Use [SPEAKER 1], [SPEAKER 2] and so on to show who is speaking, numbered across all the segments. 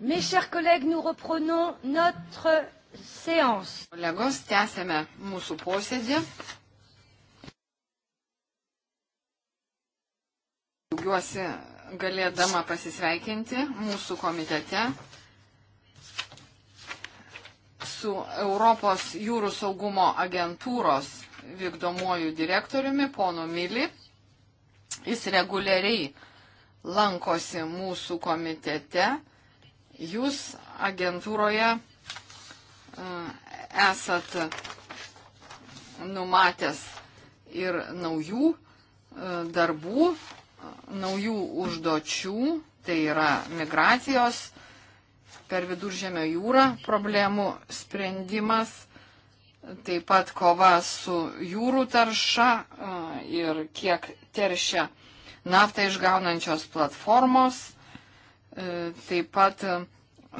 [SPEAKER 1] Mes chers collègues, nous reprenons notre séance. Kolegos, tęsėme mūsų posėdį. Džiaugiuosi galėdama pasisveikinti mūsų komitete su Europos jūrų saugumo agentūros vykdomuoju direktoriumi, ponu Mili. Jis reguliariai lankosi mūsų komitete Jūs agentūroje e, esat numatęs ir naujų e, darbų, naujų užduočių, tai yra migracijos per viduržėmio jūrą problemų sprendimas, taip pat kova su jūrų tarša e, ir kiek teršia naftą išgaunančios platformos. E, taip pat e,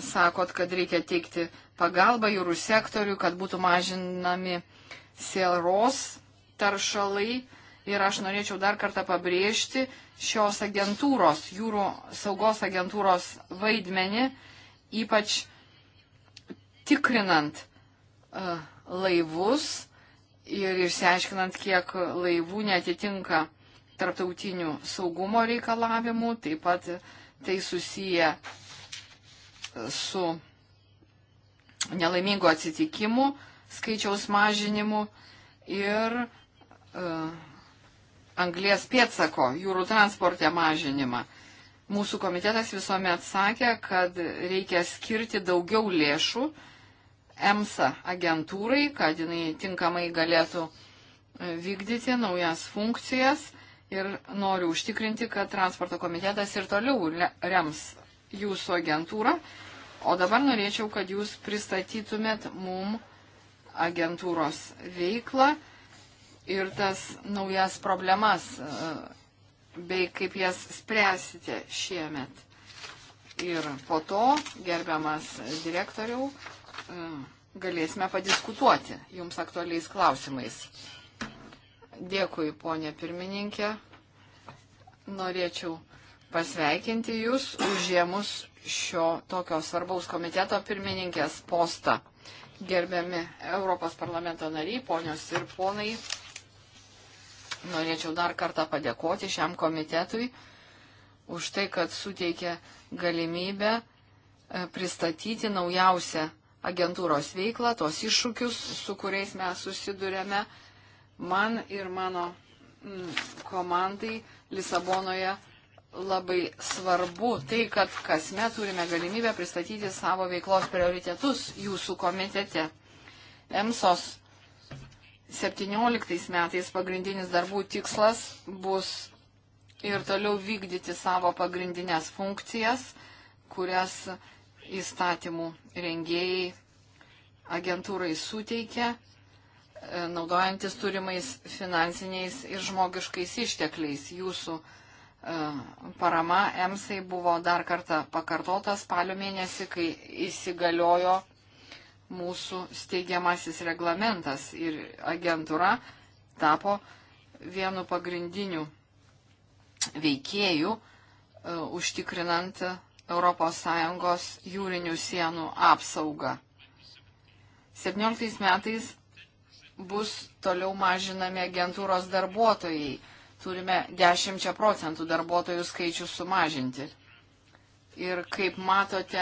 [SPEAKER 1] sakot, kad reikia teikti pagalbą jūrų sektoriui, kad būtų mažinami sėros taršalai. Ir aš norėčiau dar kartą pabrėžti šios agentūros, jūrų saugos agentūros vaidmenį, ypač tikrinant uh, laivus ir išsiaiškinant, kiek laivų netitinka tarptautinių saugumo reikalavimų, taip pat uh, tai susiję su nelaimingo atsitikimu, skaičiaus mažinimu ir uh, e, anglės pėtsako jūrų transporte mažinimą. Mūsų komitetas visuomet sakė, kad reikia skirti daugiau lėšų EMSA agentūrai, kad jinai tinkamai galėtų e, vykdyti naujas funkcijas ir noriu užtikrinti, kad transporto komitetas ir toliau rems jūsų agentūrą. O dabar norėčiau, kad jūs pristatytumėt mum agentūros veiklą ir tas naujas problemas e, bei kaip jas spręsite šiemet. Ir po to, gerbiamas direktoriau, e, galėsime padiskutuoti jums aktualiais klausimais. Dėkui, ponė pirmininkė norėčiau pasveikinti Jūs užėmus šio tokio svarbaus komiteto pirmininkės postą. Gerbiami Europos parlamento nariai, ponios ir ponai, norėčiau dar kartą padėkoti šiam komitetui už tai, kad suteikė galimybę e, pristatyti naujausią agentūros veiklą, tos iššūkius, su kuriais mes susidurėme. Man ir mano mm, komandai Lisabonoje labai svarbu tai, kad kasmet turime galimybę pristatyti savo veiklos prioritetus jūsų komitete. EMSOS 17 metais pagrindinis darbų tikslas bus ir toliau vykdyti savo pagrindinės funkcijas, kurias įstatymų rengėjai agentūrai suteikia E, naudojantis turimais finansiniais ir žmogiškais ištekliais. Jūsų e, parama EMSAI buvo dar kartą pakartota spalio mėnesį, kai įsigaliojo mūsų steigiamasis reglamentas ir agentūra tapo vienu pagrindiniu veikėjų, e, užtikrinant ES jūrinių sienų apsaugą. 17 metais bus toliau mažinami agentūros darbuotojai. Turime 10 procentų darbuotojų skaičių sumažinti. Ir kaip matote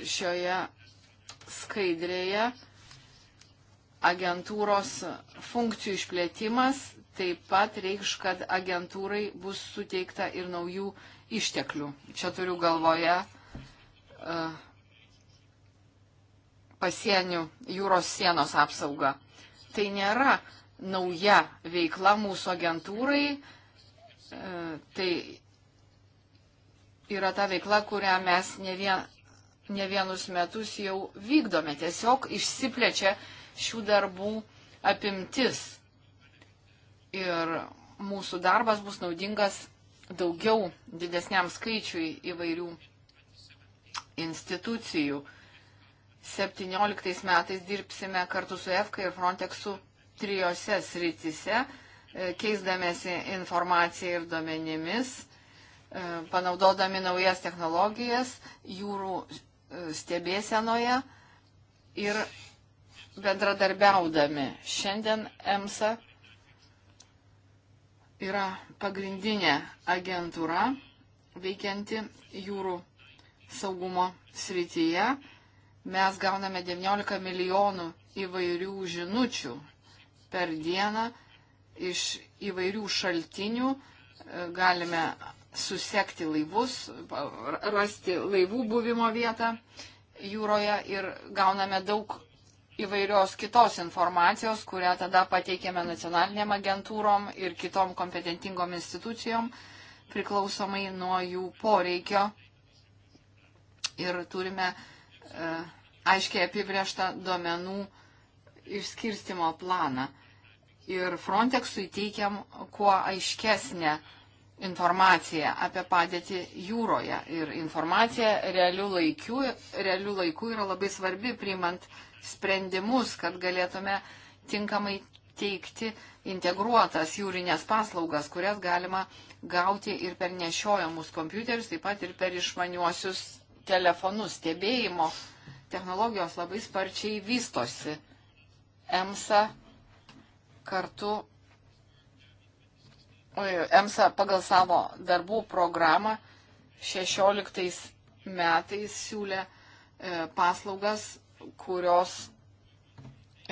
[SPEAKER 1] šioje skaidrėje, agentūros funkcijų išplėtimas taip pat reikš, kad agentūrai bus suteikta ir naujų išteklių. Čia turiu galvoje uh, e, pasienių jūros sienos apsaugą tai nėra nauja veikla mūsų agentūrai, e, tai yra ta veikla, kurią mes ne, vien, ne vienus metus jau vykdome. Tiesiog išsiplečia šių darbų apimtis. Ir mūsų darbas bus naudingas daugiau didesniam skaičiui įvairių institucijų. 17 metais dirbsime kartu su EFK ir Frontexu trijose srityse, e, keisdamėsi informaciją ir duomenimis, e, panaudodami naujas technologijas jūrų e, stebėsenoje ir bendradarbiaudami. Šiandien EMSA yra pagrindinė agentūra veikianti jūrų saugumo srityje mes gauname 19 milijonų įvairių žinučių per dieną iš įvairių šaltinių. E, galime susekti laivus, rasti laivų buvimo vietą jūroje ir gauname daug įvairios kitos informacijos, kurią tada pateikėme nacionalinėm agentūrom ir kitom kompetentingom institucijom priklausomai nuo jų poreikio. Ir turime uh, E, aiškiai apibrieštą duomenų išskirstimo planą. Ir Frontexui teikiam kuo aiškesnę informaciją apie padėtį jūroje. Ir informacija realių laikų, realių laikų yra labai svarbi priimant sprendimus, kad galėtume tinkamai teikti integruotas jūrinės paslaugas, kurias galima gauti ir per nešiojamus kompiuterius, taip pat ir per išmaniuosius telefonu stebėjimo technologijos labai sparčiai vystosi. EMSA kartu, EMSA pagal savo darbų programą 16 metais siūlė e, paslaugas, kurios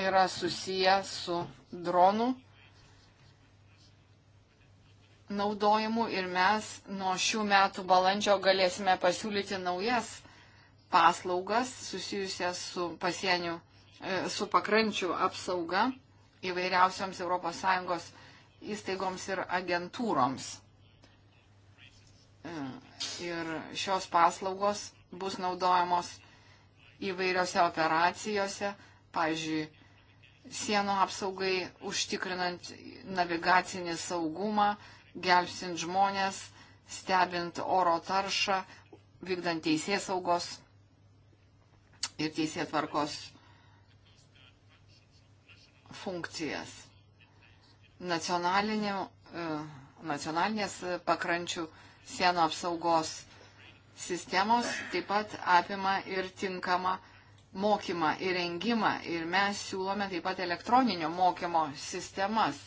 [SPEAKER 1] yra susiję su dronų naudojimu ir mes nuo šių metų balandžio galėsime pasiūlyti naujas paslaugas susijusias su pasieniu, e, su pakrančių apsauga įvairiausioms ES įstaigoms ir agentūroms. E, ir šios paslaugos bus naudojamos įvairiose operacijose, pavyzdžiui, sienų apsaugai, užtikrinant navigacinį saugumą, gelbsint žmonės, stebint oro taršą, vykdant teisės saugos ir teisės tvarkos funkcijas. E, nacionalinės pakrančių sienų apsaugos sistemos taip pat apima ir tinkamą mokymą, įrengimą ir mes siūlome taip pat elektroninio mokymo sistemas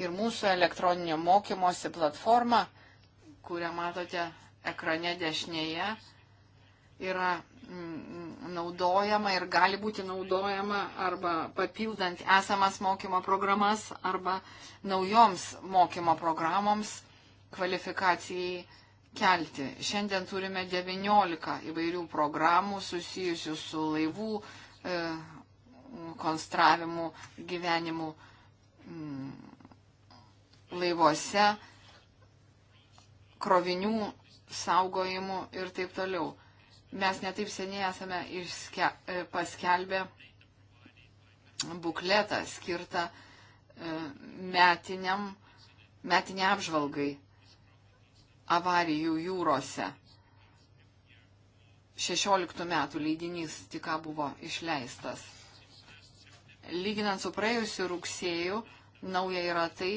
[SPEAKER 1] ir mūsų elektroninio mokymosi platforma, kurią matote ekrane dešinėje, yra mm, naudojama ir gali būti naudojama arba papildant esamas mokymo programas arba naujoms mokymo programoms kvalifikacijai kelti. Šiandien turime 19 įvairių programų susijusių su laivų e, konstravimu, gyvenimu. Mm, laivuose, krovinių saugojimu ir taip toliau. Mes netaip seniai esame išske, e, paskelbę bukletą skirtą e, metiniam, metinė apžvalgai avarijų jūrose. 16 metų leidinys tik buvo išleistas. Lyginant su praėjusiu rugsėju, nauja yra tai,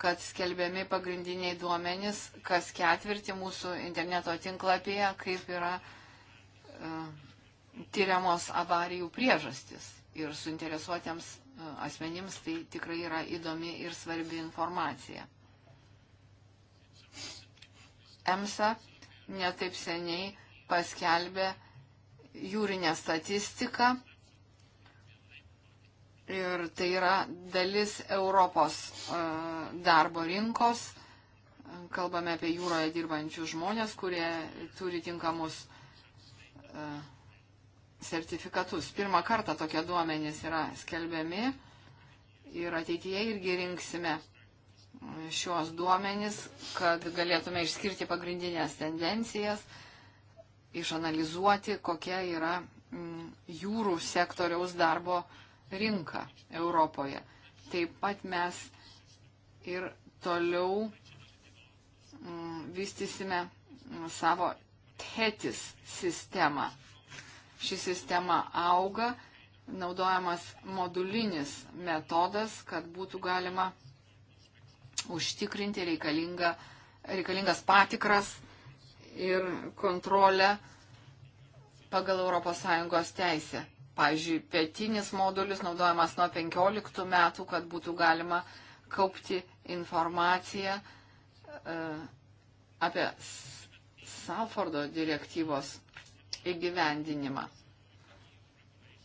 [SPEAKER 1] kad skelbiami pagrindiniai duomenys kas ketvirtį mūsų interneto tinklapyje, kaip yra e, tyriamos avarijų priežastis. Ir suinteresuotiems e, asmenims tai tikrai yra įdomi ir svarbi informacija. EMSA netaip seniai paskelbė jūrinę statistiką ir tai yra dalis Europos e, darbo rinkos. Kalbame apie jūroje dirbančius žmonės, kurie turi tinkamus e, sertifikatus. Pirmą kartą tokie duomenys yra skelbiami ir ateityje irgi rinksime e, šios duomenys, kad galėtume išskirti pagrindinės tendencijas, išanalizuoti, kokia yra jūrų sektoriaus darbo rinkos rinką Europoje. Taip pat mes ir toliau mm, vystysime mm, savo TETIS sistemą. Ši sistema auga, naudojamas modulinis metodas, kad būtų galima užtikrinti reikalinga, reikalingas patikras ir kontrolę pagal ES teisę. Pavyzdžiui, pietinis modulis naudojamas nuo 15 metų, kad būtų galima kaupti informaciją e, apie Salfordo direktyvos įgyvendinimą.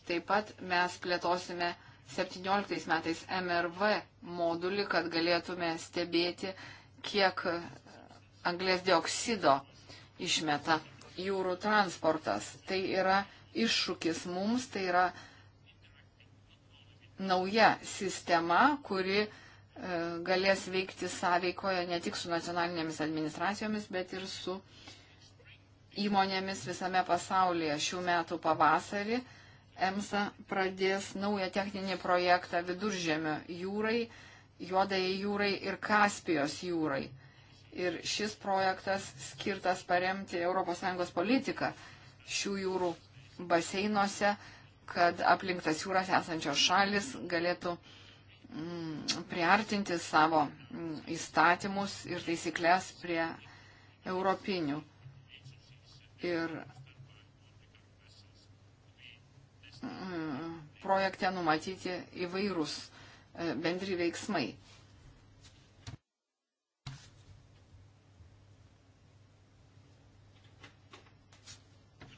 [SPEAKER 1] Taip pat mes plėtosime 17 metais MRV modulį, kad galėtume stebėti, kiek anglės dioksido išmeta jūrų transportas. Tai yra iššūkis mums, tai yra nauja sistema, kuri e, galės veikti sąveikoje ne tik su nacionalinėmis administracijomis, bet ir su įmonėmis visame pasaulyje. Šių metų pavasarį EMSA pradės naują techninį projektą viduržėmio jūrai, juodai jūrai ir Kaspijos jūrai. Ir šis projektas skirtas paremti ES politiką šių jūrų baseinuose, kad aplinktas jūras esančios šalis galėtų mm, priartinti savo mm, įstatymus ir taisyklės prie europinių. Ir mm, projekte numatyti įvairūs e, bendri veiksmai.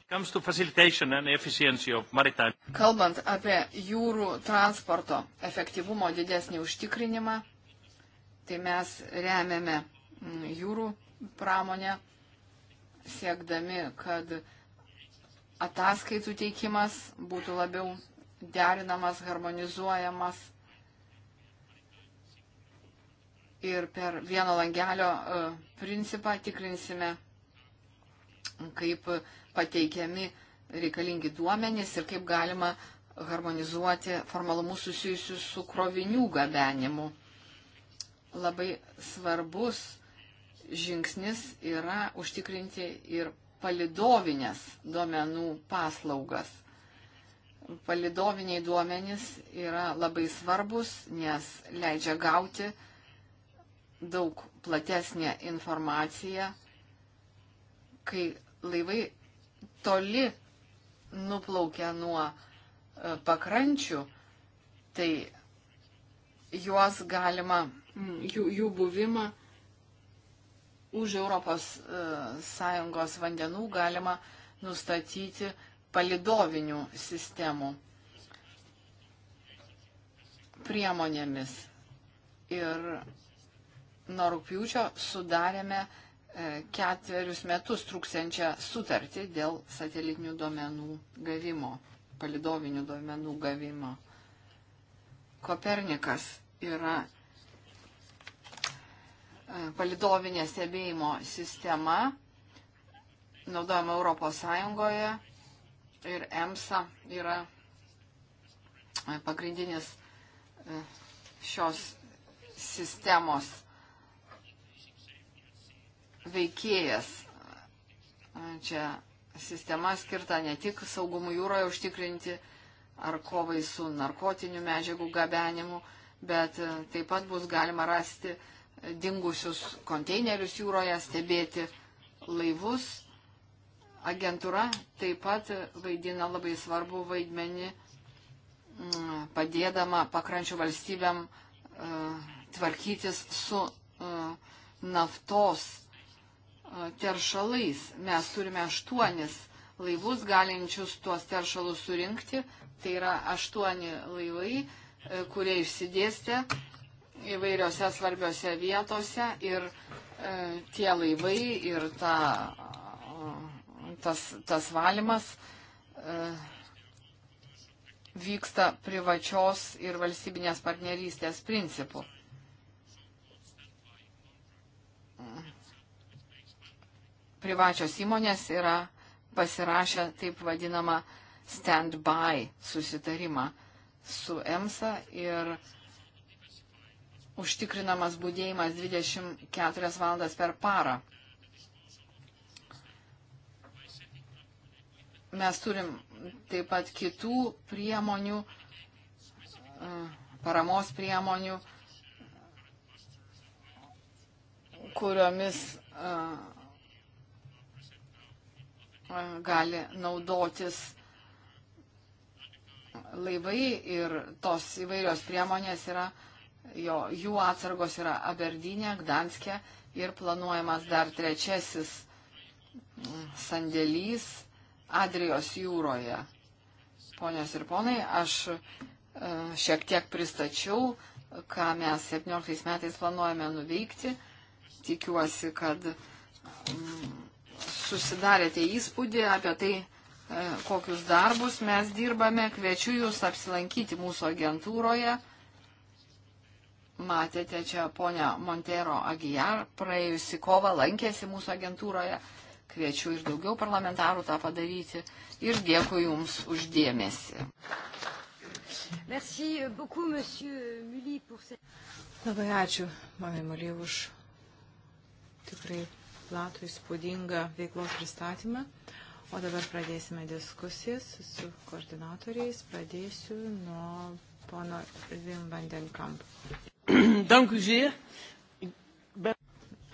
[SPEAKER 2] Kalbant
[SPEAKER 1] apie jūrų transporto efektyvumo didesnį užtikrinimą, tai mes remiame mm, jūrų pramonę, siekdami, kad ataskaitų teikimas būtų labiau derinamas, harmonizuojamas ir per vieno langelio e, principą tikrinsime kaip pateikiami reikalingi duomenys ir kaip galima harmonizuoti formalumus susijusius su krovinių gabenimu. Labai svarbus žingsnis yra užtikrinti ir palidovinės duomenų paslaugas. Palidoviniai duomenys yra labai svarbus, nes leidžia gauti daug platesnę informaciją, kai laivai toli nuplaukia nuo e, pakrančių, tai juos galima, jų, jų buvimą už ES e, vandenų galima nustatyti palidovinių sistemų priemonėmis. Ir nuo rūpiučio sudarėme E, ketverius metus truksiančią sutartį dėl satelitinių duomenų gavimo, palidovinių duomenų gavimo. Kopernikas yra e, palidovinė stebėjimo sistema, naudojama Europos Sąjungoje ir EMSA yra e, pagrindinis šios sistemos veikėjas. Čia sistema skirta ne tik saugumų jūroje užtikrinti ar kovai su narkotinių medžiagų gabenimu, bet taip pat bus galima rasti dingusius konteinerius jūroje, stebėti laivus. Agentūra taip pat vaidina labai svarbu vaidmenį mm, padėdama pakrančių valstybėm e, tvarkytis su e, naftos teršalais. Mes turime aštuonis laivus galinčius tuos teršalus surinkti. Tai yra aštuoni laivai, e, kurie išsidėstė įvairiose svarbiose vietose ir e, tie laivai ir ta, tas, tas valymas e, vyksta privačios ir valstybinės partnerystės principu. privačios įmonės yra pasirašę taip vadinamą stand-by susitarimą su EMSA ir užtikrinamas būdėjimas 24 valandas per parą. Mes turim taip pat kitų priemonių, e, paramos priemonių, kuriomis e, gali naudotis laivai ir tos įvairios priemonės yra, jo, jų atsargos yra Aberdinė, Gdanskė ir planuojamas dar trečiasis mm, sandėlys Adrijos jūroje. Ponios ir ponai, aš e, šiek tiek pristačiau, ką mes 17 metais planuojame nuveikti. Tikiuosi, kad mm, susidarėte įspūdį apie tai, e, kokius darbus mes dirbame. Kviečiu Jūs apsilankyti mūsų agentūroje. Matėte čia ponia Montero Agijar, praėjusi kova lankėsi mūsų agentūroje. Kviečiu ir daugiau parlamentarų tą padaryti. Ir dėkui Jums uždėmesi. Merci beaucoup, monsieur Mully, pour cette...
[SPEAKER 2] Labai ačiū, mami Mully, už tikrai platų įspūdingą veiklos pristatymą. O dabar pradėsime diskusijas su koordinatoriais. Pradėsiu nuo pono Vim Vandenkamp.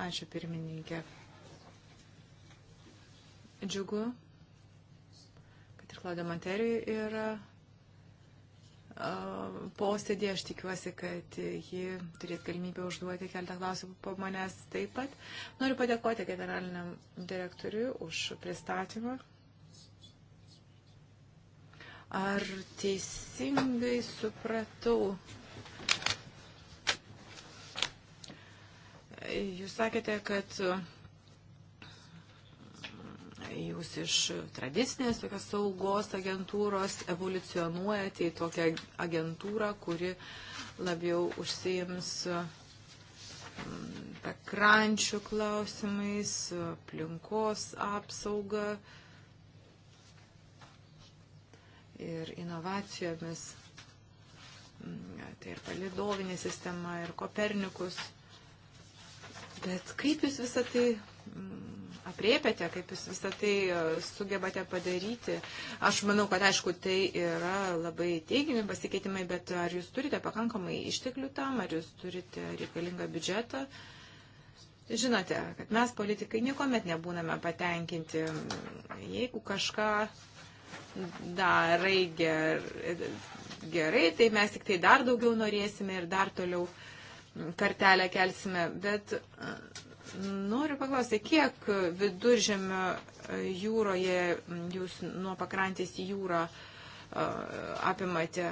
[SPEAKER 2] Ačiū pirmininkė. Džiugu, kad ir Klaudio Materijų yra posėdį. Aš tikiuosi, kad ji turės galimybę užduoti keletą klausimų po manęs taip pat. Noriu padėkoti generaliniam direktoriui už pristatymą. Ar teisingai supratau? Jūs sakėte, kad jūs iš tradicinės tokios saugos agentūros evoliucionuojate į tokią agentūrą, kuri labiau užsiims pakrančių mm, klausimais, aplinkos apsauga ir inovacijomis. Mm, tai ir palidovinė sistema, ir Kopernikus. Bet kaip jūs visą tai mm, apriepiate, kaip jūs visą tai e, sugebate padaryti. Aš manau, kad aišku, tai yra labai teigiami pasikeitimai, bet ar jūs turite pakankamai išteklių tam, ar jūs turite reikalingą biudžetą? Žinote, kad mes politikai niekuomet nebūname patenkinti, jeigu kažką darai gerai, gerai, tai mes tik tai dar daugiau norėsime ir dar toliau kartelę kelsime, bet Noriu paklausti, kiek viduržėmio jūroje jūs nuo pakrantės į jūrą apimate?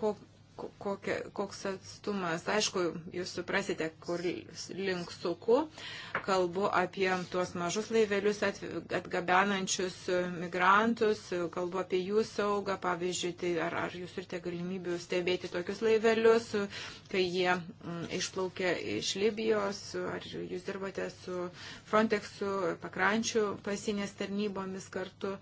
[SPEAKER 2] Ko, kokia, koks atstumas. Aišku, jūs suprasite, kur link suku. Kalbu apie tuos mažus laivelius atgabenančius migrantus, kalbu apie jų saugą, pavyzdžiui, tai ar, ar jūs turite galimybių stebėti tokius laivelius, kai jie m, mm, išplaukia iš Libijos, ar jūs dirbate su Frontexu, pakrančių pasinės tarnybomis kartu.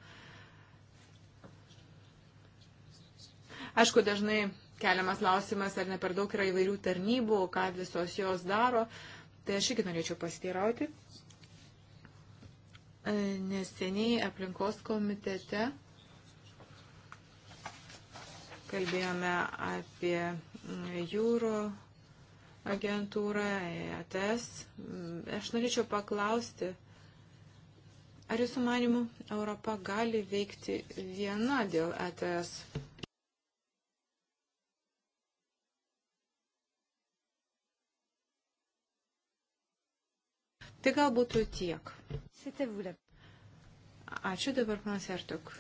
[SPEAKER 2] Aišku, dažnai keliamas klausimas, ar ne per daug yra įvairių tarnybų, ką visos jos daro. Tai aš irgi norėčiau pasiteirauti. E, neseniai aplinkos komitete kalbėjome apie jūrų agentūrą, ETS. Aš norėčiau paklausti, ar jūsų manimų Europa gali veikti viena dėl ETS? Tai gal būtų tiek. Ačiū dabar, panas Artuk.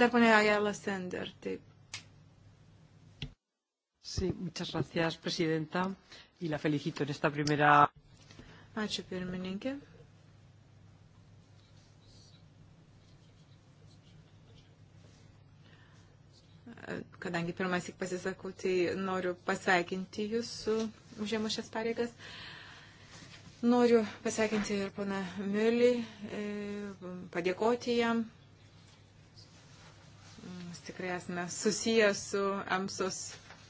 [SPEAKER 2] Dar ponia Ayala Sender, taip.
[SPEAKER 1] Sí, muchas gracias, presidenta, y la felicito en esta primera.
[SPEAKER 2] Ačiū pirmininkė. Kadangi pirmąsik pasisakau, tai noriu pasveikinti jūs su užėmus šias pareigas. Uh, Noriu pasveikinti ir pana Mili, e, padėkoti jam. Mes tikrai esame susiję su EMSOS,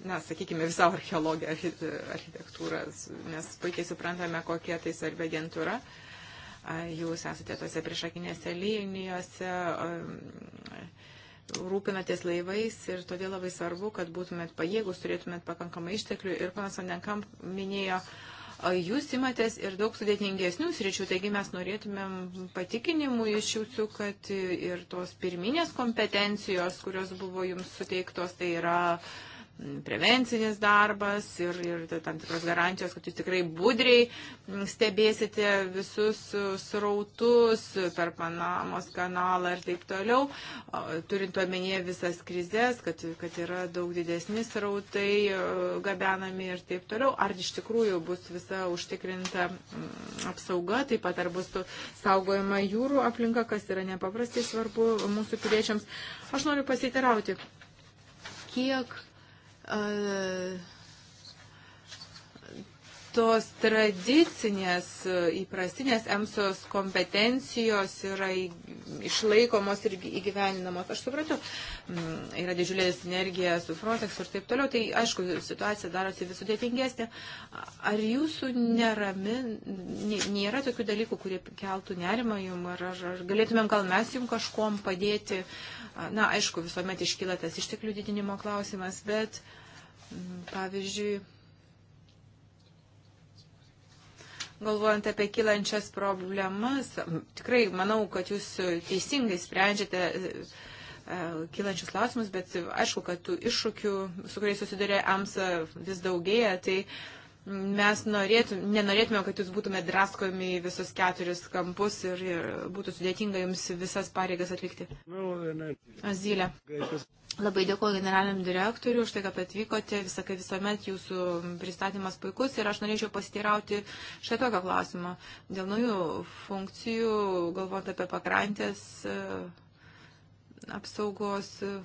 [SPEAKER 2] na, sakykime, visą archeologiją, architektūrą, nes puikiai suprantame, kokia tai svarbi agentūra. Jūs esate tose priešakinėse linijose rūpinatės laivais ir todėl labai svarbu, kad būtumėt pajėgus, turėtumėt pakankamai išteklių. Ir panas Vandenkamp minėjo uh, Jūs imatės ir daug sudėtingesnių sričių, taigi mes norėtumėm patikinimų iš jūsų, kad ir tos pirminės kompetencijos, kurios buvo jums suteiktos, tai yra uh, prevencinis darbas ir, ir tam tikros garantijos, kad jūs tikrai budriai stebėsite visus srautus per Panamos kanalą ir taip toliau, turint omenyje visas krizės, kad, kad yra daug didesni srautai e, gabenami ir taip toliau. Ar iš tikrųjų bus visa užtikrinta apsauga, taip pat ar bus saugojama jūrų aplinka, kas yra nepaprastai svarbu mūsų piliečiams. Aš noriu pasitirauti. Kiek tos tradicinės įprastinės EMSOS kompetencijos yra išlaikomos ir įgyveninamos. Aš supratau, yra didžiulė sinergija su Frontex ir taip toliau, tai aišku, situacija darosi vis sudėtingesnė. Ar jūsų nerami, nėra tokių dalykų, kurie keltų nerimą jum, ar, ar, ar galėtumėm gal mes jum kažkom padėti? Na, aišku, visuomet iškyla tas išteklių didinimo klausimas, bet. Uh, Mm, pavyzdžiui, galvojant apie kilančias problemas, tikrai manau, kad jūs teisingai sprendžiate e, e, kilančius klausimus, bet aišku, kad tų iššūkių, su kuriais susiduria AMSA, vis daugėja, tai uh, mes norėtum, nenorėtume, kad jūs būtumėte draskomi į visus keturis kampus ir, ir būtų sudėtinga jums visas pareigas atlikti. Azylė. Labai dėkuoju generaliniam direktoriui už tai, kad atvykote. Visą kaip visuomet jūsų pristatymas puikus ir aš norėčiau pasiteirauti štai tokią klausimą. Dėl naujų funkcijų, galvojant apie pakrantės e, apsaugos. Uh,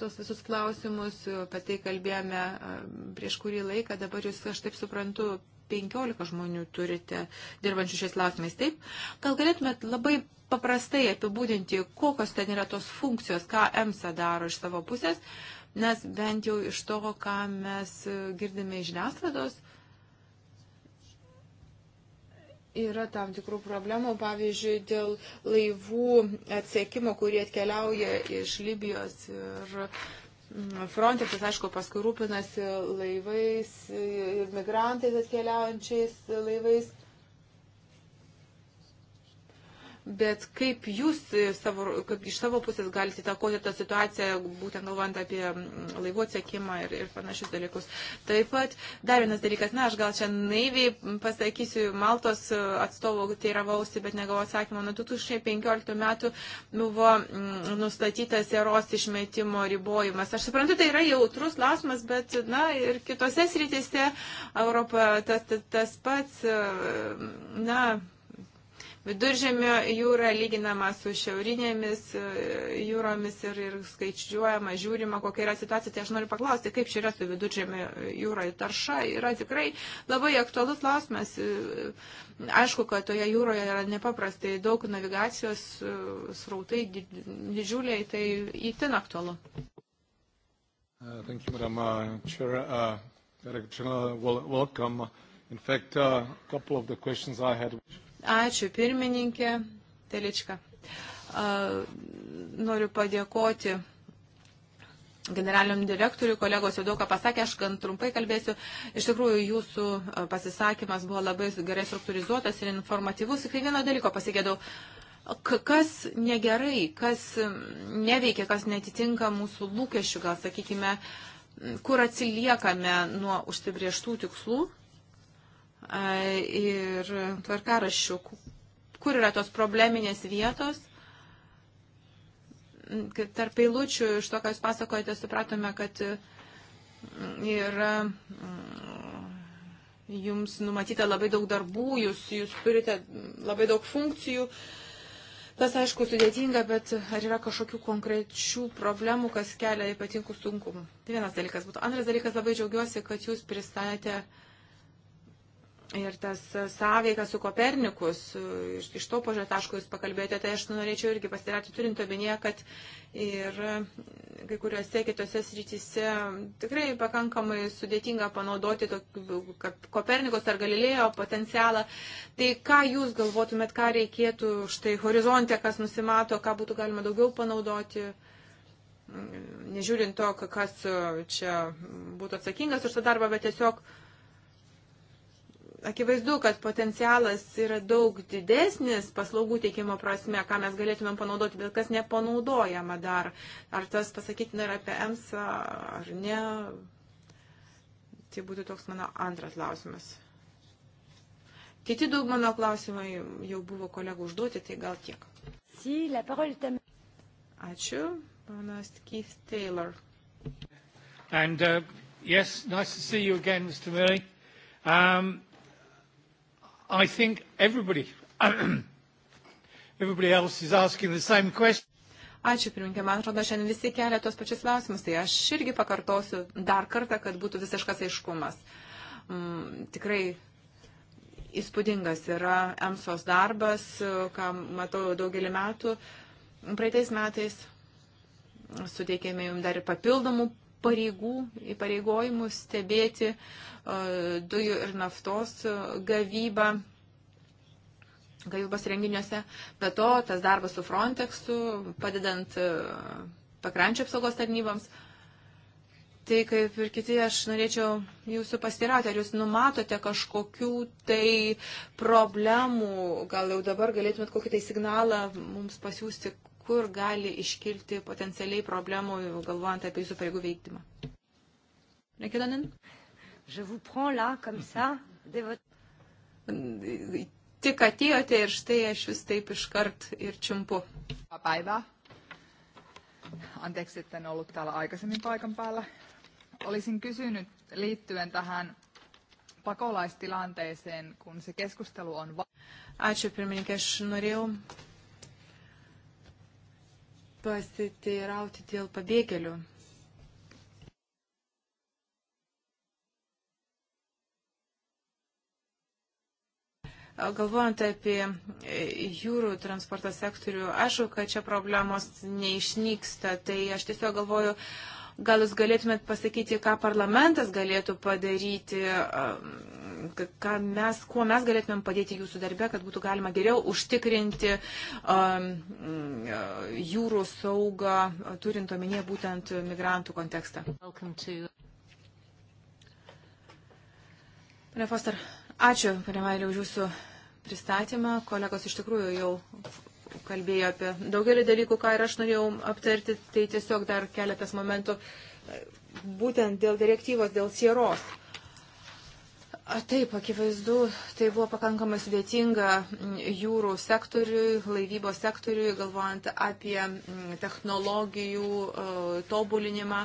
[SPEAKER 2] tos visus klausimus, apie tai kalbėjome prieš kurį laiką, dabar jūs, aš taip suprantu, 15 žmonių turite dirbančių šiais klausimais. Taip, gal galėtumėt labai paprastai apibūdinti, kokios ten yra tos funkcijos, ką EMSA daro iš savo pusės, nes bent jau iš to, ką mes girdime iš žiniasklaidos, yra tam tikrų problemų, pavyzdžiui, dėl laivų atsiekimo, kurie atkeliauja iš Libijos ir mm, Frontexas, aišku, paskui rūpinasi laivais ir migrantais atkeliaujančiais laivais. Bet kaip jūs savo, kaip iš savo pusės galite įtakoti tą situaciją, būtent galvojant apie mm, laivų atsiekimą ir, ir panašius dalykus. Taip pat dar vienas dalykas, na, aš gal čia naiviai pasakysiu, Maltos atstovų teiravausi, bet negavau atsakymą. Nuo 2015 metų buvo mm, nustatytas eros išmetimo ribojimas. Aš suprantu, tai yra jautrus klausimas, bet, na, ir kitose srityse Europoje tas, tas, tas pats, na, Viduržėmio jūra lyginama su šiaurinėmis e, jūromis ir, ir skaičiuojama, žiūrima, kokia yra situacija. Tai aš noriu paklausti, kaip čia yra su viduržėmio jūra. Tarša yra tikrai labai aktualus klausimas. E, aišku, kad toje jūroje yra nepaprastai daug navigacijos e, srautai didžiuliai, tai įtin aktualu.
[SPEAKER 3] Uh, thank you, Madam uh, Chair. Uh, Director General, welcome. In fact, uh, a uh, couple of the questions I had.
[SPEAKER 2] Ačiū pirmininkė Telička. Noriu padėkoti generaliniam direktoriui, kolegos jau daug ką pasakė, aš gan trumpai kalbėsiu. Iš tikrųjų, jūsų pasisakymas buvo labai gerai struktūrizuotas ir informatyvus. Tik vieno dalyko pasigėdau. Kas negerai, kas neveikia, kas netitinka mūsų lūkesčių, gal sakykime, kur atsiliekame nuo užsibrieštų tikslų ir tvarkaraščių, kur yra tos probleminės vietos. Mm, tarp eilučių iš to, ką Jūs pasakojate, supratome, kad
[SPEAKER 3] mm,
[SPEAKER 2] yra mm, Jums numatyta labai daug darbų, Jūs, jūs turite labai daug funkcijų. Tas, aišku, sudėtinga, bet ar yra kažkokių konkrečių problemų, kas kelia ypatingų sunkumų? Tai vienas dalykas būtų. Antras dalykas, labai džiaugiuosi, kad jūs pristatėte uh, Ir tas sąveika su Kopernikus, iš, iš to požiūrė taško jūs pakalbėjote, tai aš norėčiau irgi pasirati turint omenyje, kad ir kai kuriuose kitose srityse tikrai pakankamai sudėtinga panaudoti Kopernikos ar Galilėjo potencialą. Tai ką jūs galvotumėt, ką reikėtų štai horizonte, kas nusimato, ką būtų galima daugiau panaudoti? Nežiūrint to, kas čia būtų atsakingas už tą darbą, bet tiesiog akivaizdu, kad potencialas yra daug didesnis paslaugų teikimo prasme, ką mes galėtumėm panaudoti, bet kas nepanaudojama dar. Ar tas pasakytina yra apie EMSA ar ne? Tai būtų toks mano antras klausimas. Kiti daug mano klausimai jau buvo kolegų užduoti, tai gal tiek. Ačiū, panas Keith Taylor. And, uh, yes, nice to see you again, Mr. Murray. Um, I think
[SPEAKER 1] everybody, everybody else is asking the same question.
[SPEAKER 2] Ačiū, pirminkė. Man atrodo, šiandien visi kelia tos pačius klausimus. Tai aš irgi pakartosiu dar kartą, kad būtų visiškas aiškumas. Mm, tikrai įspūdingas yra EMSOS darbas, ką matau daugelį metų. Praeitais metais suteikėme jums dar ir papildomų pareigų, įpareigojimų stebėti dujų ir naftos gavybą gavybos renginiuose. Be to, tas darbas su Frontexu, padedant pakrančio apsaugos tarnyboms, Tai kaip ir kiti, aš norėčiau jūsų pastirauti, ar jūs numatote kažkokių tai problemų, gal jau dabar galėtumėt kokį tai signalą mums pasiūsti, kur gali iškilti potencialiai problemų, galvojant apie jūsų pareigų veikdymą. Rekidonin? Tik atėjote ir štai aš vis taip iškart ir čimpu. Päivää.
[SPEAKER 1] Anteeksi, että en ollut täällä aikaisemmin paikan päällä. Olisin kysynyt liittyen tähän pakolaistilanteeseen, kun se keskustelu on...
[SPEAKER 2] Ačiū, pirmininkė, aš norėjau pasiteirauti dėl pabėgėlių. Galvojant apie jūrų transporto sektorių, aišku, kad čia problemos neišnyksta, tai aš tiesiog galvoju, gal jūs galėtumėt pasakyti, ką parlamentas galėtų padaryti um, ką mes, kuo mes galėtumėm padėti jūsų darbe, kad būtų galima geriau užtikrinti um, jūrų saugą, turint omenyje būtent migrantų kontekstą. Pane Foster, ačiū, pane Vailė, už jūsų pristatymą. Kolegos iš tikrųjų jau kalbėjo apie daugelį dalykų, ką ir aš norėjau aptarti, tai tiesiog dar keletas momentų būtent dėl direktyvos, dėl sieros. Taip, akivaizdu, tai buvo pakankamai sudėtinga jūrų sektoriui, laivybos sektoriui, galvojant apie technologijų tobulinimą.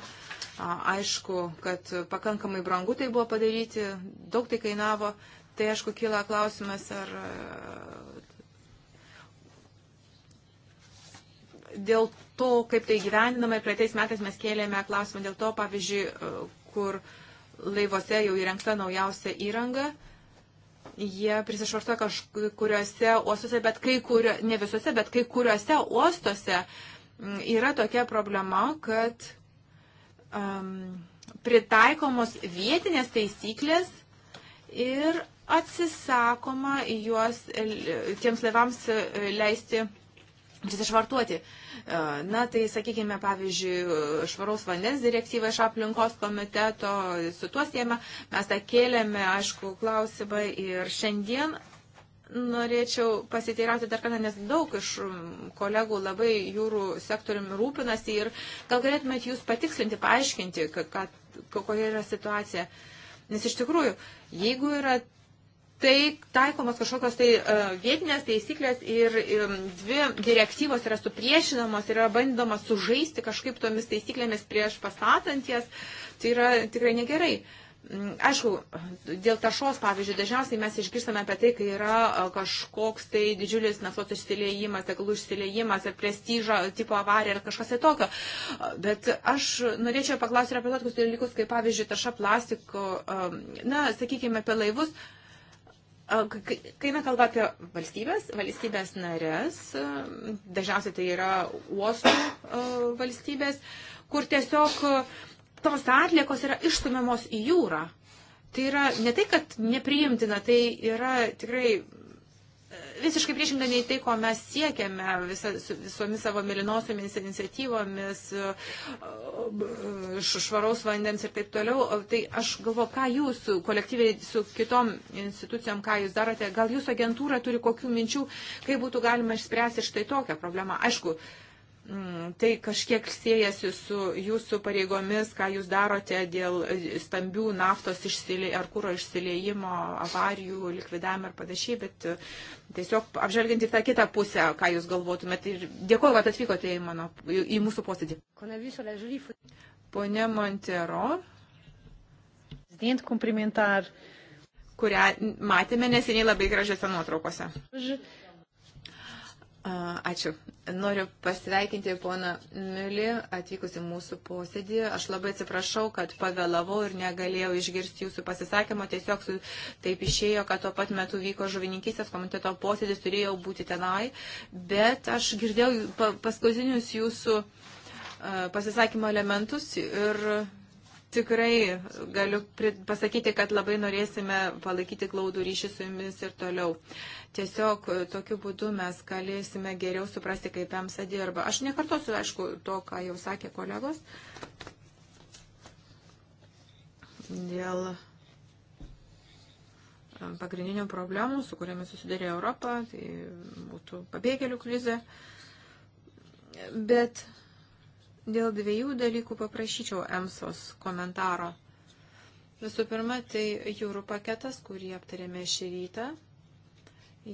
[SPEAKER 2] Aišku, kad pakankamai brangu tai buvo padaryti, daug tai kainavo. Tai aišku, kyla klausimas, ar dėl to, kaip tai gyvendinama ir praeitais metais mes kėlėme klausimą dėl to, pavyzdžiui, kur uh, laivuose jau įrengta naujausia įranga. Jie prisišvarsta kažkuriuose uostuose, bet kai kurio, ne visuose, bet kai kuriuose uostuose mm, yra tokia problema, kad um, pritaikomos vietinės taisyklės ir atsisakoma juos tiems laivams e, leisti susišvartuoti. E, na, tai sakykime, pavyzdžiui, švaraus vandens direktyva iš aplinkos komiteto, su tuo siejame, mes tą kėlėme, aišku, klausimą ir šiandien norėčiau pasiteirauti dar kartą, nes daug iš kolegų labai jūrų sektoriumi rūpinasi ir gal galėtumėt jūs patikslinti, paaiškinti, kad, kad, kokia yra situacija. Nes iš tikrųjų, jeigu yra tai taikomos kažkokios tai e, vietinės taisyklės ir e, dvi direktyvos yra supriešinamos, yra bandoma sužaisti kažkaip tomis taisyklėmis prieš pastatant jas. Tai yra tikrai negerai. Mm, aišku, dėl taršos, pavyzdžiui, dažniausiai mes išgirstame apie tai, kai yra e, kažkoks tai didžiulis naftos išsiliejimas, degalų išsiliejimas ar prestižo tipo avarija ar kažkas tai tokio. Bet aš norėčiau paklausti ir apie tokius dalykus, kaip, pavyzdžiui, tarša plastiko, na, sakykime, apie laivus. Kai eina kalba apie valstybės, valstybės narės, dažniausiai tai yra uostų valstybės, kur tiesiog tos atliekos yra išstumiamos į jūrą. Tai yra ne tai, kad nepriimtina, tai yra tikrai visiškai priešinga nei tai, ko mes siekiame visa, visomis savo mėlynosiomis iniciatyvomis, e, švaraus vandens ir taip toliau. Tai aš galvoju, ką jūs kolektyviai su kitom institucijom, ką jūs darote, gal jūsų agentūra turi kokių minčių, kaip būtų galima išspręsti štai tokią problemą. Aišku, uh, Mm, tai kažkiek siejasi su jūsų pareigomis, ką jūs darote dėl e, stambių naftos išsilė, ar kūro išsiliejimo, avarijų, likvidavimo ir panašiai, bet e, tiesiog apžvelgiant ir tą kitą pusę, ką jūs galvotumėte. Ir dėkuoju, kad atvykote į, mano, į mūsų posėdį. Pone Montero, kurią matėme neseniai labai gražiose nuotraukose. Ž Ačiū. Noriu pasveikinti poną Milį atvykusi mūsų posėdį. Aš labai atsiprašau, kad pavėlavau ir negalėjau išgirsti jūsų pasisakymo. Tiesiog taip išėjo, kad tuo pat metu vyko žuvininkystės komiteto posėdis, turėjau būti tenai. Bet aš girdėjau paskutinius jūsų pasisakymo elementus ir tikrai galiu pasakyti, kad labai norėsime palaikyti glaudų ryšį su jumis ir toliau. Tiesiog e, tokiu būdu mes galėsime geriau suprasti, kaip EMSA dirba. Aš nekartosiu, aišku, to, ką jau sakė kolegos. Dėl e, pagrindinių problemų, su kuriamis susidarė Europą, tai būtų pabėgėlių krizė. Bet Dėl dviejų dalykų paprašyčiau EMSOS komentaro. Visų pirma, tai jūrų paketas, kurį aptarėme šį rytą.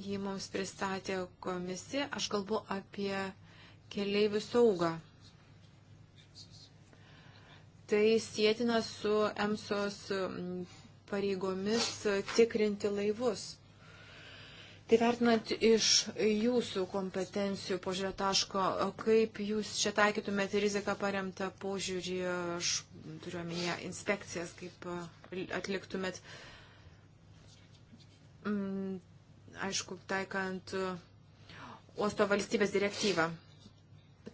[SPEAKER 2] Jį mums pristatė komisija. Aš kalbu apie keliaivių saugą. Tai sėtina su EMSOS pareigomis tikrinti laivus. Tai vertinant iš jūsų kompetencijų požiūrio taško, kaip jūs čia taikytumėte riziką paremtą požiūrį, aš turiu omenyje inspekcijas, kaip e, atliktumėt, mm, aišku, taikant e, uosto valstybės direktyvą.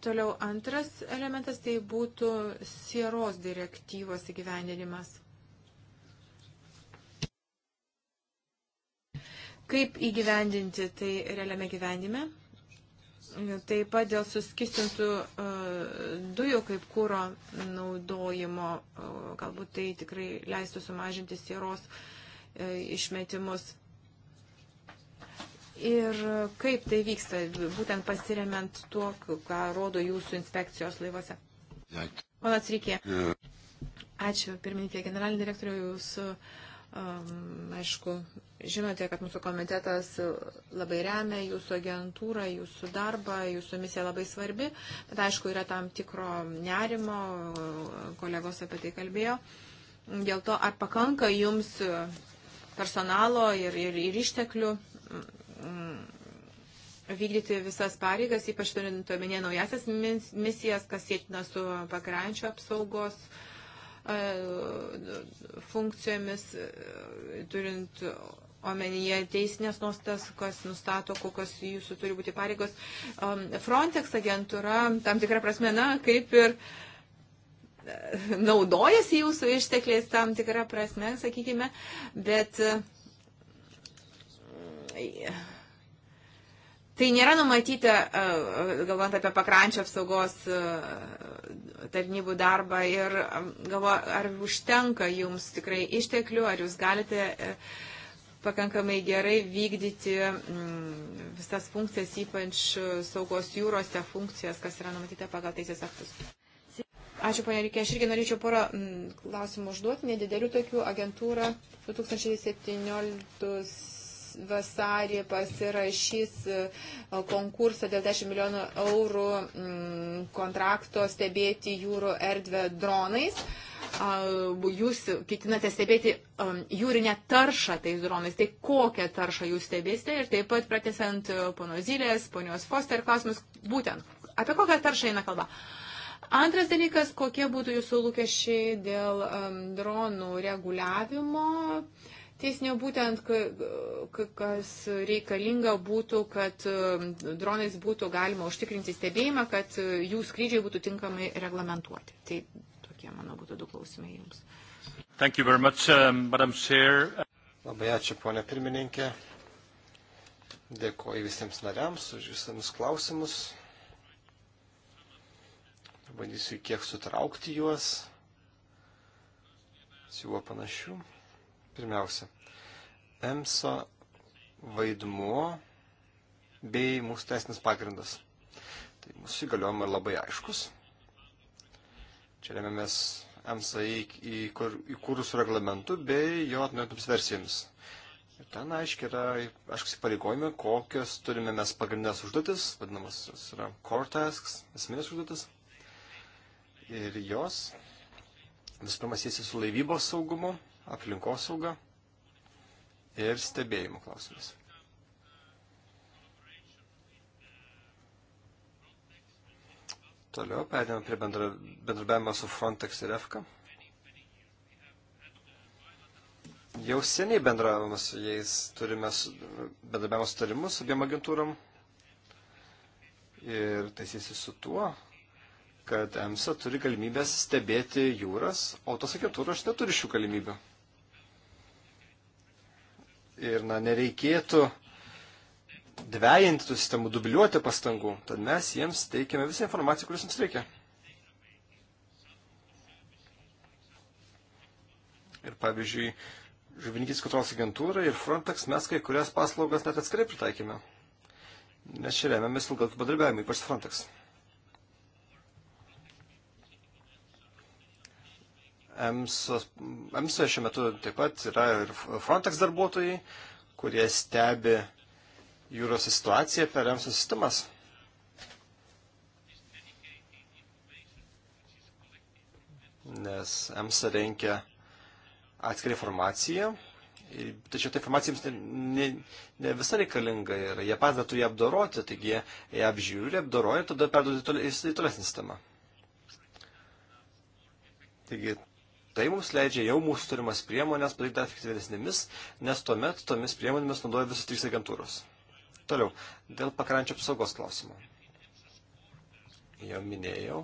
[SPEAKER 2] Toliau antras elementas tai būtų sieros direktyvos įgyvendinimas. Kaip įgyvendinti tai realiame gyvenime? Taip pat dėl suskistintų e, dujų kaip kūro naudojimo, e, galbūt tai tikrai leistų sumažinti sieros e, išmetimus. Ir kaip tai vyksta, būtent pasiremiant tuo, ką rodo jūsų inspekcijos laivuose? Ponas Rykė. Ačiū, pirmininkė, generalinė direktorė, jūsų. Uh, Aišku, žinote, kad mūsų komitetas labai remia jūsų agentūrą, jūsų darbą, jūsų misija labai svarbi, bet aišku, yra tam tikro nerimo, kolegos apie tai kalbėjo. Dėl to, ar pakanka jums personalo ir, ir, ir išteklių mm, vykdyti visas pareigas, ypač turint omenyje naujasias misijas, kas sėtina su pakrančio apsaugos uh, E, funkcijomis, e, turint omenyje teisinės nuostas, kas nustato, kokios jūsų turi būti pareigos. Frontex agentūra, tam tikrą prasme, na, kaip ir e, naudojasi jūsų ištekliais tam tikrą prasme, sakykime, bet tai nėra numatyta, galvant apie pakrančio apsaugos tarnybų darbą ir um, galvoju, ar užtenka jums tikrai išteklių, ar jūs galite e, pakankamai gerai vykdyti mm, visas funkcijas, ypač e, saugos jūrose funkcijas, kas yra numatyta pagal teisės aktus. Ačiū, ponia Rikė. Aš irgi norėčiau porą mm, klausimų užduoti, nedidelių tokių. Agentūra 2017 vasarį pasirašys e, konkursą dėl 10 milijonų eurų mm, kontrakto stebėti jūrų erdvę dronais. Jūs ketinate stebėti um, jūrinę taršą tais dronais. Tai kokią taršą jūs stebėsite ir taip pat pratesant e, pono Zylės, ponios Foster klausimus, būtent apie kokią taršą eina kalba. Antras dalykas, kokie būtų jūsų lūkesčiai dėl um, dronų reguliavimo, uh, teisinio būtent, kas reikalinga būtų, kad e, dronais būtų galima užtikrinti stebėjimą, kad e, jų skrydžiai būtų tinkamai reglamentuoti. Tai tokie, manau, būtų du klausimai jums. Much,
[SPEAKER 3] um, Labai ačiū, ponė pirmininkė. Dėkuoju visiems nariams už visamis klausimus. Bandysiu kiek sutraukti juos. Siūlo panašių. Pirmiausia, EMSA vaidmuo bei mūsų teisinis pagrindas. Tai mūsų įgaliojimai labai aiškus. Čia remiamės EMSA įkūrusių reglamentų bei jo atnaujintoms versijomis. Ir ten aiškiai yra, aišku, įpareigojami, kokios turime mes pagrindinės užduotis, vadinamas yra core tasks, esminės užduotis. Ir jos visų pirma siejasi su laivybos saugumu, aplinkos sauga, ir stebėjimo klausimas. Toliau perėdėme prie bendra, bendrabiavimo su Frontex ir EFKA. Jau seniai bendravome su jais, turime bendrabiavimo sutarimus su abiem agentūram ir taisysi su tuo, kad EMSA turi galimybės stebėti jūras, o tos agentūros neturi šių galimybių ir na, nereikėtų dvejinti tų sistemų, dubliuoti pastangų. Tad mes jiems teikiame visą informaciją, kuris jums reikia. Ir pavyzdžiui, žuvininkys kontrolos agentūra ir Frontex mes kai kurias paslaugas net atskirai pritaikėme. Nes čia remiamės ilgalkį padarbiavimą, ypač Frontex. EMSA šiuo metu taip pat yra ir Frontex darbuotojai, kurie stebi jūros situaciją per EMSA sistemas. Nes EMSA renkia atskirą informaciją, tačiau ta informacija jums ne, ne, ne visa reikalinga ir jie padeda tu ją apdoroti, taigi jie ją apžiūri, apdoroja ir tada perduoda į tolesnį sistemą. Taigi Tai mums leidžia jau mūsų turimas priemonės padaryti dar efektyvesnėmis, nes tuomet tomis priemonėmis naudoja visos trys agentūros. Toliau, dėl pakrančio apsaugos klausimo. Jau minėjau,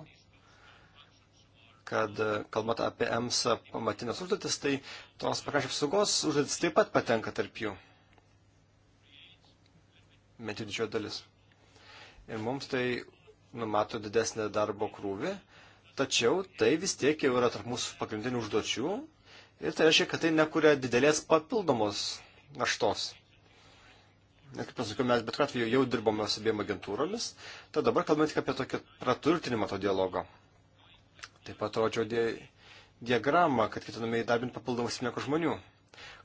[SPEAKER 3] kad e, kalbant apie EMSA pamatinės užduotis, tai tos pakrančio apsaugos užduotis taip pat patenka tarp jų. Bent jau didžioji dalis. Ir mums tai numato didesnį darbo krūvį Tačiau tai vis tiek jau yra tarp mūsų pagrindinių užduočių ir tai reiškia, kad tai nekuria didelės papildomos naštos. Net kaip pasakiau, mes bet kuriuo atveju jau dirbome su abiem agentūromis, tad dabar kalbame tik apie tokį praturtinimą to dialogo. Taip pat rodžiau die, diagramą, kad ketiname įdarbinti papildomus mėgų žmonių.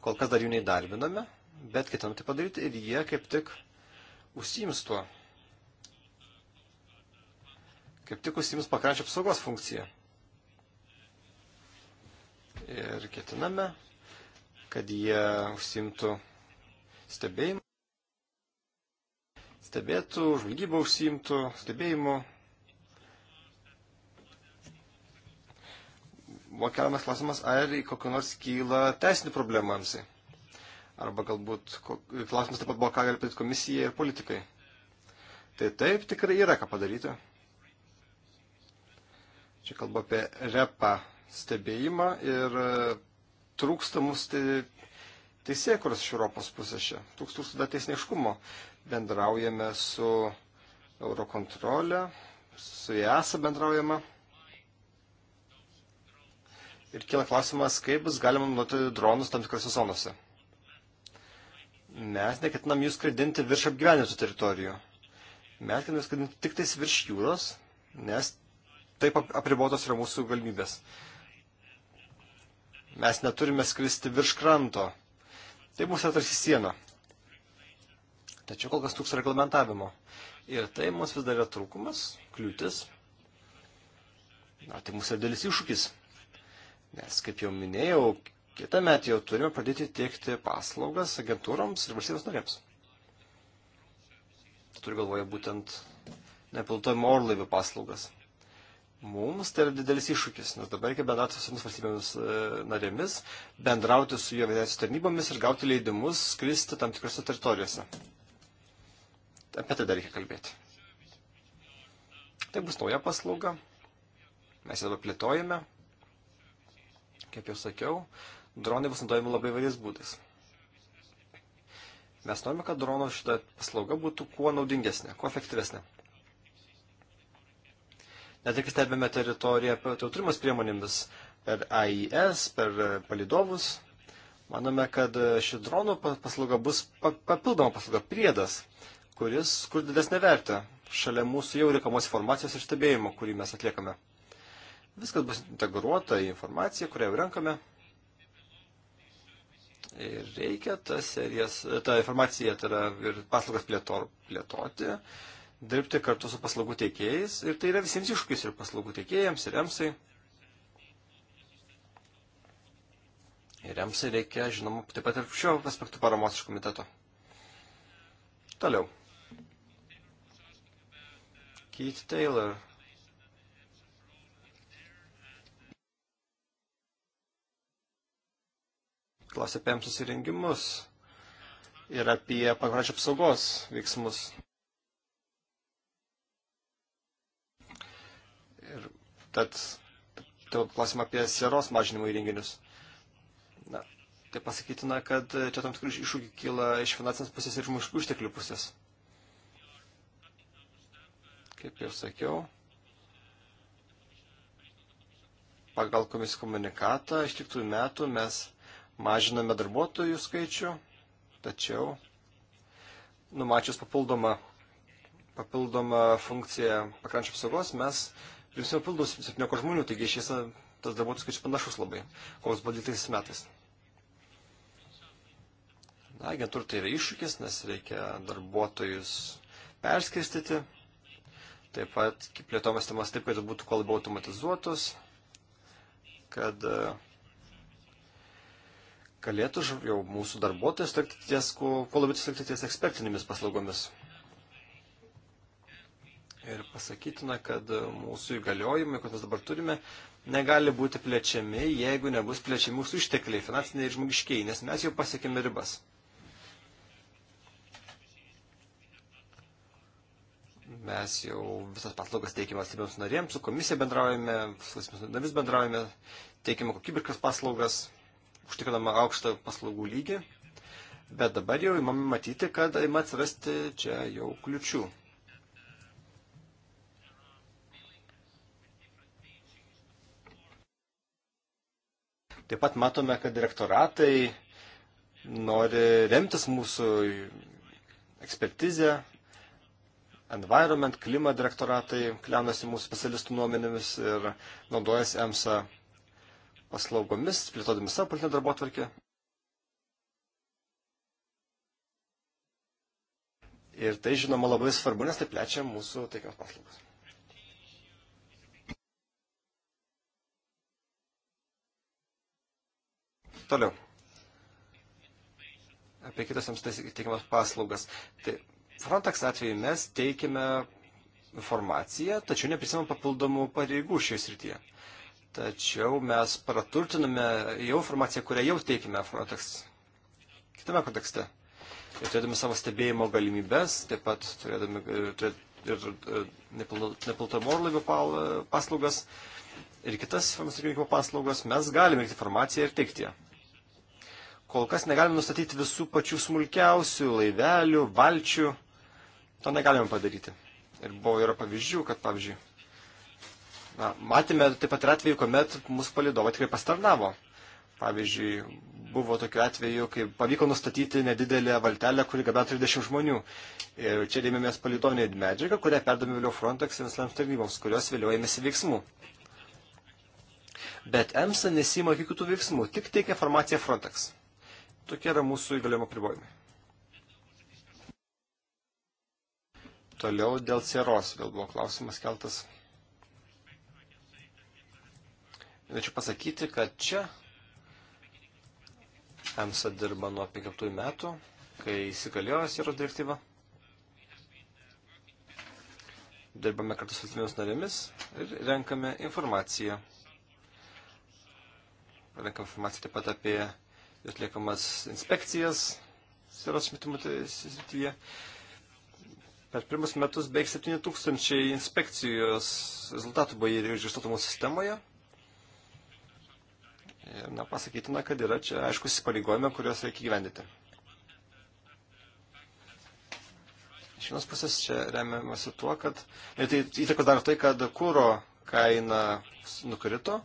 [SPEAKER 3] Kol kas dar jų neįdarbiname, bet ketiname tai padaryti ir jie kaip tik užsiims tuo kaip tik užsims pakrančio apsaugos funkciją. Ir ketiname, kad jie užsimtų stebėjimą, stebėtų, žvalgybą užsimtų, stebėjimu. Buvo keliamas klausimas, ar į kokią nors kyla teisinių problemų jiems. Arba galbūt klausimas taip pat buvo, ką gali padaryti komisija ir politikai. Tai taip tikrai yra ką padaryti. Čia kalba apie repa stebėjimą ir e, trūkstamus te, teisėkuras iš Europos pusės čia. Trūkstus tada teisneiškumo. Bendraujame su Eurokontrolė, su EASA bendraujama. Ir kyla klausimas, kaip bus galima naudoti dronus tam tikrose zonose. Mes neketinam jų skraidinti virš apgyvenintų teritorijų. Mes ketinam skraidinti tik tais virš jūros, nes taip apribotos yra mūsų galimybės. Mes neturime skristi virš kranto. Tai mūsų atrasi siena. Tačiau kol kas trūks reglamentavimo. Ir tai mums vis dar yra trūkumas, kliūtis. Na, tai mūsų didelis iššūkis. Nes, kaip jau minėjau, kitą metą jau turime pradėti tiekti paslaugas agentūroms ir valstybės norėms. Turiu galvoje būtent nepiltojimo orlaivių paslaugas mums tai yra didelis iššūkis, nes dabar reikia bendrauti su visomis valstybėmis e, narėmis, bendrauti su jo aviacijos tarnybomis ir gauti leidimus skristi tam tikrose teritorijose. Apie tai dar reikia kalbėti. Tai bus nauja paslauga. Mes ją dabar plėtojame. Kaip jau sakiau, dronai bus naudojami labai įvairiais būdais. Mes norime, kad drono šita paslauga būtų kuo naudingesnė, kuo efektyvesnė ne tik stebime teritoriją tautrimas priemonėmis per AIS, per e, palidovus. Manome, kad e, ši dronų paslauga bus papildoma paslauga priedas, kuris kur didesnė vertė šalia mūsų jau reikamos informacijos ir stebėjimo, kurį mes atliekame. Viskas bus integruota į informaciją, kurią jau renkame. Ir reikia tas serijas, tą informaciją tai yra, ir paslaugas plėtor, plėtoti, dirbti kartu su paslaugų teikėjais ir tai yra visiems iššūkis ir paslaugų teikėjams, ir EMSai. Ir EMSai reikia, žinoma, taip pat ir šiuo aspektu paramos iš komiteto. Toliau. Keith Taylor. Klausė apie EMSų susirinkimus ir apie pakrančio apsaugos veiksmus. Tad klausimą apie sieros mažinimo įrenginius. Na, tai pasakytina, kad čia tam tikrų iššūkių kyla iš finansinės pusės ir žmogiškų išteklių pusės. Kaip jau sakiau, pagal komisijos komunikatą iš tikrųjų metų mes mažiname darbuotojų skaičių, tačiau numačius papildomą, papildomą funkciją pakrančio apsaugos mes Jūs jau pildos 17 žmonių, taigi iš esą tas darbuotojų skaičius panašus labai, koks buvo 12 metais. Na, agentūra tai yra iššūkis, nes reikia darbuotojus perskirstyti, taip pat plėtomas temas taip, kad būtų kuo labiau automatizuotos, kad galėtų jau mūsų darbuotojus ties, kuo, kuo labiau ties ekspertinėmis paslaugomis. Ir pasakytina, kad mūsų įgaliojimai, kuriuos dabar turime, negali būti plečiami, jeigu nebus plečiami mūsų ištekliai, finansiniai ir žmogiškiai, nes mes jau pasiekėme ribas. Mes jau visas paslaugas teikime valstybėms narėms, su komisija bendraujame, su valstybėms narėmis bendraujame, teikime kokybiškas paslaugas, užtikrinama aukštą paslaugų lygį, bet dabar jau įmame matyti, kad ima atsirasti čia jau kliučių. Taip pat matome, kad direktoratai nori remtis mūsų ekspertizę, environment, klima direktoratai kliaunasi mūsų specialistų nuomenėmis ir naudojasi EMSA paslaugomis, plėtodami savo politinę darbo atvarkę. Ir tai, žinoma, labai svarbu, nes tai plečia mūsų teikiamas paslaugas. Toliau. Apie kitas jums teikiamas paslaugas. Tai Frontex atveju mes teikiame informaciją, tačiau neprisimam papildomų pareigų šioje srityje. Tačiau mes praturtiname jau informaciją, kurią jau teikime Frontex kitame kontekste. Ir turėdami savo stebėjimo galimybės, taip pat turėdami turėt, ir, ir nepiltamo orlaivio paslaugas ir kitas informacijų rinkimo paslaugas, mes galime rinkti informaciją ir teikti ją. Kol kas negalime nustatyti visų pačių smulkiausių laivelių, valčių. To negalime padaryti. Ir buvo yra pavyzdžių, kad pavyzdžiui, na, matėme taip pat ir atveju, kuomet mūsų palidovai tikrai pastarnavo. Pavyzdžiui, buvo tokių atvejų, kai pavyko nustatyti nedidelę valtelę, kuri gabeno 30 žmonių. Ir čia rėmėmės palidovinę medžiagą, kurią perdavėme vėliau Frontex ir Islam tarnyboms, kurios vėliau ėmėsi veiksmų. Bet EMSA nesima jokių kitų veiksmų, tik teikia informaciją Frontex. Tokie yra mūsų įgaliojimo pribojimai. Toliau dėl sieros vėl buvo klausimas keltas. Norėčiau pasakyti, kad čia EMSA dirba nuo 15 metų, kai įsigaliojo sieros direktyva. Dirbame kartu su valstybėmis narėmis ir renkame informaciją. Renkame informaciją taip pat apie atliekamas inspekcijas sieros smitimo tai srityje. Per pirmus metus beveik 7000 inspekcijos rezultatų buvo užregistruotumo sistemoje. Ir, na, pasakytina, kad yra čia aiškus įsipareigojimai, kuriuos reikia gyvendyti. Iš vienos pusės čia remiamasi tuo, kad ir tai įtakos daro tai, kad kūro kaina nukrito,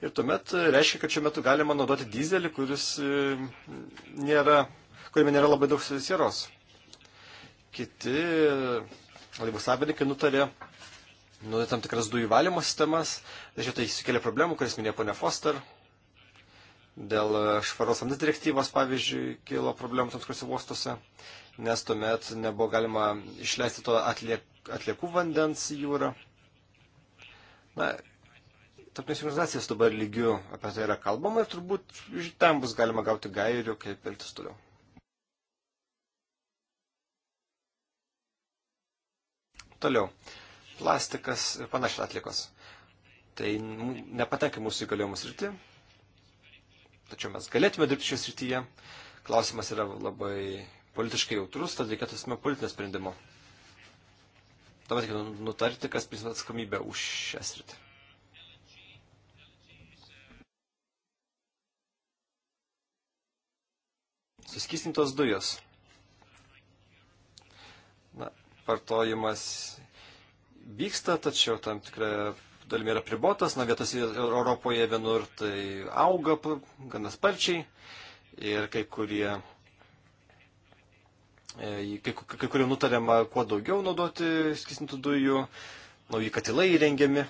[SPEAKER 3] Ir tuomet e, reiškia, kad šiuo metu galima naudoti dizelį, kuris e, nėra, kuriame nėra labai daug sieros. Kiti e, laivų savininkai nutarė nu, tam tikras dujų valymo sistemas, tačiau tai sukelia problemų, kuris minėjo ponia Foster. Dėl švaros vandens direktyvos, pavyzdžiui, kilo problemų tam tikrose uostose, nes tuomet nebuvo galima išleisti to atliek, atliekų vandens į jūrą. Na, tarptautinės organizacijas dabar lygių apie tai yra kalbama ir turbūt tam bus galima gauti gairių, kaip elgtis toliau. Toliau. Plastikas ir panašiai atlikos. Tai nepatenka mūsų įgaliojimus rytį, tačiau mes galėtume dirbti šioje srityje. Klausimas yra labai politiškai jautrus, tad reikėtų esame politinio sprendimo. Tuomet reikia nutarti, kas prisimta atsakomybę už šią sritį. Suskistintos dujos. Na, vartojimas vyksta, tačiau tam tikra dalimi yra pribotas, na vietos Europoje vienur tai auga gana sparčiai ir kai kurie, e, kai, kai kurie nutariama kuo daugiau naudoti skistintų dujų, nauji katilai įrengiami,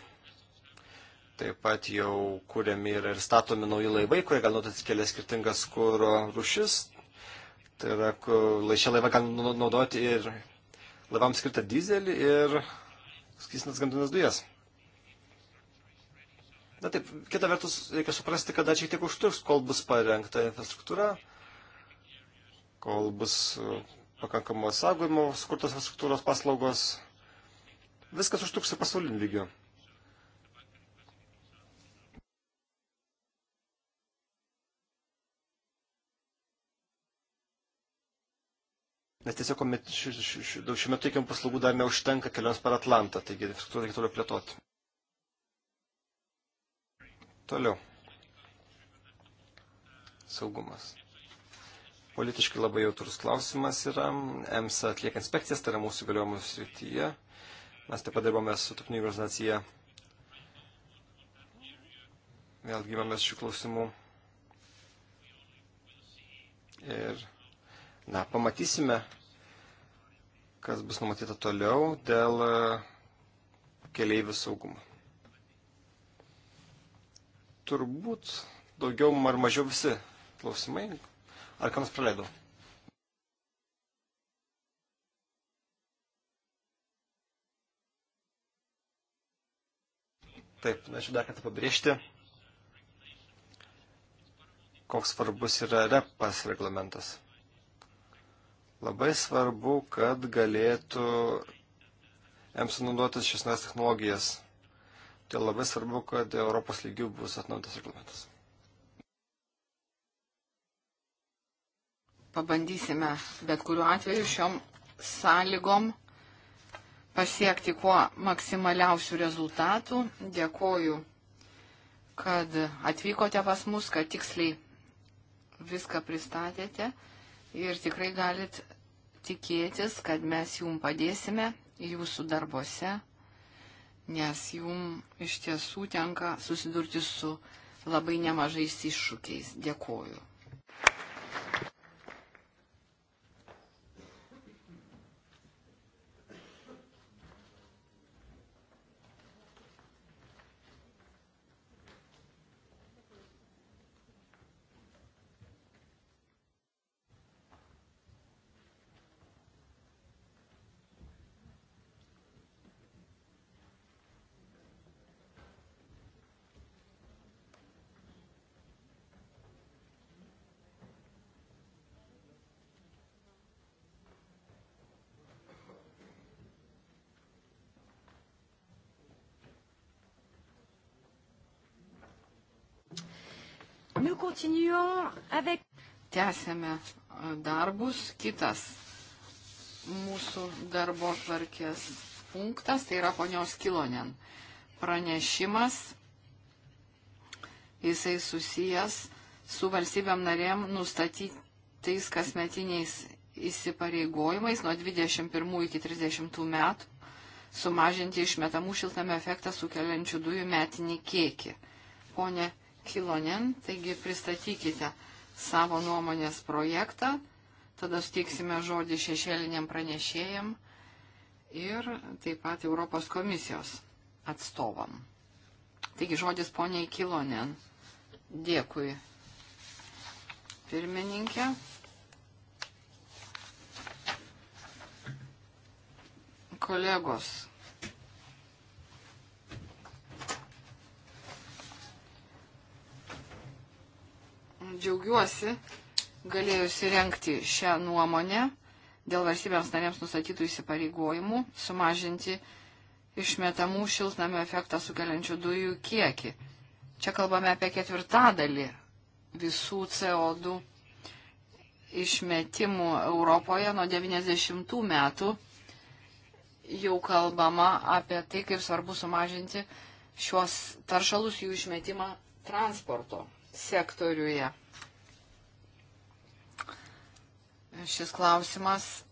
[SPEAKER 3] taip pat jau kuriami yra ir statomi nauji laivai, kurie gali naudoti kelias skirtingas kūro rušis, Tai yra, šią laivą galima nu-, naudoti ir laivams skirtą dizelį ir skysinas gamtinas dujas. Na taip, kita vertus, reikia suprasti, kada šiek tiek užtruks, kol bus parengta infrastruktūra, kol bus e, pakankamo saugojimo skurtos infrastruktūros paslaugos. Viskas užtruks ir pasauliniu lygiu. Nes tiesiog, kuomet šiuo ši, ši, ši metu teikiamų paslaugų dar neužtenka kelioms per Atlantą, taigi infrastruktūrą reikia toliau plėtoti. Toliau. Saugumas. Politiškai labai jautrus klausimas yra. EMSA atlieka inspekcijas, tai yra mūsų galiojimų srityje. Mes taip pat dirbame su tarptautinė organizacija. Vėlgi imamės šių klausimų. Ir Na, pamatysime, kas bus numatyta toliau dėl e, keleivių saugumo. Turbūt daugiau ar mažiau visi klausimai. Ar kams praleidau? Taip, norėčiau dar kartą pabrėžti, koks svarbus yra repas reglamentas. Labai svarbu, kad galėtų EMS naudotis šis nes technologijas. Tai labai svarbu, kad Europos lygių bus atnaudotas reglamentas.
[SPEAKER 1] Pabandysime bet kuriuo atveju šiom sąlygom pasiekti kuo maksimaliausių rezultatų. Dėkoju, kad atvykote pas mus, kad tiksliai viską pristatėte ir tikrai galit tikėtis, kad mes jum padėsime jūsų darbose, nes jum iš tiesų tenka susidurti su labai nemažais iššūkiais. Dėkuoju.
[SPEAKER 3] Nous continuons avec.
[SPEAKER 1] Tęsėme e, darbus. Kitas mūsų darbo tvarkės punktas, tai yra ponios Kilonen pranešimas. Jisai susijęs su valstybėm narėm nustatytais kasmetiniais įsipareigojimais nuo 21 iki 30 metų sumažinti išmetamų šiltame efektą sukeliančių dujų metinį kiekį. Pone Kilonen, taigi pristatykite savo nuomonės projektą, tada sutiksime žodį šešėliniam pranešėjam ir taip pat Europos komisijos atstovam. Taigi žodis poniai Kilonen. Dėkui. Pirmininkė. Kolegos, Džiaugiuosi galėjusi renkti šią nuomonę dėl valstybėms narėms nustatytų įsipareigojimų sumažinti išmetamų šiltnamio efektą sukeliančių dujų kiekį. Čia kalbame apie ketvirtadalį visų CO2 išmetimų Europoje nuo 90 metų. Jau kalbama apie tai, kaip svarbu sumažinti šiuos taršalus jų išmetimą transporto sektoriuje. Šis klausimas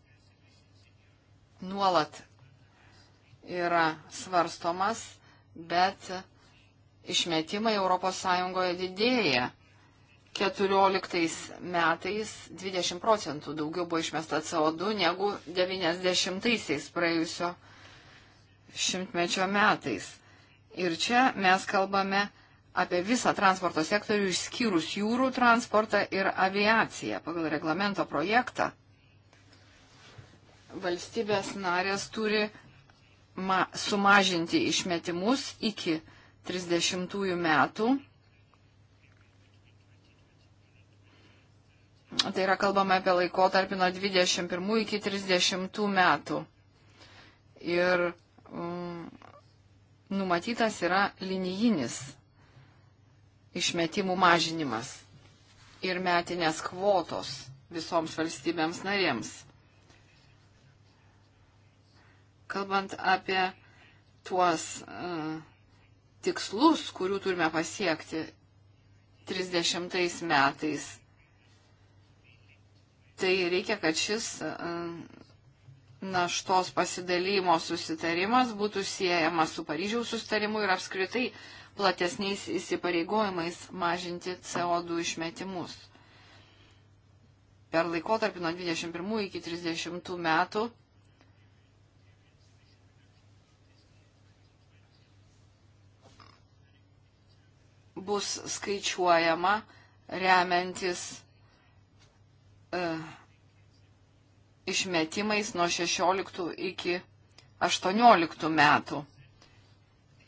[SPEAKER 1] nuolat yra svarstomas, bet išmetimai ES didėja. 14 metais 20 procentų daugiau buvo išmesta CO2 negu 90-aisiais praėjusio šimtmečio metais. Ir čia mes kalbame apie visą transporto sektorių išskyrus jūrų transportą ir aviaciją. Pagal reglamento projektą valstybės narės turi ma, sumažinti išmetimus iki 30 metų. Tai yra kalbama apie laikotarpį nuo 21 iki 30 metų. Ir mm, numatytas yra linijinis išmetimų mažinimas ir metinės kvotos visoms valstybėms narėms. Kalbant apie tuos uh, tikslus, kurių turime pasiekti 30 metais, tai reikia, kad šis uh, naštos pasidalymo susitarimas būtų siejamas su Paryžiaus susitarimu ir apskritai uh, platesniais įsipareigojimais mažinti CO2 išmetimus. Per laikotarpį nuo 21 iki 30 metų bus skaičiuojama remiantis e, išmetimais nuo 16 iki 18 metų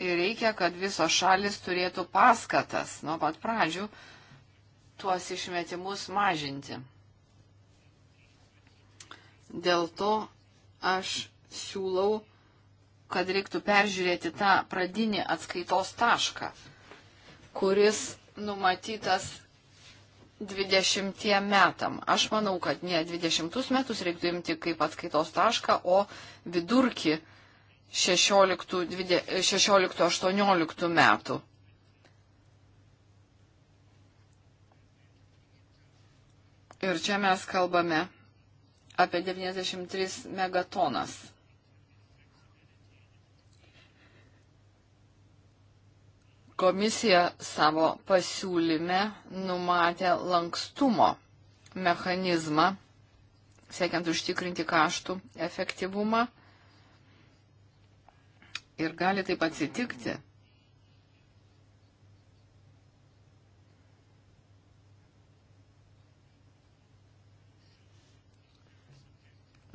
[SPEAKER 1] ir reikia, kad visos šalis turėtų paskatas nuo pat pradžių tuos išmetimus mažinti. Dėl to aš siūlau, kad reiktų peržiūrėti tą pradinį atskaitos tašką, kuris numatytas 20 metam. Aš manau, kad ne 20 metus reiktų imti kaip atskaitos tašką, o vidurkį 16-18 metų. Ir čia mes kalbame apie 93 megatonas. Komisija savo pasiūlyme numatė lankstumo mechanizmą, siekiant užtikrinti kaštų efektyvumą Ir gali taip atsitikti,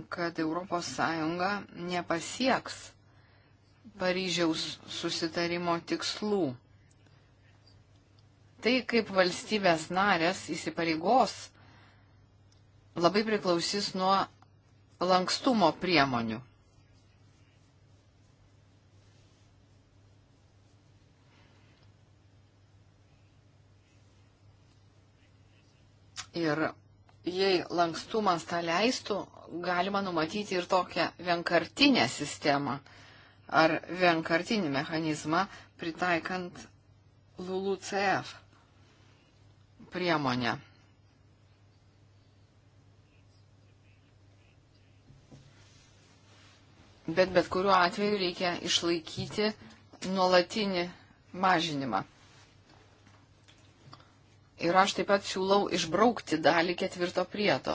[SPEAKER 1] kad ES nepasieks Paryžiaus susitarimo tikslų. Tai kaip valstybės narės įsipareigos labai priklausys nuo lankstumo priemonių. Ir jei lankstumas tą leistų, galima numatyti ir tokią vienkartinę sistemą ar vienkartinį mechanizmą pritaikant LULUCF priemonę. Bet bet kuriuo atveju reikia išlaikyti nuolatinį mažinimą. Ir aš taip pat siūlau išbraukti dalį ketvirto priedo.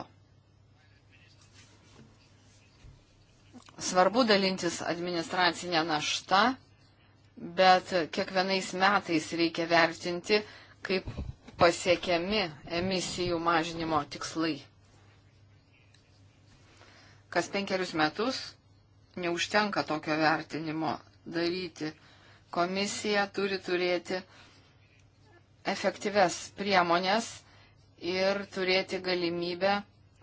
[SPEAKER 1] Svarbu dalintis administracinę naštą, bet kiekvienais metais reikia vertinti, kaip pasiekiami emisijų mažinimo tikslai. Kas penkerius metus neužtenka tokio vertinimo daryti. Komisija turi turėti efektyves priemonės ir turėti galimybę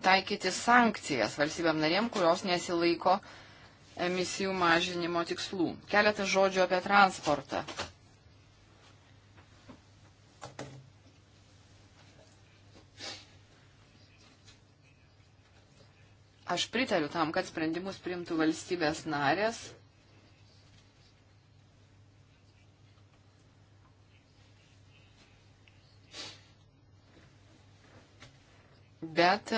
[SPEAKER 1] taikyti sankcijas valstybėm narėm, kurios nesilaiko emisijų mažinimo tikslų. Keletą žodžių apie transportą. Aš pritariu tam, kad sprendimus priimtų valstybės narės bet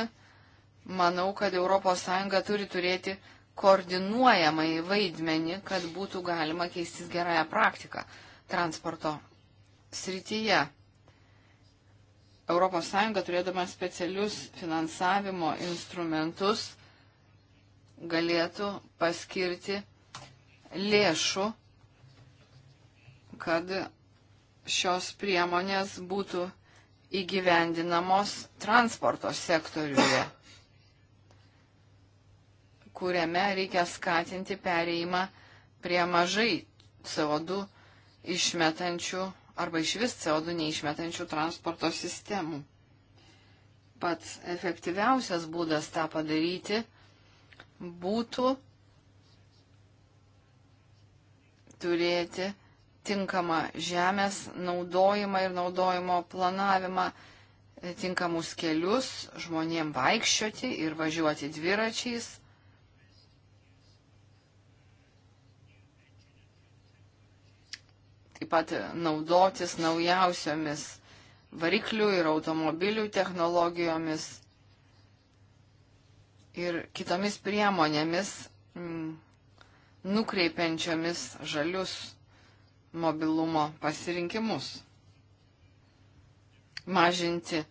[SPEAKER 1] manau, kad ES turi turėti koordinuojamai vaidmenį, kad būtų galima keistis gerąją praktiką transporto srityje. ES turėdama specialius finansavimo instrumentus galėtų paskirti lėšų, kad šios priemonės būtų įgyvendinamos transporto sektoriuje, kuriame reikia skatinti pereimą prie mažai CO2 išmetančių arba iš vis CO2 neišmetančių transporto sistemų. Pats efektyviausias būdas tą padaryti būtų turėti tinkamą žemės naudojimą ir naudojimo planavimą, e, tinkamus kelius žmonėm vaikščioti ir važiuoti dviračiais. Taip pat e, naudotis naujausiomis variklių ir automobilių technologijomis ir kitomis priemonėmis mm, nukreipiančiomis žalius mobilumo pasirinkimus, mažinti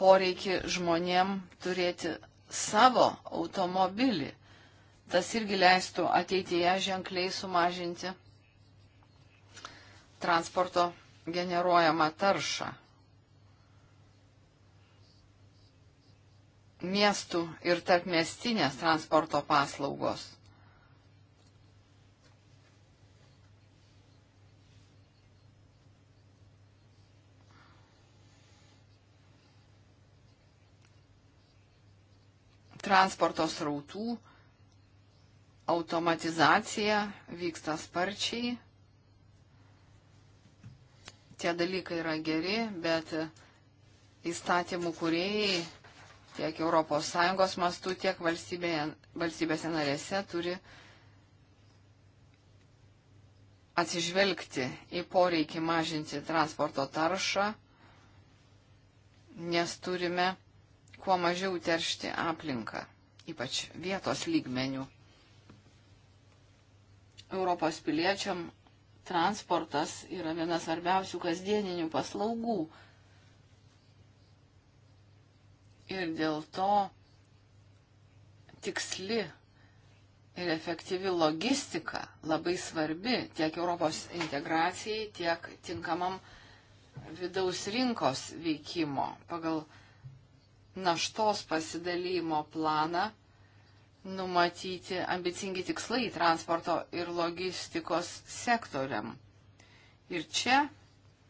[SPEAKER 1] poreikį žmonėm turėti savo automobilį. Tas irgi leistų ateityje ženkliai sumažinti transporto generuojamą taršą. Miestų ir tarpmestinės transporto paslaugos transporto srautų, automatizacija vyksta sparčiai. Tie dalykai yra geri, bet įstatymų kuriejai tiek ES mastu, tiek valstybėje, valstybėse narėse turi atsižvelgti į poreikį mažinti transporto taršą, nes turime kuo mažiau teršti aplinką, ypač vietos lygmenių. Europos piliečiam transportas yra viena svarbiausių kasdieninių paslaugų. Ir dėl to tiksli ir efektyvi logistika labai svarbi tiek Europos integracijai, tiek tinkamam vidaus rinkos veikimo pagal naštos pasidalymo planą, numatyti ambicingi tikslai transporto ir logistikos sektoriam. Ir čia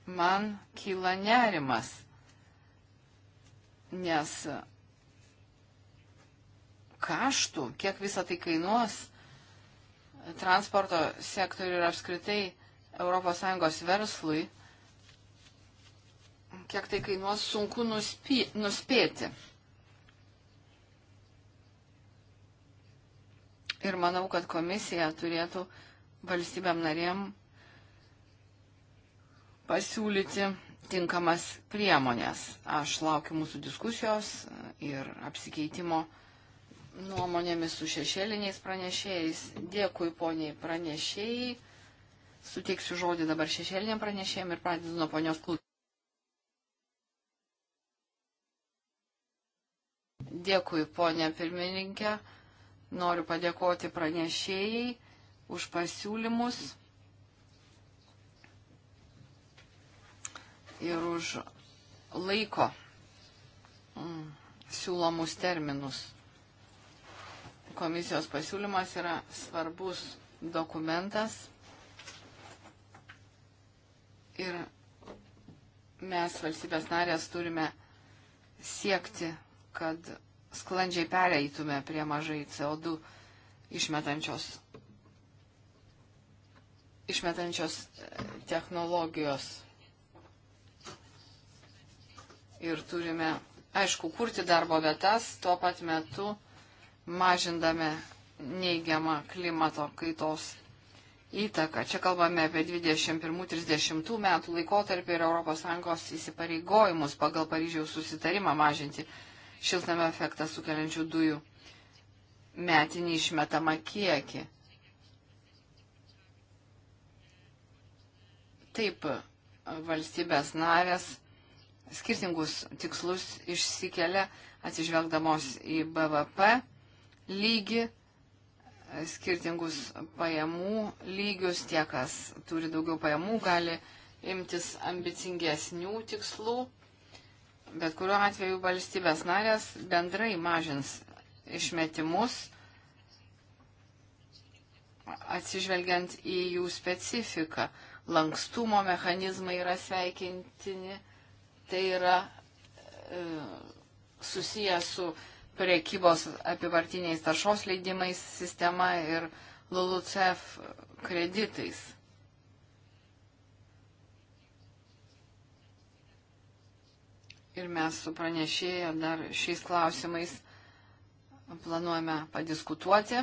[SPEAKER 1] man kyla nerimas, nes kaštų, kiek visą tai kainuos transporto sektoriui ir apskritai ES verslui, Kiek tai kainuos, sunku nuspy, nuspėti. Ir manau, kad komisija turėtų valstybėm narėm pasiūlyti tinkamas priemonės. Aš laukiu mūsų diskusijos ir apsikeitimo nuomonėmis su šešėliniais pranešėjais. Dėkui poniai pranešėjai. Suteiksiu žodį dabar šešėliniam pranešėjim ir pradedu nuo ponios klūtų. Dėkui, ponė pirmininkė. Noriu padėkoti pranešėjai už pasiūlymus ir už laiko mm, siūlomus terminus. Komisijos pasiūlymas yra svarbus dokumentas ir mes valstybės narės turime siekti, kad sklandžiai pereitume prie mažai CO2 išmetančios, išmetančios e, technologijos. Ir turime, aišku, kurti darbo vietas, tuo pat metu mažindame neigiamą klimato kaitos įtaką. Čia kalbame apie 21-30 metų laikotarpį ir ES įsipareigojimus pagal Paryžiaus susitarimą mažinti šiltnamio efektą sukeliančių dujų metinį išmetamą kiekį. Taip, valstybės narės skirtingus tikslus išsikelia atsižvelgdamos į BVP lygį, skirtingus pajamų lygius, tie, kas turi daugiau pajamų, gali imtis ambicingesnių tikslų. Bet kuriuo atveju valstybės narės bendrai mažins išmetimus, atsižvelgiant į jų specifiką. Lankstumo mechanizmai yra sveikintini, tai yra e, susijęs su priekybos apivartiniais taršos leidimais sistema ir LULUCEF kreditais. ir mes su pranešėja dar šiais klausimais planuojame padiskutuoti,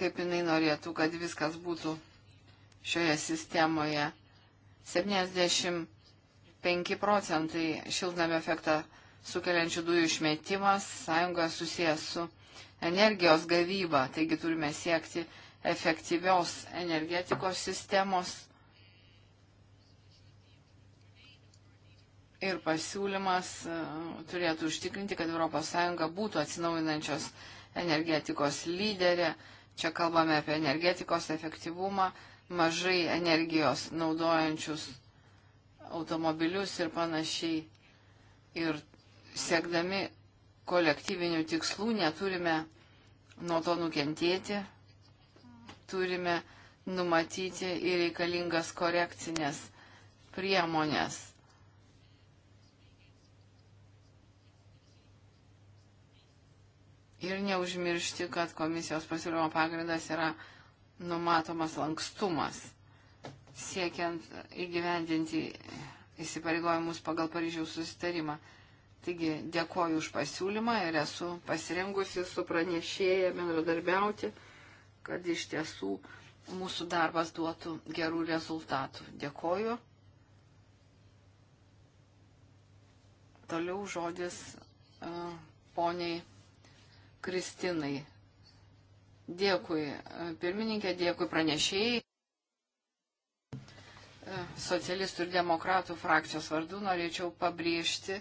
[SPEAKER 1] kaip jinai norėtų, kad viskas būtų šioje sistemoje. 75 procentai šiltnamio efektą sukeliančių dujų išmetimas sąjungoje susijęs su energijos gavyba, taigi turime siekti efektyvios energetikos sistemos ir pasiūlymas e, turėtų užtikrinti, kad ES būtų atsinaujinančios energetikos lyderė. Čia kalbame apie energetikos efektyvumą, mažai energijos naudojančius automobilius ir panašiai. Ir siekdami kolektyvinių tikslų neturime nuo to nukentėti, turime numatyti ir reikalingas korekcinės priemonės ir neužmiršti, kad komisijos pasiūlymo pagrindas yra numatomas lankstumas, siekiant įgyvendinti įsipareigojimus pagal Paryžiaus susitarimą. Taigi dėkoju už pasiūlymą ir esu pasirengusi su pranešėja bendradarbiauti, kad iš tiesų mūsų darbas duotų gerų rezultatų. Dėkoju. Toliau žodis uh, poniai Kristinai. Dėkui pirmininkė, dėkui pranešėjai. Socialistų ir demokratų frakcijos vardu norėčiau pabrėžti,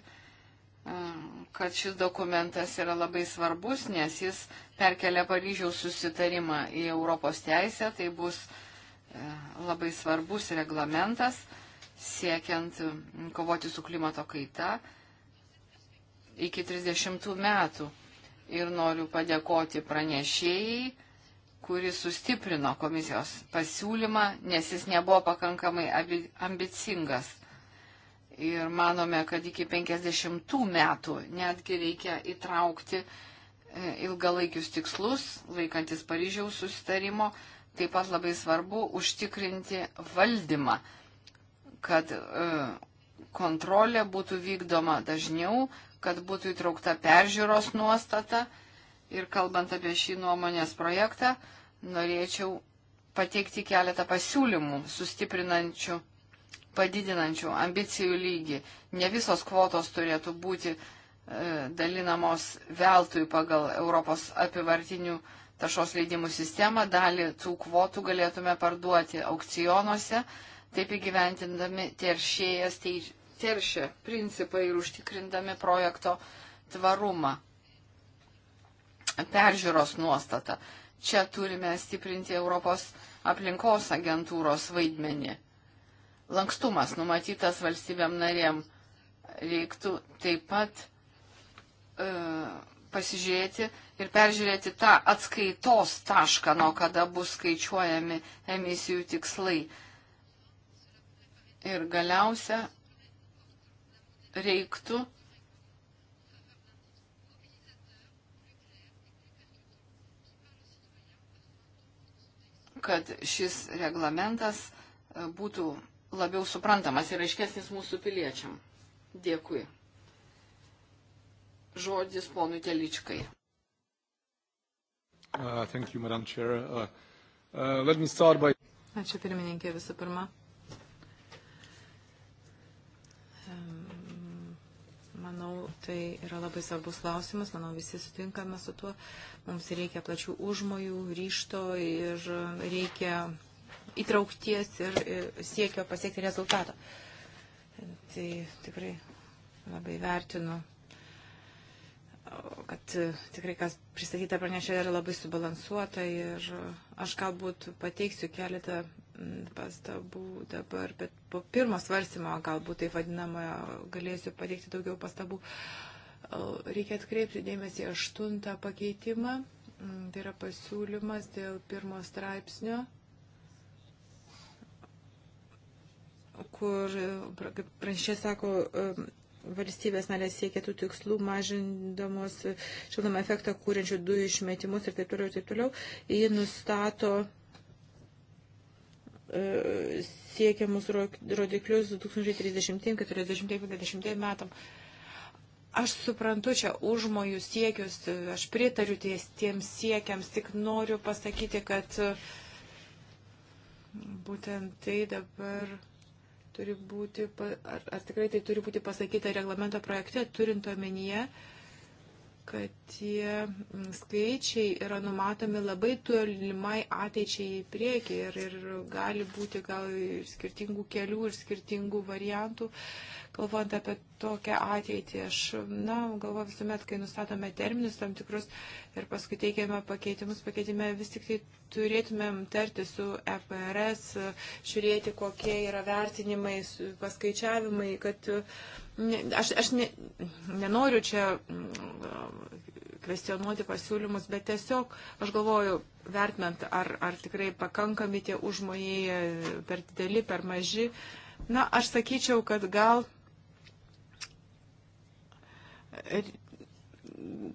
[SPEAKER 1] kad šis dokumentas yra labai svarbus, nes jis perkelia Paryžiaus susitarimą į Europos teisę. Tai bus e, labai svarbus reglamentas siekiant kovoti su klimato kaita iki 30 metų ir noriu padėkoti pranešėjai, kuris sustiprino komisijos pasiūlymą, nes jis nebuvo pakankamai ambicingas. Ir manome, kad iki 50 metų netgi reikia įtraukti e, ilgalaikius tikslus, laikantis Paryžiaus susitarimo, taip pat labai svarbu užtikrinti valdymą, kad e, kontrolė būtų vykdoma dažniau, kad būtų įtraukta peržiūros nuostata. Ir kalbant apie šį nuomonės projektą, norėčiau pateikti keletą pasiūlymų sustiprinančių, padidinančių ambicijų lygį. Ne visos kvotos turėtų būti e, dalinamos veltui pagal Europos apivartinių taršos leidimų sistemą. Dalį tų kvotų galėtume parduoti aukcionuose, taip įgyventindami teršėjas teis, teršia principai ir užtikrindami projekto tvarumą. Peržiūros nuostata. Čia turime stiprinti Europos aplinkos agentūros vaidmenį. Lankstumas numatytas valstybėm narėm reiktų taip pat e, pasižiūrėti ir peržiūrėti tą atskaitos tašką, nuo kada bus skaičiuojami emisijų tikslai. Ir galiausia reiktų kad šis reglamentas e, būtų labiau suprantamas ir aiškesnis mūsų piliečiam. Dėkui. Žodis ponui Teličkai.
[SPEAKER 3] Uh, you, uh, uh, by...
[SPEAKER 2] Ačiū pirmininkė visų pirma. Manau, tai yra labai svarbus klausimas, manau, visi sutinkame su tuo. Mums reikia plačių užmojų, ryšto ir reikia įtraukties ir siekio pasiekti rezultato. Tai tikrai labai vertinu kad e, tikrai kas pristatyta pranešė yra labai subalansuota ir aš galbūt pateiksiu keletą pastabų dabar, bet po pirmo svarstymo galbūt tai vadinamojo galėsiu pateikti daugiau pastabų. Reikia atkreipti dėmesį aštuntą pakeitimą, tai yra pasiūlymas dėl pirmo straipsnio kur, e, kaip pranešė sako, e, valstybės narės siekia tų tikslų, mažindamos šildomą efektą kūrenčių dujų išmetimus ir taip toliau, taip toliau, ji nustato e, siekiamus rodiklius 2030, 40, 50 metam. Aš suprantu čia užmojų siekius, aš pritariu ties, tiems siekiams, tik noriu pasakyti, kad būtent tai dabar turi būti, ar, ar tikrai tai turi būti pasakyta reglamento projekte, turint omenyje, kad tie mm, skaičiai yra numatomi labai tolimai ateičiai į priekį ir, ir gali būti gal ir skirtingų kelių ir skirtingų variantų, galvojant apie tokią ateitį. Aš, na, galvoju visuomet, kai nustatome terminus tam tikrus ir paskui teikiame pakeitimus, pakeitime vis tik tai turėtumėm tarti su EPRS, žiūrėti, kokie yra vertinimai, paskaičiavimai, kad aš, aš ne, nenoriu čia mm, kvestionuoti pasiūlymus, bet tiesiog aš galvoju, vertinant, ar, ar tikrai pakankami tie užmojai per dideli, per maži. Na, aš sakyčiau, kad gal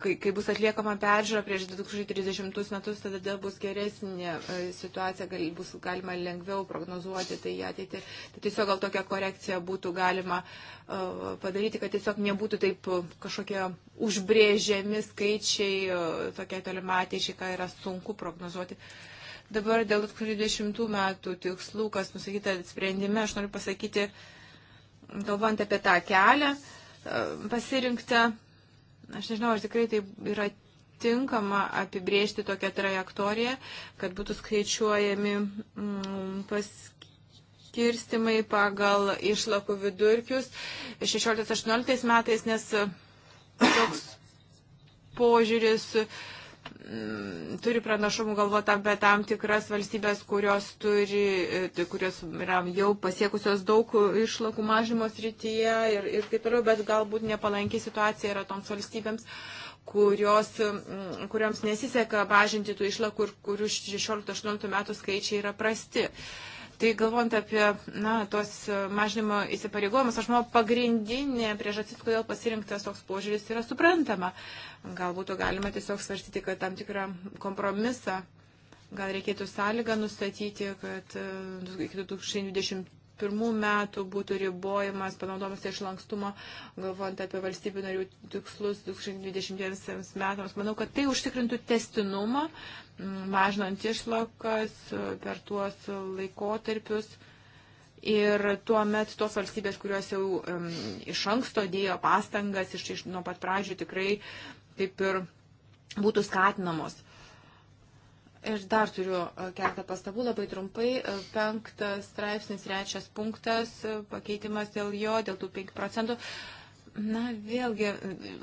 [SPEAKER 2] kai, kai bus atliekama peržiūra prieš 2030 metus, tada bus geresnė e, situacija, gal, bus galima lengviau prognozuoti tai ateitį. Tai tiesiog gal tokią korekciją būtų galima uh, padaryti, kad tiesiog nebūtų taip kažkokie užbrėžiami skaičiai uh, tokiai tolimatėčiai, ką yra sunku prognozuoti. Dabar dėl 2020 metų tikslų, kas nusakyta sprendime, aš noriu pasakyti, galvant apie tą kelią. Uh, pasirinkta. Aš nežinau, ar tikrai tai yra tinkama apibriežti tokią trajektoriją, kad būtų skaičiuojami mm, paskirstimai pagal išlakų vidurkius 16-18 metais, nes toks požiūris uh, Mm, turi pranašumų galvota apie tam tikras valstybės, kurios, turi, e, kurios yra jau pasiekusios daug išlakų mažymo srityje ir, ir taip toliau, bet galbūt nepalankiai situacija yra toms valstybėms kurios, mm, kuriams nesiseka mažinti tų išlakų, kur, kurių 16-18 metų skaičiai yra prasti. Uh, Tai galvojant apie na, tuos mažinimo įsipareigojimus, aš manau, pagrindinė priežastis, kodėl pasirinktas toks požiūris yra suprantama. Galbūt galima tiesiog svarstyti, kad tam tikrą kompromisą gal reikėtų sąlygą nustatyti, kad e, iki 2020 2021 metų būtų ribojimas panaudomas iš lankstumo, galvojant apie valstybių narių tikslus 2020 metams. Manau, kad tai užtikrintų testinumą, mažinant išlakas e, per tuos laikotarpius. Ir tuo met tos valstybės, kurios jau um, iš anksto dėjo pastangas, iš, iš nuo pat pradžių tikrai taip ir būtų skatinamos. Uh, Ir dar turiu e, keletą pastabų labai trumpai. E, penktas straipsnis, trečias punktas, e, pakeitimas dėl jo, dėl tų 5 procentų. Na, vėlgi,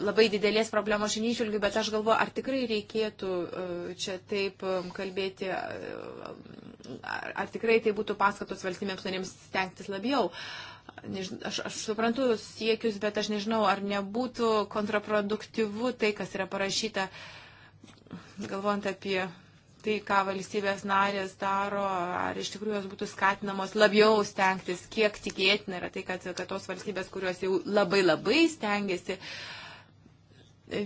[SPEAKER 2] labai didelės problemos šiandien išvilgiu, bet aš galvoju, ar tikrai reikėtų čia taip kalbėti, ar, ar tikrai tai būtų paskatos valstybėms narėms stengtis labiau. Aš, aš suprantu siekius, bet aš nežinau, ar nebūtų kontraproduktyvu tai, kas yra parašyta, galvojant apie tai, ką valstybės narės daro, ar iš tikrųjų jos būtų skatinamos labiau stengtis, kiek tikėtina yra tai, kad, kad tos valstybės, kurios jau labai labai stengiasi, e,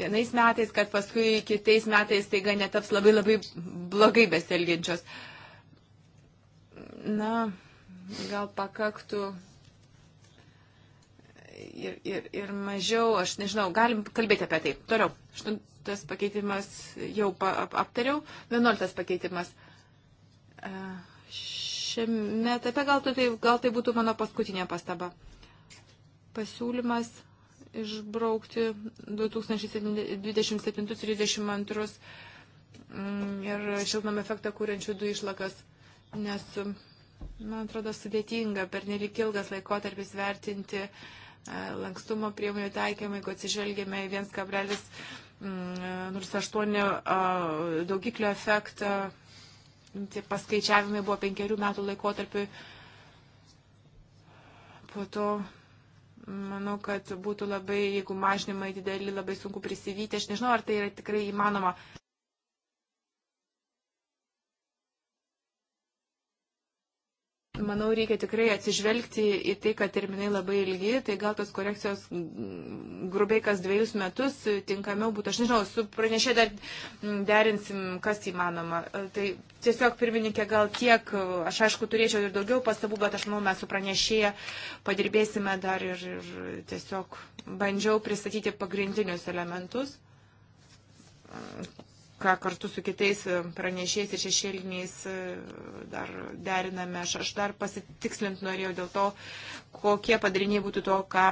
[SPEAKER 2] vienais metais, kad paskui kitais metais taiga netaps labai labai blogai beselgiančios. Na, gal pakaktų ir, ir, ir mažiau, aš nežinau, galim kalbėti apie tai. Toliau, aštuntas pakeitimas jau pa, ap, aptariau, vienuoltas pakeitimas. Šiame etape gal tai, gal tai būtų mano paskutinė pastaba. Pasiūlymas išbraukti 2027-2032 ir mm, šiltnam efektą kūrenčių dujų išlakas, nes man atrodo sudėtinga per nelik ilgas laikotarpis vertinti uh, lankstumo priemonių taikymą, jeigu atsižvelgėme į 1,08 mm, daugiklio efektą, tie paskaičiavimai buvo penkerių metų laikotarpiu. Po to manau, kad būtų labai, jeigu mažinimai dideli, labai sunku prisivyti. Aš nežinau, ar tai yra tikrai įmanoma. manau, reikia tikrai atsižvelgti į tai, kad terminai labai ilgi, tai gal tos korekcijos mm, grubiai kas dviejus metus tinkamiau būtų. Aš nežinau, su pranešė dar mm, derinsim, kas įmanoma. E, tai tiesiog, pirmininkė, gal tiek, e, aš aišku, turėčiau ir daugiau pastabų, bet aš manau, mes su pranešėje padirbėsime dar ir, ir tiesiog bandžiau pristatyti pagrindinius elementus ką kartu su kitais e, pranešiais ir šešėliniais e, dar deriname. Aš, aš dar pasitikslint norėjau dėl to, kokie padariniai būtų to, ką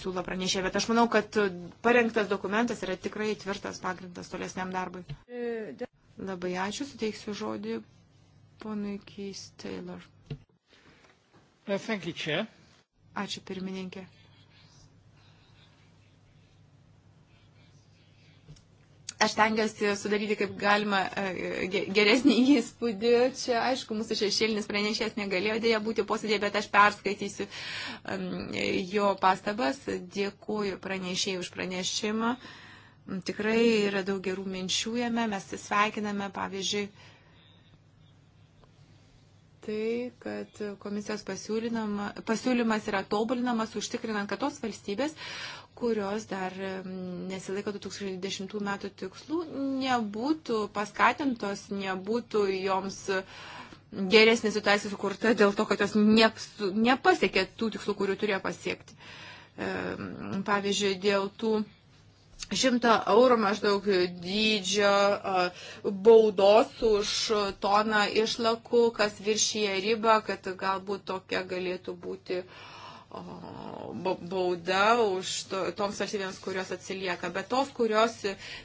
[SPEAKER 2] siūlo pranešė. Bet aš manau, kad parengtas dokumentas yra tikrai tvirtas pagrindas tolesniam darbui. Labai ačiū, suteiksiu žodį ponui Keith Taylor.
[SPEAKER 1] Uh,
[SPEAKER 2] ačiū pirmininkė. aš tengiuosi sudaryti kaip galima e, geresnį įspūdį. Čia, aišku, mūsų šešėlinis pranešės negalėjo dėja būti posėdėje, bet aš perskaitysiu jo pastabas. Dėkuoju pranešėjai už pranešimą. Tikrai yra daug gerų minčių jame. Mes sveikiname, pavyzdžiui, tai, kad komisijos pasiūlymas yra tobulinamas, užtikrinant, kad tos valstybės, kurios dar nesilaiko 2010 metų tikslų, nebūtų paskatintos, nebūtų joms geresnė situacija sukurta dėl to, kad jos nepasiekė tų tikslų, kurių turėjo pasiekti. Pavyzdžiui, dėl tų šimtą eurų maždaug dydžio baudos už toną išlakų, kas viršyje ribą, kad galbūt tokia galėtų būti uh, bauda už to, toms valstybėms, kurios atsilieka, bet tos, kurios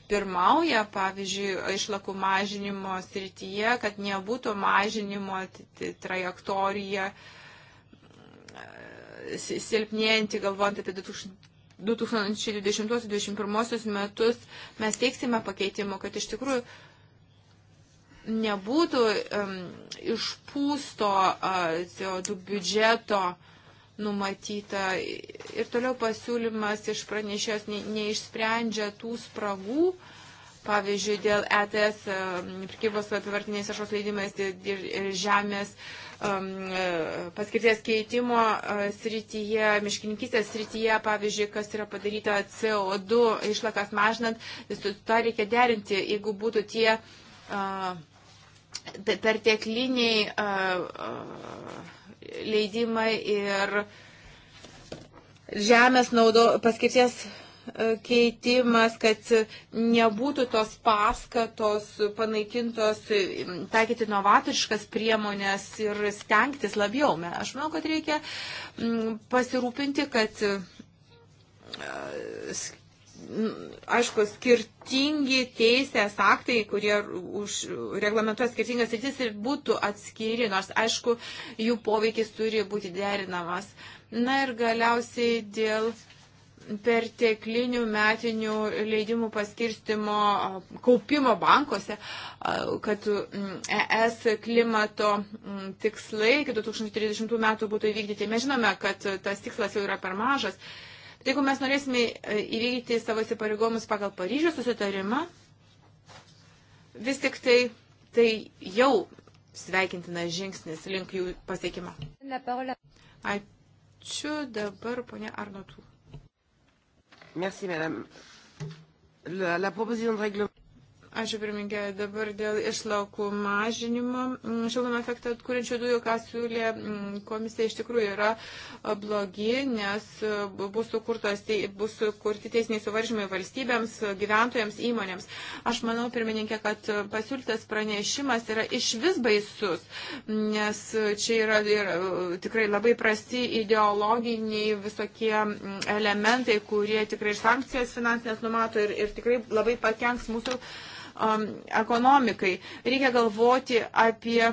[SPEAKER 2] pirmauja, pavyzdžiui, išlakų mažinimo srityje, kad nebūtų mažinimo trajektorija silpnėjanti, galvojant apie 2020-2021 metus, mes teiksime pakeitimų, kad iš tikrųjų nebūtų um, išpūsto uh, CO2 biudžeto uh, numatyta. Ir toliau pasiūlymas iš pranešės neišsprendžia tų spragų, pavyzdžiui, dėl ETS um, prikybos su apivartiniais ašos leidimais ir žemės um, e, paskirties keitimo e, srityje, miškininkistės srityje, pavyzdžiui, kas yra padaryta CO2 išlakas mažinant, visą tą reikia derinti, jeigu būtų tie uh, pertekliniai leidimai ir žemės naudo, paskirties keitimas, kad nebūtų tos paskatos panaikintos, taikyti novatoriškas priemonės ir stengtis labiau. Aš manau, kad reikia pasirūpinti, kad aišku, skirtingi teisės aktai, kurie už, reglamentuoja skirtingas rytis ir būtų atskiri, nors, aišku, jų poveikis turi būti derinamas. Na ir galiausiai dėl perteklinių metinių leidimų paskirstimo kaupimo bankuose, kad ES klimato tikslai iki 2030 metų būtų įvykdyti. Mes žinome, kad tas tikslas jau yra per mažas Bet tai jeigu mes norėsime e, įvykdyti savo įsipareigomus pagal Paryžių susitarimą, vis tik tai, tai jau sveikintinas žingsnis link jų pasiekimo. Ačiū dabar, ponia Arnotų. Merci, madame. La, la proposition de règlement. Ačiū pirmininkė. Dabar dėl išlaukų mažinimo mm, šildomą efektą atkūrinčių dujų, ką siūlė mm, komisija, iš tikrųjų yra blogi, nes bus, sukurtos, bus sukurti teisiniai suvaržymai valstybėms, gyventojams, įmonėms. Aš manau, pirmininkė, kad pasiūlytas pranešimas yra iš vis baisus, nes čia yra, yra tikrai labai prasti ideologiniai visokie mm, elementai, kurie tikrai ir sankcijas finansinės numato ir, ir tikrai labai pakenks mūsų um, ekonomikai. Reikia galvoti apie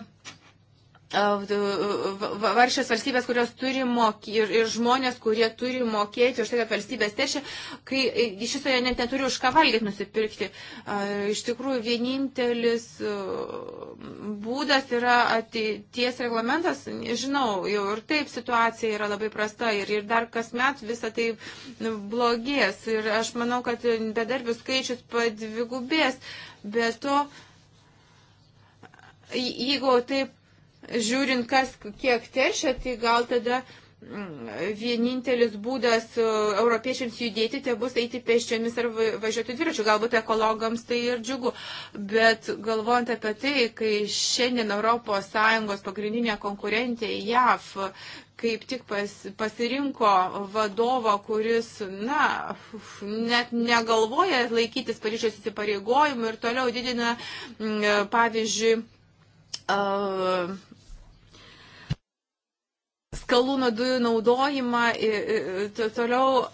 [SPEAKER 2] varšės valstybės, kurios turi mokyti ir, ir žmonės, kurie turi mokėti už tai, kad valstybės teršia, kai iš viso jie net neturi už ką valgyti nusipirkti. Iš tikrųjų, vienintelis būdas yra ateities reglamentas. Žinau, jau ir taip situacija yra labai prasta ir, ir dar kasmet visą tai blogės. Ir aš manau, kad bedarbių skaičius padvigubės. Be to, jeigu taip žiūrint, kas kiek teršia, tai gal tada mm, vienintelis būdas e, europiečiams judėti, tai bus eiti pėsčiomis ar važiuoti dviračiu. Galbūt ekologams tai ir džiugu. Bet galvojant apie tai, kai šiandien ES pagrindinė konkurentė JAV kaip tik pas, pasirinko vadovą, kuris, na, net negalvoja laikytis Paryžiaus įsipareigojimų ir toliau didina, mm, e, pavyzdžiui, uh, skalūno dujų naudojimą toliau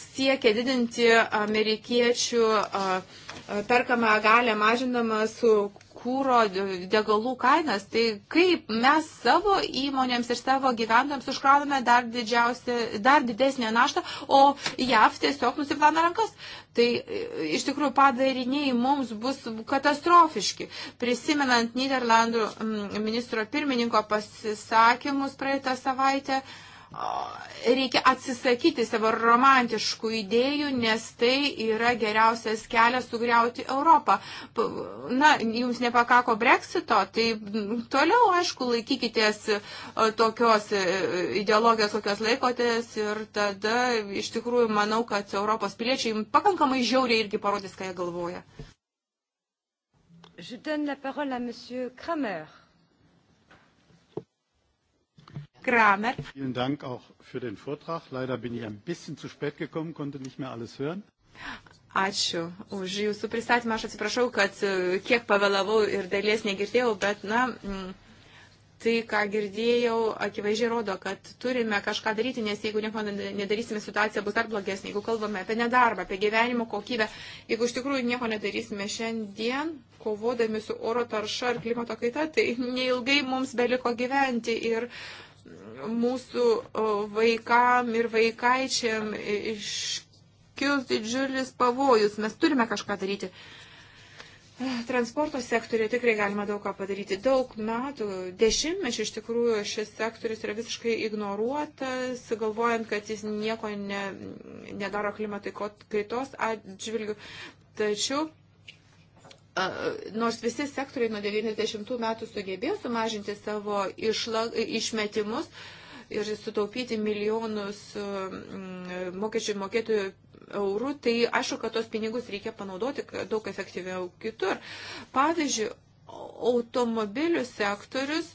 [SPEAKER 2] siekia didinti amerikiečių perkamą galę mažindamas kūro, degalų kainas, tai kaip mes savo įmonėms ir savo gyventojams užkrauname dar, dar didesnę naštą, o JAV tiesiog nusiplana rankas. Tai e, iš tikrųjų padariniai mums bus katastrofiški. Prisimenant Niderlandų mm, ministro pirmininko pasisakymus praeitą savaitę, uh, reikia atsisakyti savo romantiškų idėjų, nes tai yra geriausias kelias sugriauti Europą. Na, jums nepakako breksito, tai toliau, aišku, laikykitės e, tokios e, ideologijos, kokios laikotės ir tada iš tikrųjų manau, kad Europos piliečiai pakankamai žiauriai irgi parodys, ką jie galvoja. Je donne la parole à monsieur Kramer. Kramer. Vielen Dank auch für den Vortrag. Leider bin ich ein bisschen zu spät gekommen, konnte nicht mehr alles hören. Ačiū už jūsų pristatymą. Aš atsiprašau, kad e, kiek pavėlavau ir dalies negirdėjau, bet, na, tai, ką girdėjau, akivaizdžiai rodo, kad turime kažką daryti, nes jeigu nieko nedarysime, situacija bus dar blogesnė. Jeigu kalbame apie nedarbą, apie gyvenimo kokybę, jeigu iš tikrųjų nieko nedarysime šiandien, kovodami su oro tarša ir klimato kaita, tai neilgai mums beliko gyventi. Ir uh, mūsų vaikam ir vaikaičiam iškils didžiulis pavojus. Mes turime kažką daryti. Transporto sektoriuje tikrai galima daug ką padaryti. Daug metų, dešimtmečių iš tikrųjų šis sektorius yra visiškai ignoruotas, galvojant, kad jis nieko ne, nedaro klimatai kaitos atžvilgių. Tačiau Nors visi sektoriai nuo 90 metų sugebėjo sumažinti savo išla, išmetimus ir sutaupyti milijonus mokesčių mokėtojų eurų, tai aišku, kad tos pinigus reikia panaudoti daug efektyviau kitur. Pavyzdžiui, automobilių sektorius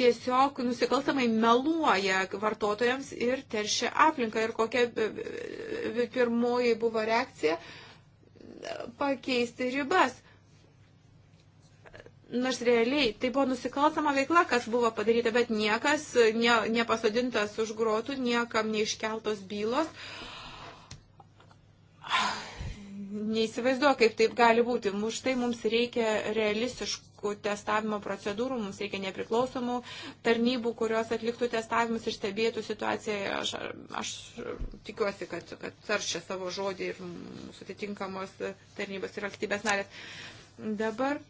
[SPEAKER 2] tiesiog nusikaltamai meluoja vartotojams ir teršia aplinką. Ir kokia pirmoji buvo reakcija? Pakeisti ribas. Nors realiai tai buvo nusikalstama veikla, kas buvo padaryta, bet niekas ne, nepasodintas už grotų, niekam neiškeltos bylos. Neįsivaizduoju, kaip taip gali būti. Už tai mums reikia realistiškų testavimo procedūrų, mums reikia nepriklausomų tarnybų, kurios atliktų testavimus ir stebėtų situaciją. Aš, aš tikiuosi, kad, kad taršia savo žodį ir mūsų atitinkamos tarnybos ir valstybės narės. Dabar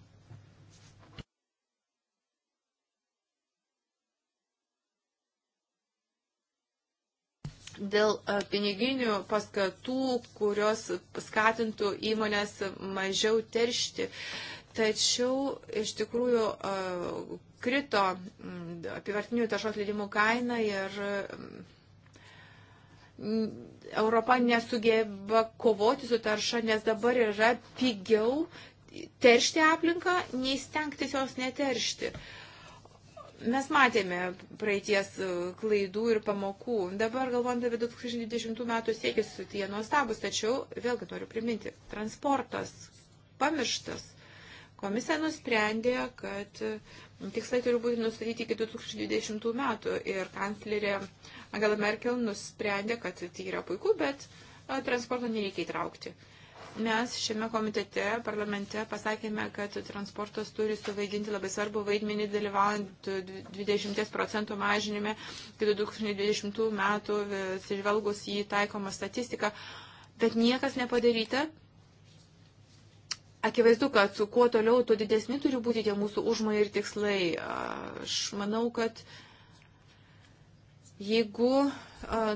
[SPEAKER 2] dėl e, piniginių paskatų, kurios skatintų įmonės mažiau teršti. Tačiau iš tikrųjų e, krito mm, apivartinių taršos leidimų kaina ir mm, Europa nesugeba kovoti su tarša, nes dabar yra pigiau teršti aplinką, nei stengtis jos neteršti. Uh, Mes matėme praeities e, klaidų ir pamokų. Dabar galvojant apie 2020 metų siekis, tai jie nuostabus, tačiau vėlgi noriu priminti, transportas pamirštas. Komisija nusprendė, kad e, tikslai turi būti nustatyti iki 2020 metų ir kanclerė Angela Merkel nusprendė, kad tai yra puiku, bet e, transporto nereikia įtraukti. Uh, Mes šiame komitete, parlamente pasakėme, kad transportas turi suvaidinti labai svarbu vaidmenį dalyvaujant 20 procentų mažinime iki 2020 metų, e, atsižvelgus į taikomą statistiką, bet niekas nepadaryta. Akivaizdu, kad su kuo toliau, tuo didesni turi būti tie mūsų užmai ir tikslai. Aš manau, kad uh, Jeigu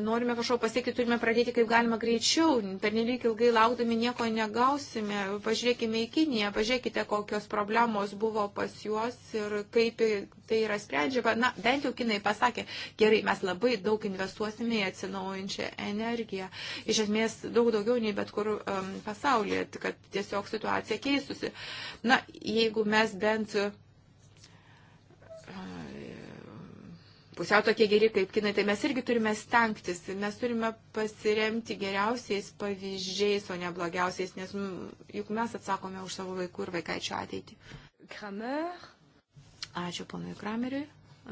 [SPEAKER 2] norime kažko pasiekti, turime pradėti kaip galima greičiau. Per nelik ilgai laukdami nieko negausime. Pažiūrėkime į Kiniją, pažiūrėkite, kokios problemos buvo pas juos ir kaip tai yra sprendžiama. Na, bent jau Kinai pasakė, gerai, mes labai daug investuosime į atsinaujančią energiją. Iš esmės, daug daugiau nei bet kur um, pasaulyje, kad tiesiog situacija keistusi. Na, jeigu mes bent pusiau tokie geri kaip kinai, tai mes irgi turime stengtis, mes turime pasiremti geriausiais pavyzdžiais, o ne blogiausiais, nes juk mes atsakome už savo vaikų ir vaikaičio ateitį. Kramer. Ačiū ponui Krameriui.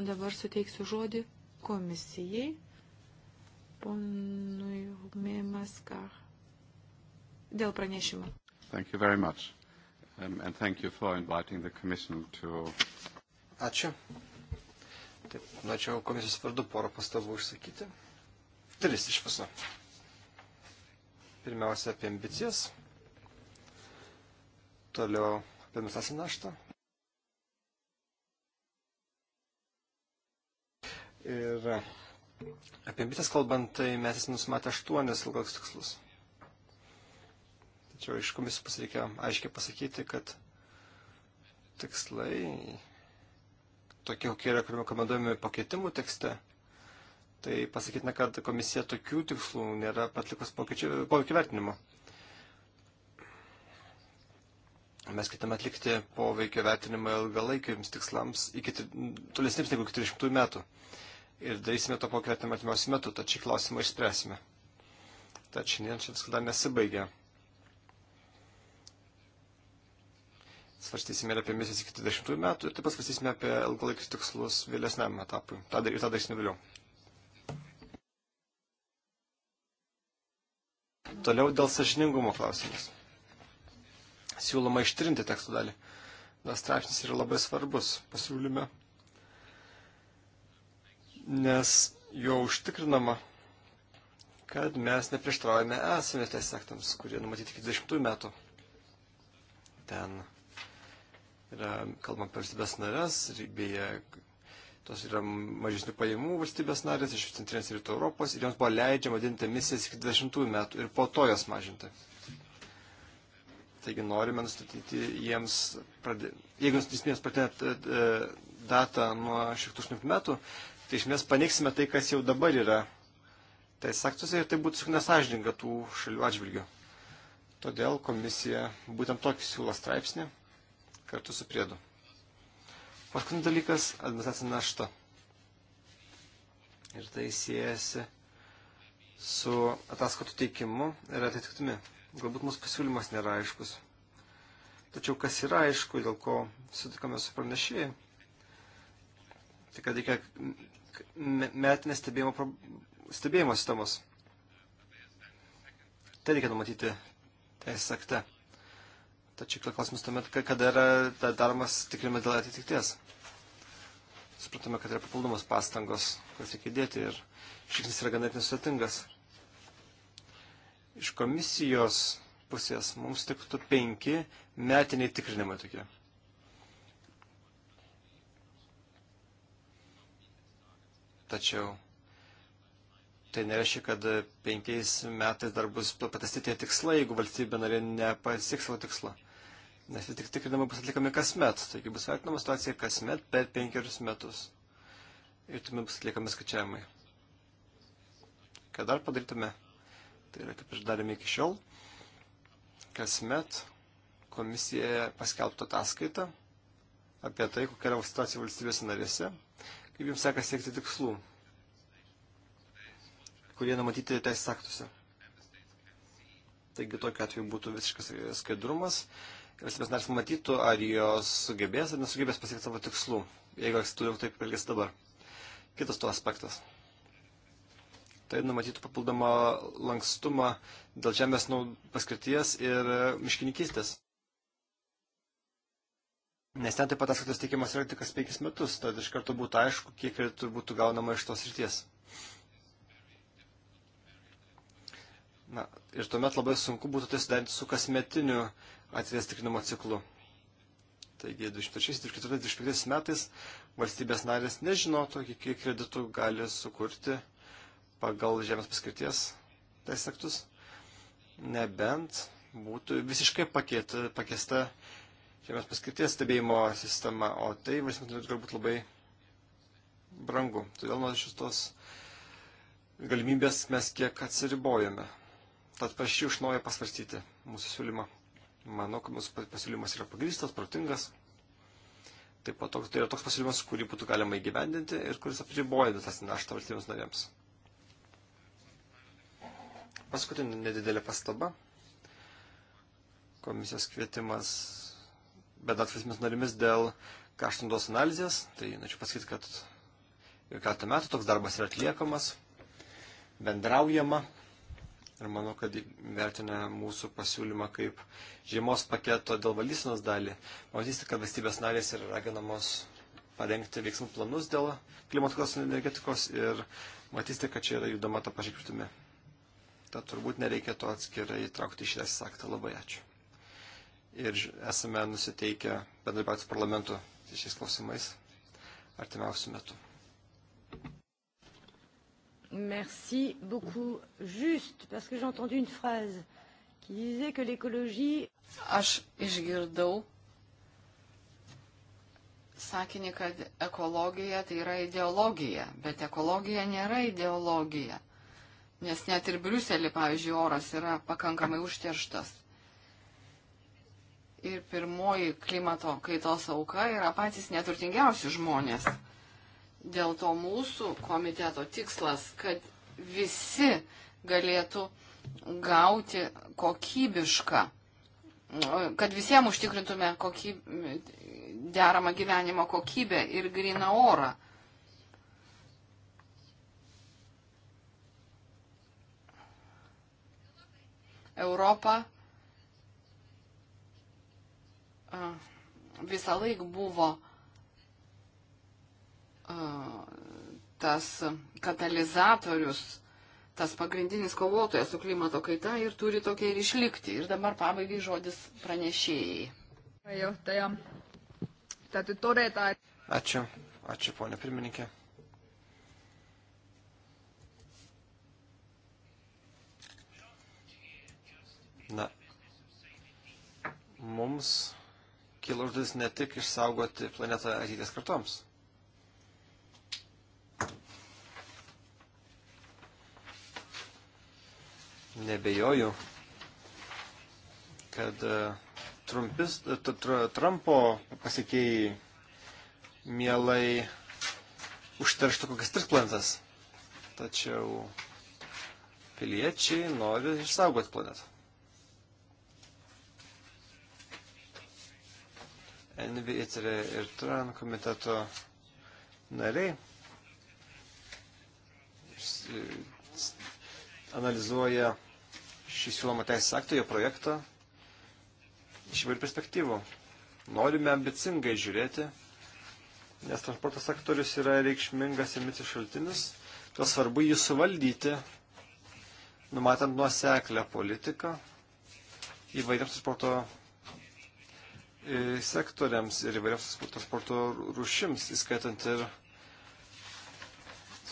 [SPEAKER 2] Dabar suteiksiu žodį komisijai. Ponui Mimaska. Dėl pranešimo.
[SPEAKER 3] Thank you very much. Um, and thank you for inviting the commission to... Ačiū. Taip, norėčiau komisijos vardu porą pastabų išsakyti. Tris iš viso. Pirmiausia, apie ambicijas. Toliau apie metasinį naštą. Ir apie ambicijas kalbant, tai mes esame nusimatę aštuonis ilgoks tikslus. Tačiau iš komisijos pasireikia aiškiai pasakyti, kad tikslai tokie, kokie yra rekomenduojami pakeitimų tekste, tai pasakytina, kad komisija tokių tikslų nėra patlikus poveikio vertinimo. Mes kitame atlikti poveikio vertinimą ilgalaikiams tikslams iki tolesnėms negu 30 metų. Ir darysime to poveikio vertinimą artimiausių metų, tad šį klausimą išspręsime. Tad šiandien čia viskas dar nesibaigia. svarstysime ir apie misijas iki 20 metų ir taip pat svarstysime apie ilgalaikius tikslus vėlesniam etapui. Tą ir tą darysime vėliau. Toliau dėl sažiningumo klausimas. Siūloma ištrinti teksto dalį. Tas straipsnis yra labai svarbus pasiūlyme, nes jo užtikrinama, kad mes neprieštraujame esame teisės aktams, kurie numatyti iki 20 metų. Ten yra, kalbant apie valstybės narės, beje, tos yra mažesnių pajamų valstybės narės iš centrinės rytų Europos ir joms buvo leidžiama didinti emisijas iki 20 metų ir po to jas mažinti. Taigi norime nustatyti jiems, pradė... jeigu nustatysime jiems pradėtinę e, e, datą nuo 16 metų, tai iš mes paneiksime tai, kas jau dabar yra teisės aktuose ir tai būtų nesažininga tų šalių atžvilgių. Todėl komisija būtent tokį siūlo straipsnį kartu su priedu. Paskutinis dalykas - administracinė našta. Ir tai siejasi su ataskaitų teikimu ir atitiktimi. Galbūt mūsų pasiūlymas nėra aiškus. Tačiau kas yra aišku, dėl ko sutikome su pranešėjai, tai kad reikia metinės stebėjimo, stebėjimo sistemos. Tai reikia numatyti teisės akte. Tačiau kila klausimas tuomet, kada yra da, daromas tikrimas dėl atitikties. Supratome, kad yra papildomos pastangos, kurias reikia įdėti ir šiknis yra ganėtinai sudėtingas. Iš komisijos pusės mums tiktų penki metiniai tikrinimai tokie. Tačiau tai nereiškia, kad penkiais metais dar bus patasti tie tikslai, jeigu valstybė narė nepasieks savo tikslo nes vis tik tikrinimai bus atliekami kasmet, taigi bus vertinama situacija kasmet per penkerius metus. Ir tuomet bus atliekami skaičiavimai. Ką dar padarytume? Tai yra kaip ir darėme iki šiol. Kasmet komisija paskelbtų ataskaitą apie tai, kokia yra situacija valstybės narėse, kaip jums sekasi siekti tikslų, kurie numatyti teisės aktuose. Taigi tokiu atveju būtų visiškas skaidrumas, valstybės narės matytų, ar jos sugebės ar nesugebės pasiekti savo tikslų, jeigu toliau taip elgės dabar. Kitas to aspektas. Tai numatytų papildomą lankstumą dėl žemės paskirties ir miškininkystės. Nes ten taip pat atskaitos teikiamas yra tik kas penkis metus, tad iš karto būtų aišku, kiek kreditų būtų gaunama iš tos ryties. Na, ir tuomet labai sunku būtų tai suderinti su kasmetiniu atidės tikrinimo ciklu. Taigi 2024-2025 metais valstybės narės nežinotų, kiek kreditų gali sukurti pagal žemės paskirties teisės aktus, nebent būtų visiškai pakėta, pakėsta žemės paskirties stebėjimo sistema, o tai valstybės narės galbūt labai brangu. Todėl nuo šitos galimybės mes kiek atsiribojame. Tad prašyčiau iš naujo pasvarstyti mūsų siūlymą. Manau, kad mūsų pasiūlymas yra pagrįstas, protingas. Taip pat toks, tai yra toks pasiūlymas, kurį būtų galima įgyvendinti ir kuris apriboja tas naštą valstybėms narėms. Paskutinė nedidelė pastaba. Komisijos kvietimas bedatvismis narimis dėl kaštindos analizės. Tai norėčiau pasakyti, kad jau keletą metų toks darbas yra atliekamas, bendraujama ir manau, kad vertina mūsų pasiūlymą kaip žiemos paketo dėl valdysenos dalį. Matysite, kad valstybės narės yra raginamos parengti veiksmų planus dėl klimatikos energetikos ir matysite, kad čia yra judama tą pačią kryptimį. Tad turbūt nereikia to atskirai įtraukti į šitą aktą. Labai ačiū. Ir esame nusiteikę bendradarbiauti su parlamentu šiais klausimais artimiausių metų.
[SPEAKER 2] Merci beaucoup. Juste, parce que j'ai entendu une phrase qui disait que
[SPEAKER 1] l'écologie. Aš išgirdau sakinį, kad ekologija tai yra ideologija, bet ekologija nėra ideologija. Nes net ir Briuselį, pavyzdžiui, oras yra pakankamai užterštas. Ir pirmoji klimato kaitos auka yra patys neturtingiausi žmonės. Dėl to mūsų komiteto tikslas, kad visi galėtų gauti kokybišką, kad visiems užtikrintume kokyb, deramą gyvenimo kokybę ir griną orą. Europa visą laiką buvo tas katalizatorius, tas pagrindinis kovotojas su klimato kaita ir turi tokia ir išlikti. Ir dabar pabaigai žodis pranešėjai.
[SPEAKER 3] Ačiū. Ačiū, ponė pirmininkė. Na, mums kilo užduotis ne tik išsaugoti planetą ateities kartoms. nebejoju, kad e, Trumpis, e, Trumpo pasikėjai mielai užterštų kokias tris planetas. Tačiau piliečiai nori išsaugoti planetą. NV įtarė ir TRAN komiteto nariai analizuoja šį siūlomą teisės aktą, jo projektą iš įvairių perspektyvų. Norime ambicingai žiūrėti, nes transporto sektorius yra reikšmingas emisijų šaltinis, to svarbu jį suvaldyti, numatant nuoseklę politiką įvairiams transporto e, sektoriams ir įvairiams transporto rūšims, įskaitant ir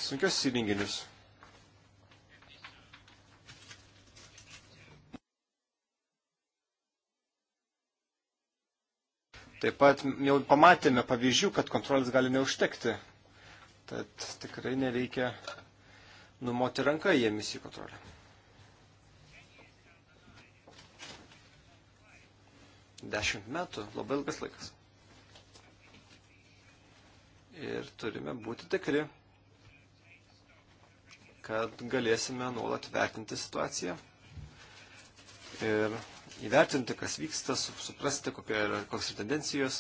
[SPEAKER 3] sunkios įrenginius. Taip pat jau pamatėme pavyzdžių, kad kontrolės gali neužtekti. Tad tikrai nereikia numoti ranką į emisijų kontrolę. Dešimt metų, labai ilgas laikas. Ir turime būti tikri, kad galėsime nuolat vertinti situaciją ir įvertinti, kas vyksta, suprasti, kokia yra, koks yra tendencijos.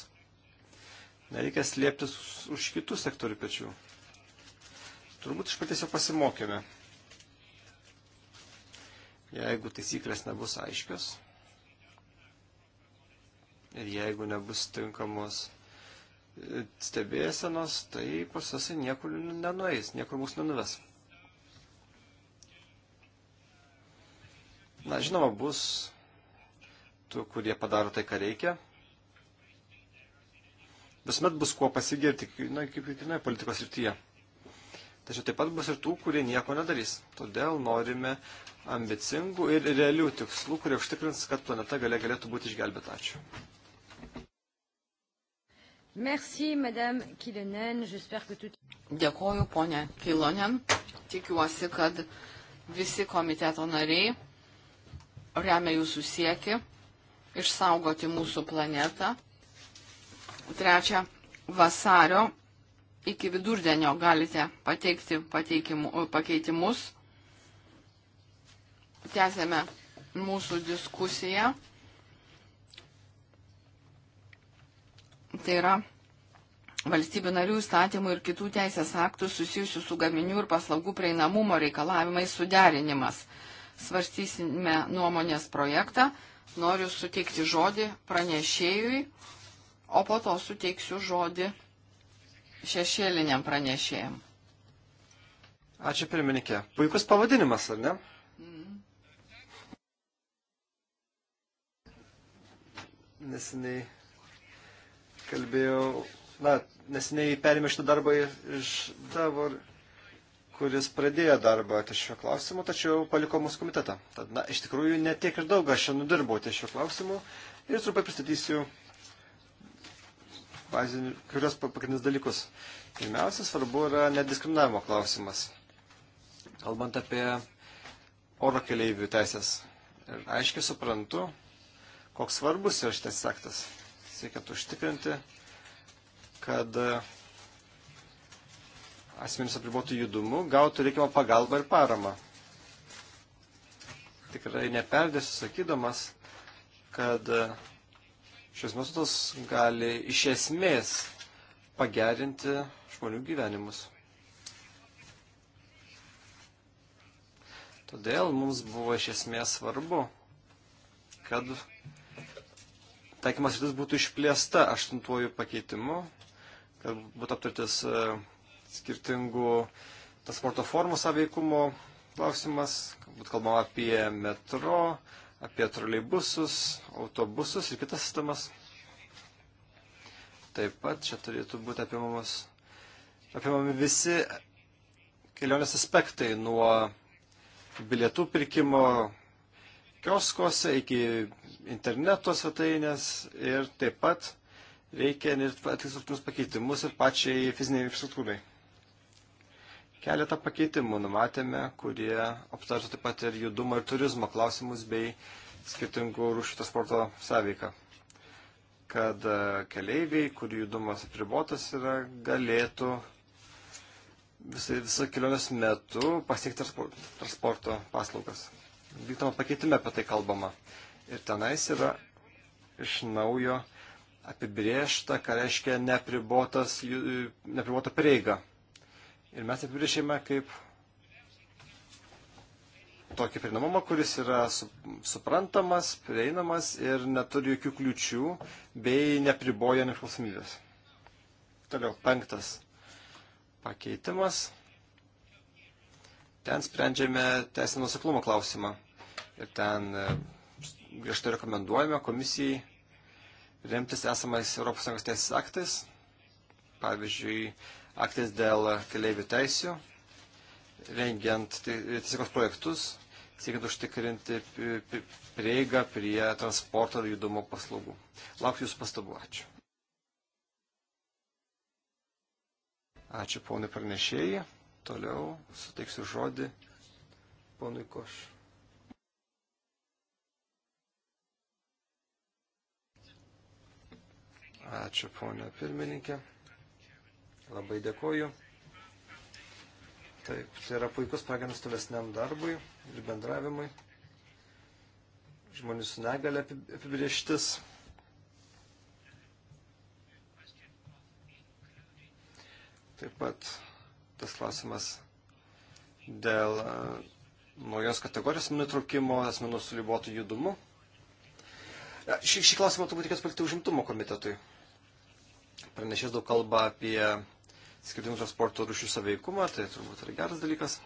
[SPEAKER 3] Nereikia slėptis už kitų sektorių pečių. Turbūt iš paties jau pasimokėme. Jeigu taisyklės nebus aiškios ir jeigu nebus tinkamos e, stebėsenos, tai procesai niekur nenueis, niekur mūsų nenuves. Na, žinoma, bus tų, kurie padaro tai, ką reikia. Visuomet bus kuo pasigirti, na, kaip ir kinoje politikos rytyje. Tačiau taip pat bus ir tų, kurie nieko nedarys. Todėl norime ambicingų ir realių tikslų, kurie užtikrins, kad planeta galia galėtų būti išgelbėta. Ačiū.
[SPEAKER 1] Merci,
[SPEAKER 2] Madame Kilonen. J'espère que tout...
[SPEAKER 1] Dėkoju, ponė Kilonen. Tikiuosi, kad visi komiteto nariai remia jūsų siekį išsaugoti mūsų planetą. Trečia, vasario iki vidurdienio galite pateikti pakeitimus. Tęsėme mūsų diskusiją. Tai yra valstybių narių įstatymų ir kitų teisės aktų susijusių su gaminių ir paslaugų prieinamumo reikalavimais suderinimas. Svarstysime nuomonės projektą, noriu suteikti žodį pranešėjui, o po to suteiksiu žodį šešėliniam pranešėjim.
[SPEAKER 3] Ačiū pirmininkė. Puikus pavadinimas, ar ne? Mm. Nesiniai kalbėjau, na, nesiniai perėmė šitą darbą iš Davor kuris pradėjo darbą ties šiuo klausimu, tačiau paliko mūsų komitetą. Tad, na, iš tikrųjų, netiek ir daug aš šiandien dirbau ties šiuo klausimu ir trumpai pristatysiu bazinių, kurios pagrindinius dalykus. Pirmiausia, svarbu yra nediskriminavimo klausimas, kalbant apie oro keleivių teisės. Ir aiškiai suprantu, koks svarbus yra šitas aktas. Siekiant užtikrinti, kad asmenys apribotų judumu gautų reikiamą pagalbą ir paramą. Tikrai neperdėsiu sakydamas, kad e, šios nuostatos gali iš esmės pagerinti žmonių gyvenimus. Todėl mums buvo iš esmės svarbu, kad taikymas rytis būtų išplėsta aštuntuoju pakeitimu, kad būtų aptartis e, skirtingų transporto formų saveikumo klausimas, galbūt kalbama apie metro, apie troleibusus, autobusus ir kitas sistemas. Taip pat čia turėtų būti apimamos, apimami visi kelionės aspektai nuo bilietų pirkimo kioskose iki interneto svetainės ir taip pat reikia atlikti struktūrinius pakeitimus ir pačiai fiziniai infrastruktūrai keletą pakeitimų numatėme, kurie aptartų taip pat ir judumo ir turizmo klausimus bei skirtingų rūšių transporto sąveiką. Kad e, keleiviai, kurių judumas apribotas yra, galėtų visą, visą kelionės metu pasiekti transporto paslaugas. Vykdomo pakeitime apie tai kalbama. Ir tenais yra iš naujo apibriešta, ką reiškia nepribota prieiga Ir mes apibrėžėme kaip tokį prieinamumą, kuris yra suprantamas, prieinamas ir neturi jokių kliučių bei nepriboja nepriklausomybės. Toliau, penktas pakeitimas. Ten sprendžiame teisinio nusiklumo klausimą. Ir ten e, griežtai rekomenduojame komisijai remtis esamais ES teisės aktais. Pavyzdžiui, aktais dėl keleivių teisių, rengiant tiesiogos projektus, siekiant užtikrinti prieigą prie transporto ir judumo paslaugų. Laukiu Jūsų pastabų. Ačiū. Ačiū ponui pranešėjai. Toliau suteiksiu žodį ponui Koš. Ačiū ponio pirmininkė. Labai dėkoju. Taip, tai yra puikus pagrindas tolesniam darbui ir bendravimui. Žmonių su negale apibrieštis. Taip pat tas klausimas dėl e, naujos kategorijos nutraukimo asmenų su libotu judumu. E, šį, šį klausimą turbūt reikės palikti užimtumo komitetui. Pranešės daug kalba apie skirtingų transporto rušių saveikumą, tai turbūt yra geras dalykas.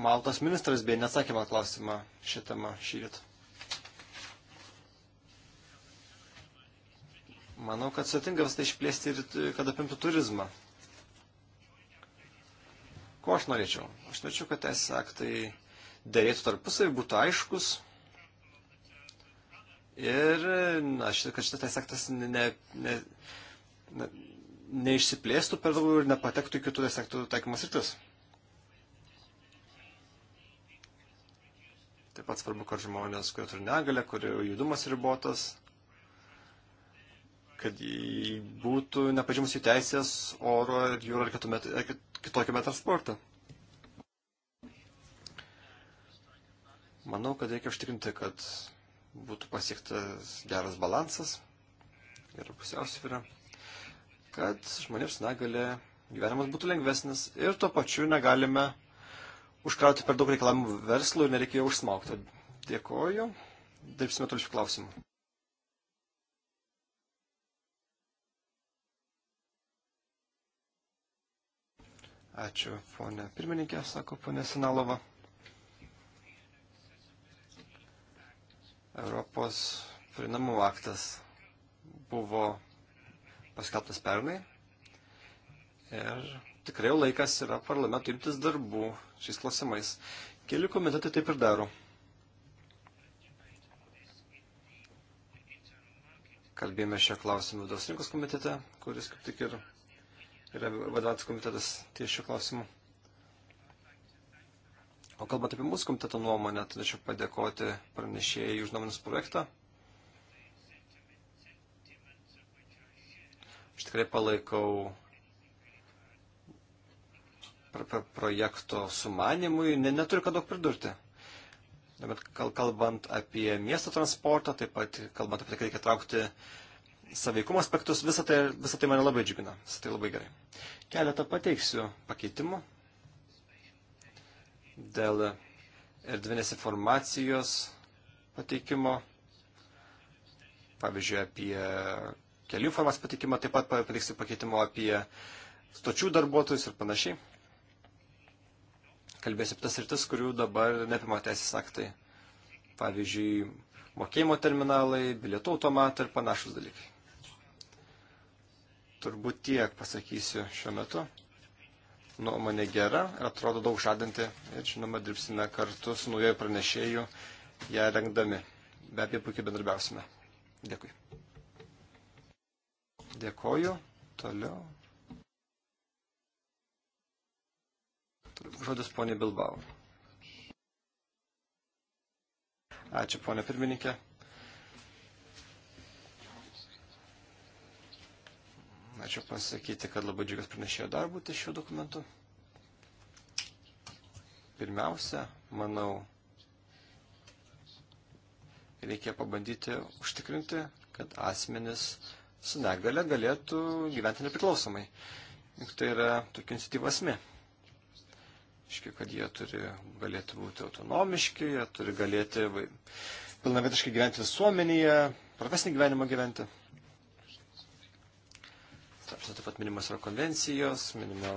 [SPEAKER 3] Maltos ministras beje nesakė man klausimą šią temą šį rytą. Manau, kad sutinka visą tai išplėsti ir kad apimtų turizmą. Ko aš norėčiau? Aš norėčiau, kad teisės aktai dėrėtų tarpusavį, būtų aiškus. Ir, na, šit, kad šitas teisės aktas ne, ne, neišsiplėstų per daug ir nepatektų į kitų sektorių taikymas rytis. Taip pat svarbu, kad žmonės, kurie turi negalę, kurių judumas ribotas, kad būtų nepažymus jų teisės oro ir jūro ar kitokiame transporte. Manau, kad reikia užtikrinti, kad būtų pasiektas geras balansas, gera pusiausvyrė kad žmonėms negalė gyvenimas būtų lengvesnis ir tuo pačiu negalime užkrauti per daug reikalavimų verslų ir nereikėjo užsmaukti. Dėkoju. Dirbsime toliau šių klausimų. Ačiū, ponė pirmininkė, sako ponė Sinalova. Europos prinamumo aktas buvo paskelbtas pernai. Ir tikrai laikas yra parlamentui imtis darbų šiais klausimais. Keli komitetai taip ir daro. Kalbėjome šią klausimą vidaus rinkos komitete, kuris kaip tik ir yra vadovautas komitetas ties šiuo klausimu. O kalbant apie mūsų komiteto nuomonę, turėčiau padėkoti pranešėjai už nuomonės projektą. Aš tikrai palaikau projekto sumanimui, neturiu ką daug pridurti. Bet kalbant apie miesto transportą, taip pat kalbant apie tai, kad reikia traukti saveikumo aspektus, visą tai, visą tai mane labai džiugina. Visą tai labai gerai. Keletą pateiksiu pakeitimų dėl erdvinės informacijos pateikimo, pavyzdžiui, apie kelių informacijos patikimą, taip pat pateiksiu pakeitimo apie stočių darbuotojus ir panašiai. Kalbėsiu apie tas rytis, kurių dabar nepima teisės aktai. Pavyzdžiui, mokėjimo terminalai, bilietų automatai ir panašus dalykai. Turbūt tiek pasakysiu šiuo metu. Nuomonė gera ir atrodo daug žadanti ir žinoma dirbsime kartu su naujoju pranešėju ją rengdami. Be abejo, puikiai bendrabiausime. Dėkui. Dėkoju. Toliau. Žodis ponė Bilbao. Ačiū ponė pirmininkė. Ačiū pasakyti, kad labai džiugas pranešėjo darbų ties šiuo dokumentu. Pirmiausia, manau, reikia pabandyti užtikrinti, kad asmenis su negale galėtų gyventi nepriklausomai. Juk tai yra tokia iniciatyva esmė. Iškiai, kad jie turi, galėtų būti autonomiški, jie turi galėti pilnavetiškai gyventi visuomenėje, profesinį gyvenimą gyventi. Tarpsnė taip pat minimas yra konvencijos, minima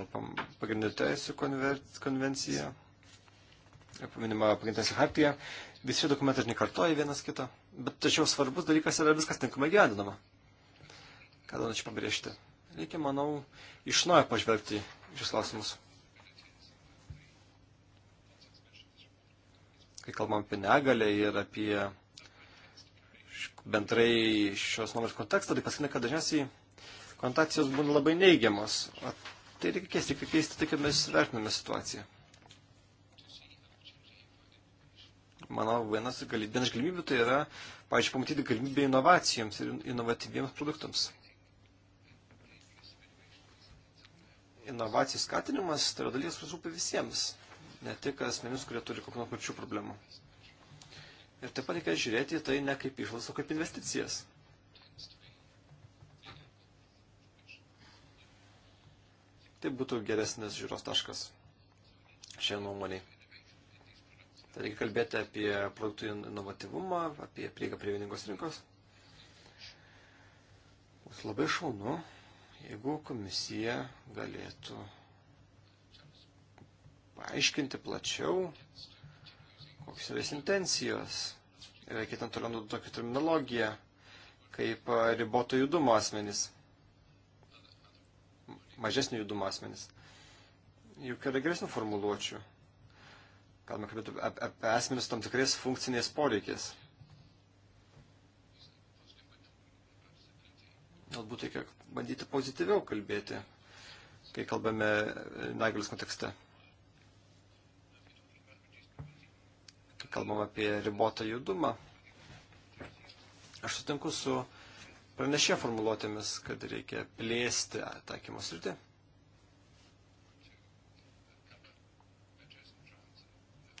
[SPEAKER 3] pagrindinių teisų konvencija, minima pagrindinių teisų hartija. Visi dokumentai nekartoja vienas kito, bet tačiau svarbus dalykas yra viskas tinkamai gyvendinama. Ką norėčiau pabrėžti? Reikia, manau, iš naujo pažvelgti šis klausimus. Kai kalbam apie negalę ir apie bendrai šios nuomonės kontekstą, tai pasakina, kad dažniausiai kontakcijos būna labai neigiamos. O tai reikia keisti, reikia keisti tai, kad mes vertiname situaciją. Manau, vienas, vienas galimybių tai yra, pavyzdžiui, pamatyti galimybę inovacijoms ir inovatyviems produktams. inovacijų skatinimas tai yra dalykas, kuris rūpi visiems, ne tik asmenims, kurie turi kokių nors pačių problemų. Ir taip pat reikia žiūrėti į tai ne kaip išlaidas, o kaip investicijas. Tai būtų geresnis žiūros taškas šiai nuomonė. Tai reikia kalbėti apie produktų inovatyvumą, apie prieigą prie vieningos rinkos. Bus labai šaunu, Jeigu komisija galėtų paaiškinti plačiau, kokios yra intencijos, yra kitam toliau naudoti tokią terminologiją, kaip riboto judumo asmenys, mažesnio judumo asmenys. Juk yra geresnių formuluočių. Galime kalbėti apie asmenis tam tikrais funkciniais poreikiais. Galbūt reikia bandyti pozityviau kalbėti, kai kalbame e, Nagelis kontekste. Kai kalbam apie ribotą judumą, aš sutinku su pranešė formuluotėmis, kad reikia plėsti taikymo sritį.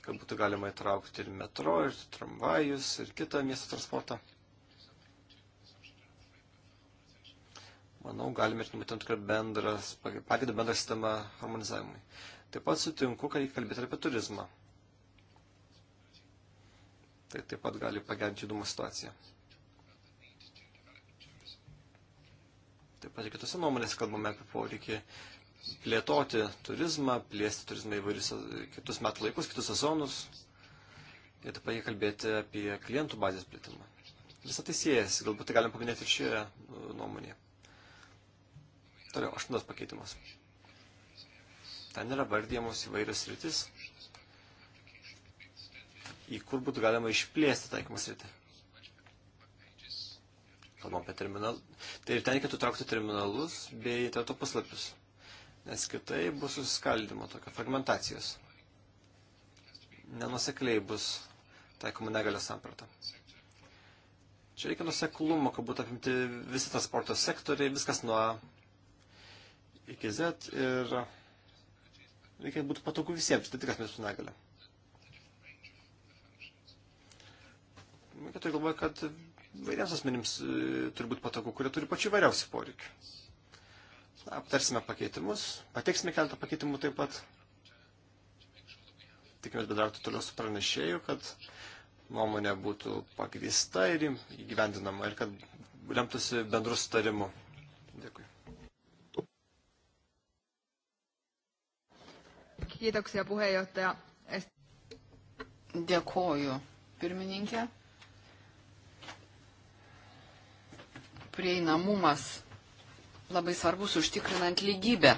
[SPEAKER 3] kad būtų galima įtraukti ir metro, ir tramvajus, ir kitą miesto transportą. manau, galime ir numatyti tam tikrą bendrą pagrindą, bendrą sistemą harmonizavimui. Taip pat sutinku, kad reikia kalbėti apie turizmą. Tai taip pat gali pagerinti judumo situaciją. Taip pat ir kitose nuomonėse kalbame apie poreikį plėtoti turizmą, plėsti turizmą įvairius kitus metų laikus, kitus sezonus ir taip pat kalbėti apie klientų bazės plėtimą. Visą tai siejasi, galbūt tai galim paminėti ir šioje nu, nuomonėje. Toliau, aštuntas pakeitimas. Ten yra vardyjamos įvairios rytis, į kur būtų galima išplėsti taikymą sritį. Kalbam apie terminalus. Tai ir ten reikėtų traukti terminalus bei interneto puslapius, nes kitai bus susiskaldimo, tokio fragmentacijos. Nenusekliai bus taikoma negalio samprata. Čia reikia nuseklumo, kad būtų apimti visi transporto sektoriai, viskas nuo iki Z ir reikia būti patogu visiems, tai tikras mes su negalė. Reikia tai galvoja, kad vairiams asmenims e, turi būti patogu, kurie turi pačių vairiausių poreikių. Na, aptarsime pakeitimus, pateiksime keletą pakeitimų taip pat. Tikimės bedartų toliau su pranešėju, kad nuomonė būtų pagrįsta ir įgyvendinama ir kad lemtųsi bendrus sutarimu. Dėkui.
[SPEAKER 1] Kiitoksia puheenjohtaja. Dėkoju, pirmininkė. Prieinamumas labai svarbus užtikrinant lygybę.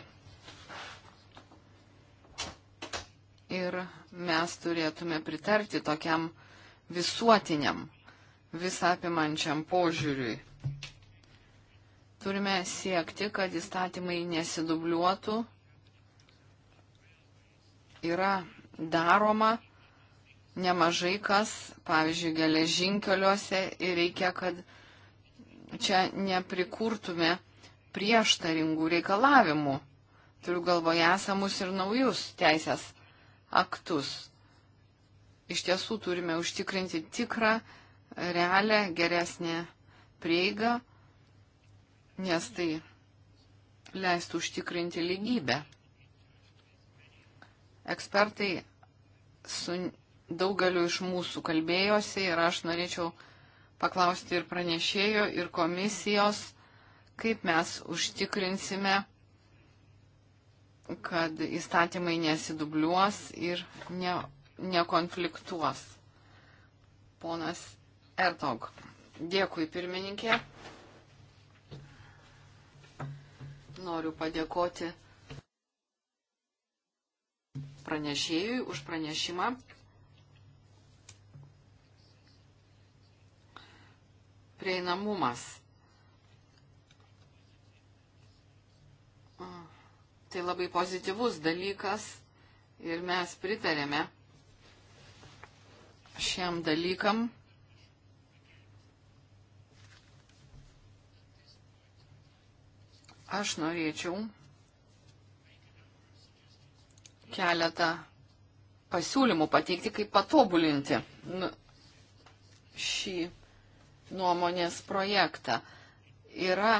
[SPEAKER 1] Ir mes turėtume pritarti tokiam visuotiniam, visapimančiam požiūriui. Turime siekti, kad įstatymai nesidubliuotų yra daroma nemažai kas, pavyzdžiui, geležinkeliuose ir reikia, kad čia neprikurtume prieštaringų reikalavimų. Turiu galvoje esamus ir naujus teisės aktus. Iš tiesų turime užtikrinti tikrą, realią, geresnę prieigą, nes tai leistų užtikrinti lygybę Ekspertai su daugeliu iš mūsų kalbėjosi ir aš norėčiau paklausti ir pranešėjo, ir komisijos, kaip mes užtikrinsime, kad įstatymai nesidubliuos ir ne, nekonfliktuos. Ponas Ertog, dėkui pirmininkė. Noriu padėkoti pranešėjui už pranešimą. Prieinamumas. Tai labai pozityvus dalykas ir mes pritarėme šiem dalykam. Aš norėčiau keletą pasiūlymų pateikti, kaip patobulinti nu, šį nuomonės projektą. Yra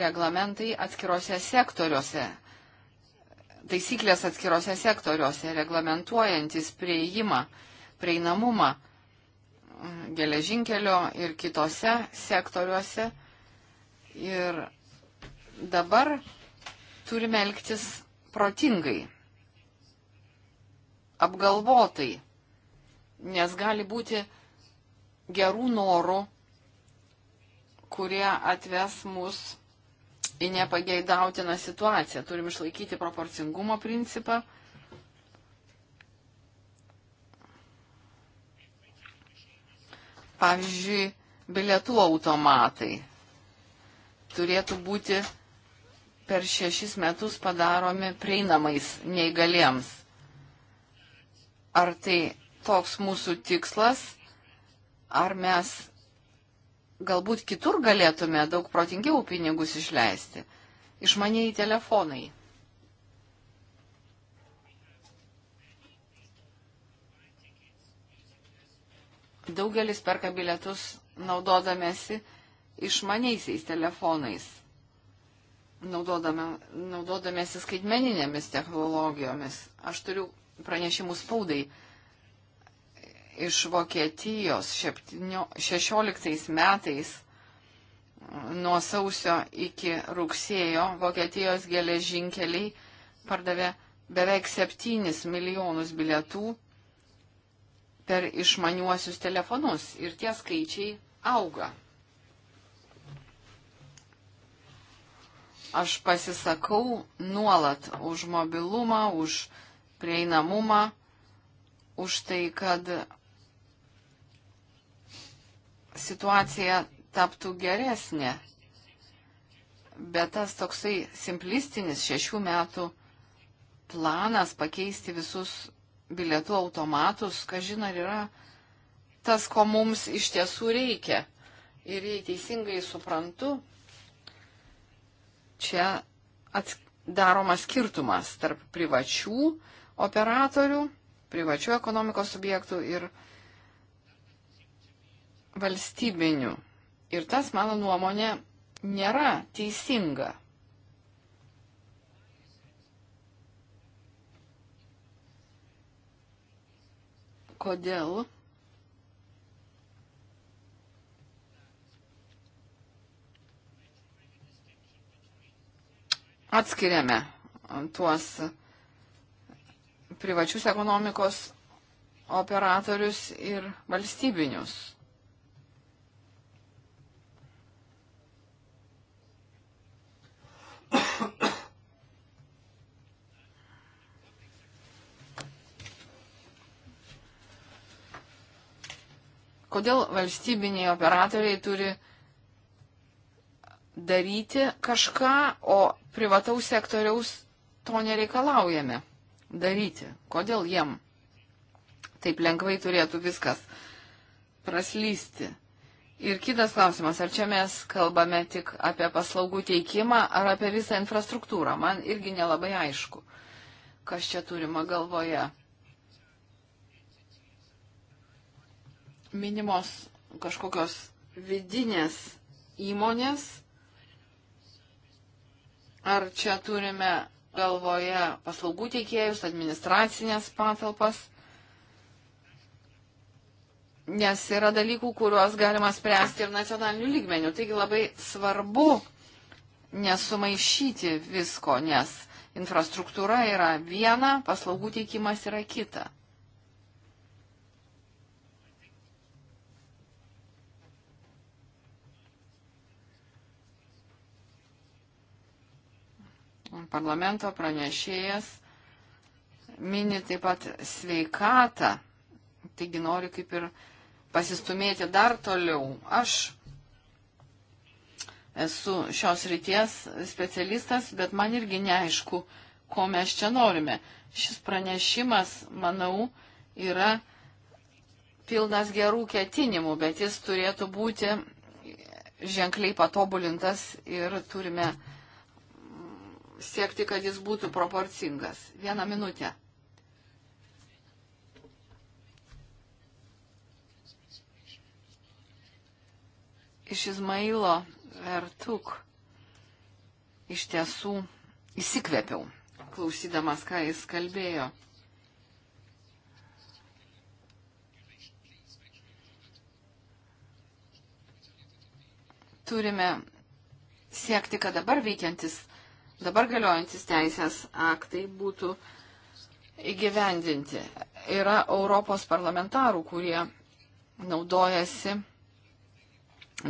[SPEAKER 1] reglamentai atskirose sektoriuose, taisyklės atskirose sektoriuose, reglamentuojantis prieimą, prieinamumą mm, geležinkelio ir kitose sektoriuose. Ir dabar turime elgtis protingai apgalvotai, nes gali būti gerų norų, kurie atves mus į nepageidautiną situaciją. Turim išlaikyti proporcingumo principą. Pavyzdžiui, bilietų automatai turėtų būti per šešis metus padaromi prieinamais neįgaliems. Ar tai toks mūsų tikslas, ar mes galbūt kitur galėtume daug protingiau pinigus išleisti. Išmaniai telefonai. Daugelis perka bilietus naudodamėsi išmaniaisiais telefonais, naudodamėsi skaitmeninėmis technologijomis. Aš turiu pranešimų spaudai iš Vokietijos 16 metais nuo sausio iki rugsėjo Vokietijos geležinkeliai pardavė beveik 7 milijonus bilietų per išmaniuosius telefonus ir tie skaičiai auga. Aš pasisakau nuolat už mobilumą, už mobilumą prieinamumą, už tai, kad situacija taptų geresnė. Bet tas toksai simplistinis šešių metų planas pakeisti visus bilietų automatus, kažin ar yra tas, ko mums iš tiesų reikia. Ir jei teisingai suprantu, čia ats daromas skirtumas tarp privačių operatorių, privačių ekonomikos subjektų ir valstybinių. Ir tas, mano nuomonė, nėra teisinga. Kodėl? Atskiriame tuos privačius ekonomikos operatorius ir valstybinius. Kodėl valstybiniai operatoriai turi daryti kažką, o privataus sektoriaus to nereikalaujame? daryti. Kodėl jiem taip lengvai turėtų viskas praslysti? Ir kitas klausimas, ar čia mes kalbame tik apie paslaugų teikimą ar apie visą infrastruktūrą? Man irgi nelabai aišku, kas čia turima galvoje. Minimos kažkokios vidinės įmonės, ar čia turime galvoje paslaugų teikėjus, administracinės patalpas, nes yra dalykų, kuriuos galima spręsti ir nacionalinių lygmenių. Taigi labai svarbu nesumaišyti visko, nes infrastruktūra yra viena, paslaugų teikimas yra kita. parlamento pranešėjas mini taip pat sveikatą, taigi noriu kaip ir pasistumėti dar toliau. Aš esu šios ryties specialistas, bet man irgi neaišku, ko mes čia norime. Šis pranešimas, manau, yra pilnas gerų ketinimų, bet jis turėtų būti ženkliai patobulintas ir turime uh, siekti, kad jis būtų proporcingas. Vieną minutę. Iš Izmailo Vertuk iš tiesų įsikvėpiau, klausydamas, ką jis kalbėjo. Turime siekti, kad dabar veikiantis dabar galiojantis teisės aktai būtų įgyvendinti. Yra Europos parlamentarų, kurie naudojasi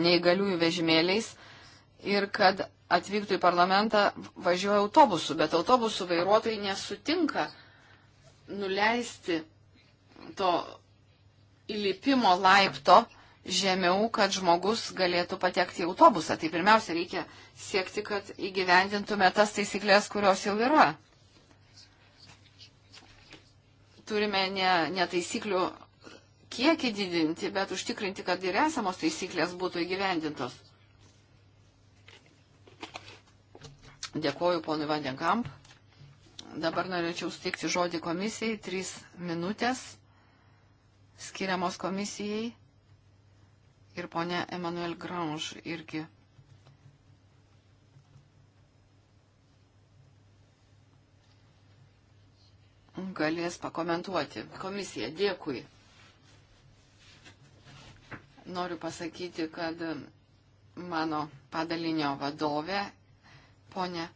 [SPEAKER 1] neįgaliųjų vežimėliais ir kad atvyktų į parlamentą važiuoja autobusu, bet autobusų vairuotojai nesutinka nuleisti to įlipimo laipto žemiau, kad žmogus galėtų patekti į autobusą. Tai pirmiausia, reikia siekti, kad įgyvendintume tas taisyklės, kurios jau yra. Turime ne, ne taisyklių kiekį didinti, bet užtikrinti, kad ir esamos taisyklės būtų įgyvendintos. Dėkoju ponui Vandenkamp. Dabar norėčiau stikti žodį komisijai. Trys minutės skiriamos komisijai ir ponia Emanuel Grange irgi. Galės pakomentuoti. Komisija, dėkui. Noriu pasakyti, kad mano padalinio vadovė, ponia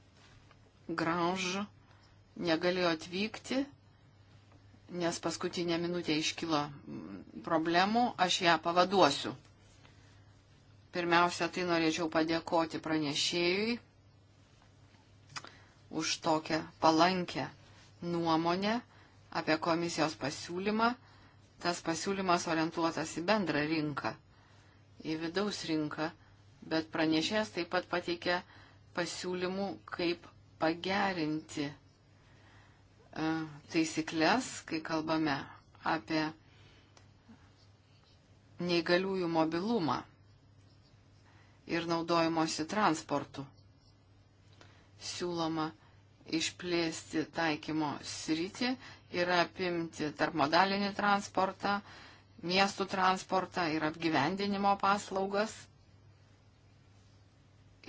[SPEAKER 1] Grange, negalėjo atvykti, nes paskutinė minutė iškilo problemų, aš ją pavaduosiu. Pirmiausia, tai norėčiau padėkoti pranešėjui už tokią palankę nuomonę apie komisijos pasiūlymą. Tas pasiūlymas orientuotas į bendrą rinką, į vidaus rinką, bet pranešėjas taip pat pateikė pasiūlymų, kaip pagerinti e, taisyklės, kai kalbame apie neįgaliųjų mobilumą ir naudojimuosi transportu. Siūloma išplėsti taikymo sritį ir apimti tarpmodalinį transportą, miestų transportą ir apgyvendinimo paslaugas.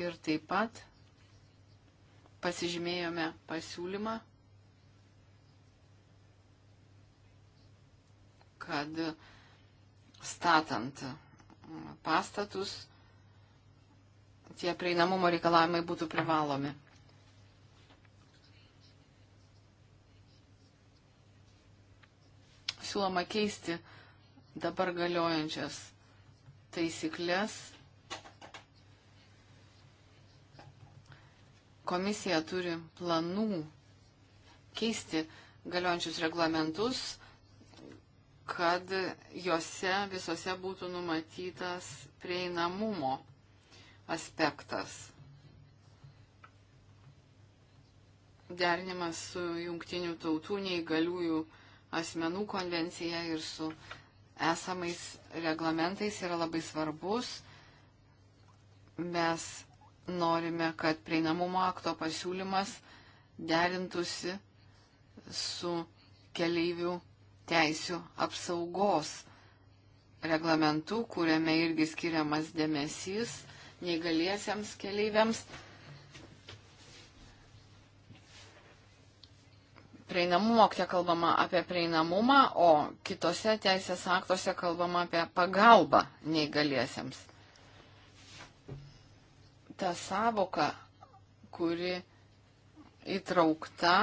[SPEAKER 1] Ir taip pat pasižymėjome pasiūlymą, kad statant pastatus, tie prieinamumo reikalavimai būtų privalomi. Siūloma keisti dabar galiojančias taisyklės. Komisija turi planų keisti galiojančius reglamentus, kad juose visose būtų numatytas prieinamumo aspektas. Derinimas su jungtinių tautų neįgaliųjų asmenų konvencija ir su esamais reglamentais yra labai svarbus. Mes norime, kad prieinamumo akto pasiūlymas derintųsi su keleivių teisių apsaugos reglamentu, kuriame irgi skiriamas dėmesys neįgaliesiems keleiviams. Prieinamumo, kiek kalbama apie prieinamumą, o kitose teisės aktuose kalbama apie pagalbą neįgaliesiems. Ta savoka, kuri įtraukta,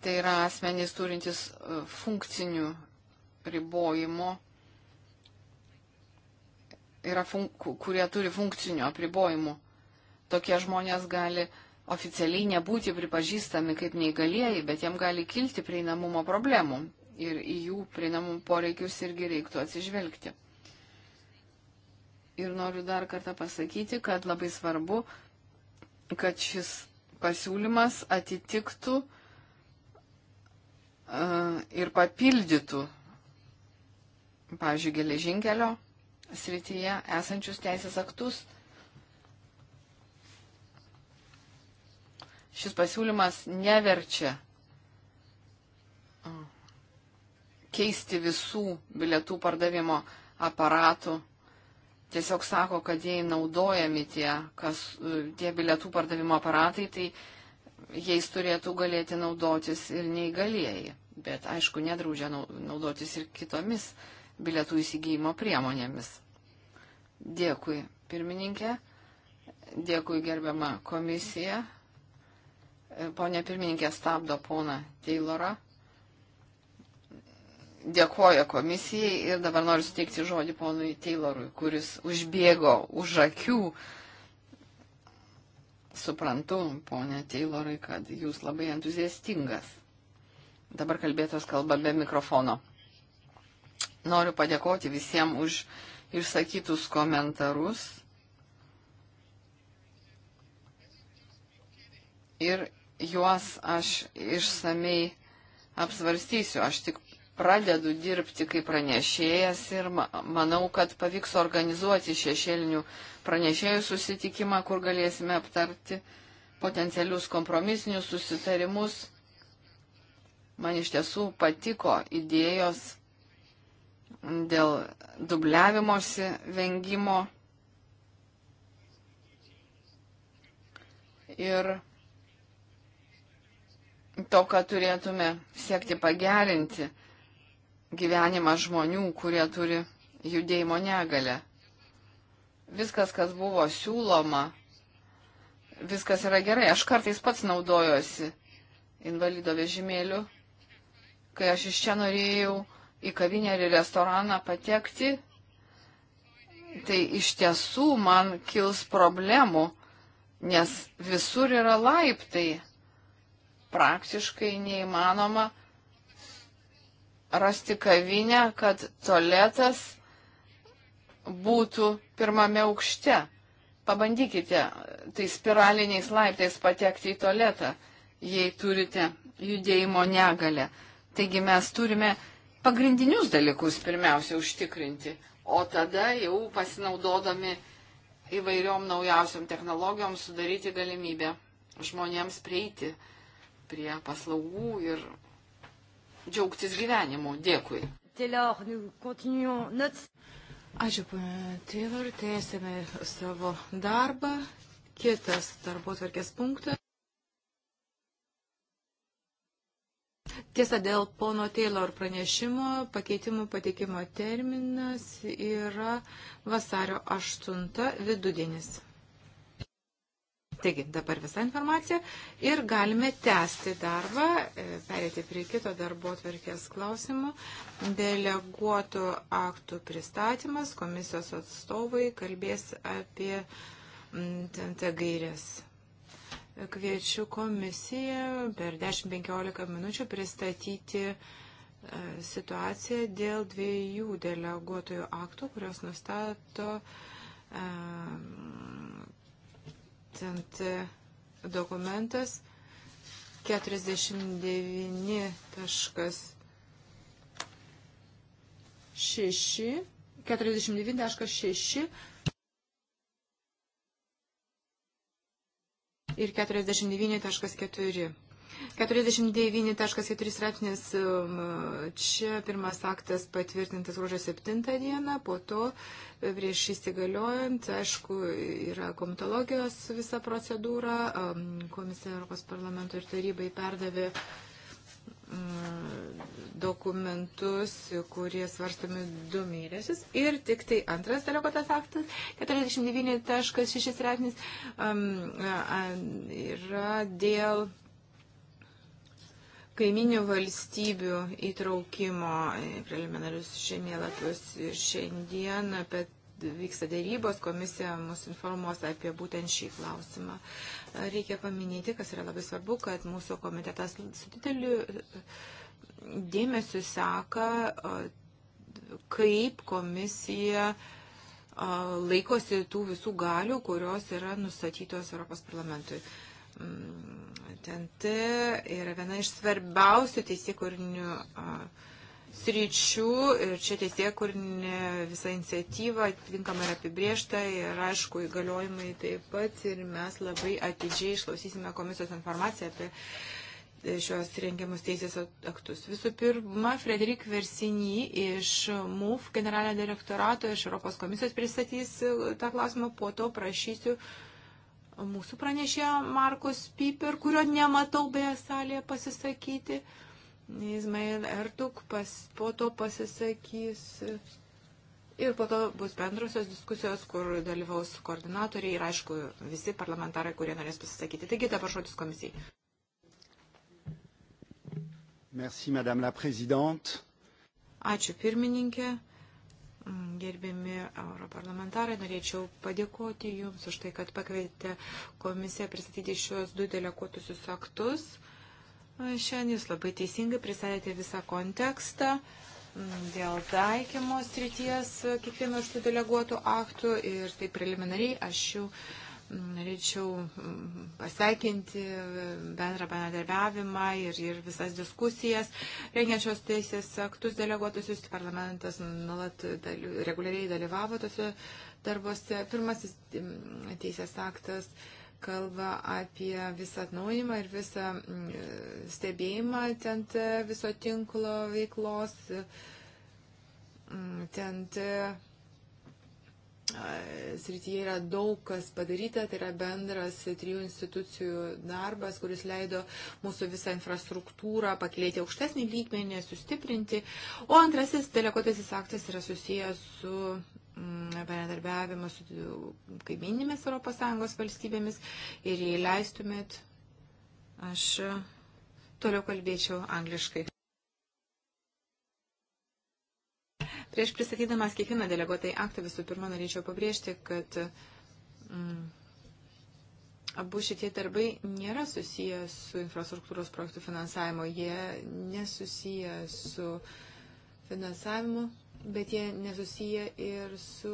[SPEAKER 1] tai yra asmenys turintys e, funkcinių ribojimo yra funk, kurie turi funkcinių apribojimų. Tokie žmonės gali oficialiai nebūti pripažįstami kaip neįgalieji, bet jiem gali kilti prieinamumo problemų ir į jų prieinamų poreikius irgi reiktų atsižvelgti. Ir noriu dar kartą pasakyti, kad labai svarbu, kad šis pasiūlymas atitiktų uh, ir papildytų, pavyzdžiui, geležinkelio srityje esančius teisės aktus. Šis pasiūlymas neverčia mm, keisti visų bilietų pardavimo aparatų. Tiesiog sako, kad jei naudojami tie, kas, tie bilietų pardavimo aparatai, tai jais turėtų galėti naudotis ir neįgalieji. Bet aišku, nedraudžia naudotis ir kitomis uh, bilietų įsigijimo priemonėmis. Dėkui, pirmininkė. Dėkui, gerbiama komisija. Pone pirmininkė stabdo poną Taylorą. Dėkoja komisijai ir dabar noriu suteikti žodį ponui Taylorui, kuris užbėgo už akių. Suprantu, ponė Taylorai, kad jūs labai entuziastingas. Dabar kalbėtos kalba be mikrofono. Noriu padėkoti visiems už išsakytus komentarus. Ir juos aš išsamei apsvarstysiu. Aš tik pradedu dirbti kaip pranešėjas ir manau, kad pavyks organizuoti šešėlinių pranešėjų susitikimą, kur galėsime aptarti potencialius kompromisinius susitarimus. Man iš tiesų patiko idėjos dėl dubliavimosi vengimo. Ir to, kad turėtume siekti pagerinti gyvenimą žmonių, kurie turi judėjimo negalę. Viskas, kas buvo siūloma, viskas yra gerai. Aš kartais pats naudojosi invalido vežimėliu, kai aš iš čia norėjau į kavinę ar į restoraną patekti, tai iš tiesų man kils problemų, nes visur yra laiptai. Praktiškai neįmanoma rasti kavinę, kad toletas būtų pirmame aukšte. Pabandykite tai spiraliniais laiptais patekti į toletą, jei turite judėjimo negalę. Taigi mes turime pagrindinius dalykus pirmiausia užtikrinti, o tada jau pasinaudodami įvairiom naujausiom technologijom sudaryti galimybę žmonėms prieiti prie paslaugų ir džiaugtis gyvenimu. Dėkui.
[SPEAKER 2] Ačiū, Taylor, tęsėme savo darbą. Kitas darbo tvarkės punktas. Tiesa, dėl pono Taylor pranešimo pakeitimų pateikimo terminas yra vasario 8 vidudienis. Taigi, dabar visa informacija ir galime tęsti darbą, e, perėti prie kito darbo atverkės klausimų. Deleguotų aktų pristatymas, komisijos atstovai kalbės apie TNT gairės kviečiu komisiją per 10-15 minučių pristatyti e, situaciją dėl dviejų deleguotojų aktų, kurios nustato tent, e, dokumentas 49.6 49.6 ir 49.4. 49.4 straipsnis, um, čia pirmas aktas patvirtintas gruodžio 7 dieną, po to e, prieš įsigaliojant, aišku, yra komitologijos visa procedūra, um, komisija Europos parlamento ir tarybai perdavė Mm, dokumentus, kurie svarstomi du mėnesius. Ir tik tai antras deleguotas aktas, 49.6 retinis, um, yra dėl kaiminių valstybių įtraukimo preliminarius žemėlapius. Ir šiandien apie vyksta dėrybos, komisija mus informuos apie būtent šį klausimą. Reikia paminėti, kas yra labai svarbu, kad mūsų komitetas su dideliu e, dėmesiu seka, e, kaip komisija e, laikosi tų visų galių, kurios yra nustatytos Europos parlamentui. Mm, TNT yra viena iš svarbiausių teisėkurinių uh, sričių ir čia teisė, kur visa iniciatyva atitinkama yra apibriešta ir aišku įgaliojimai taip pat ir mes labai atidžiai išklausysime komisijos informaciją apie e, šios rengiamus teisės aktus. Visų pirma, Frederik Versiny iš MUF generalinio direktorato iš Europos komisijos pristatys e, tą klausimą, po to prašysiu mūsų pranešėjo Markus Piper, kurio nematau beje salėje pasisakyti. Uh, Izmail Ertuk pas, po to pasisakys ir po to bus bendrosios diskusijos, kur dalyvaus koordinatoriai ir aišku visi parlamentarai, kurie norės pasisakyti. Taigi dabar žodis komisijai. Merci, Madame la Présidente. Ačiū pirmininkė. Gerbiami europarlamentarai, norėčiau padėkoti Jums už tai, kad pakvietė komisiją pristatyti šios du deleguotusius aktus. Šiandien jūs labai teisingai pristatėte visą kontekstą mm, dėl taikymo srities kiekvieno iš tų deleguotų aktų ir tai preliminariai aš jau mm, norėčiau mm, pasveikinti bendrą bendradarbiavimą ir, ir visas diskusijas. Rengiančios teisės aktus deleguotusius parlamentas nulat daly, reguliariai dalyvavo tose darbose. Pirmasis teisės aktas. Uh, kalba apie visą atnaujimą ir visą mm, stebėjimą ten viso tinklo veiklos. Mm, ten srityje yra daug kas padaryta, tai yra bendras trijų institucijų darbas, kuris leido mūsų visą infrastruktūrą pakelėti aukštesnį lygmenį, sustiprinti. O antrasis telekotasis aktas yra susijęs su Mm, bendradarbiavimą su kaiminimis ES valstybėmis ir jei leistumėt, aš toliau kalbėčiau angliškai. Prieš pristatydamas kiekvieną deleguotai aktą visų pirma norėčiau pabrėžti, kad mm, abu šitie darbai nėra susiję su infrastruktūros projektų finansavimu, jie nesusiję su finansavimu bet jie nesusiję ir su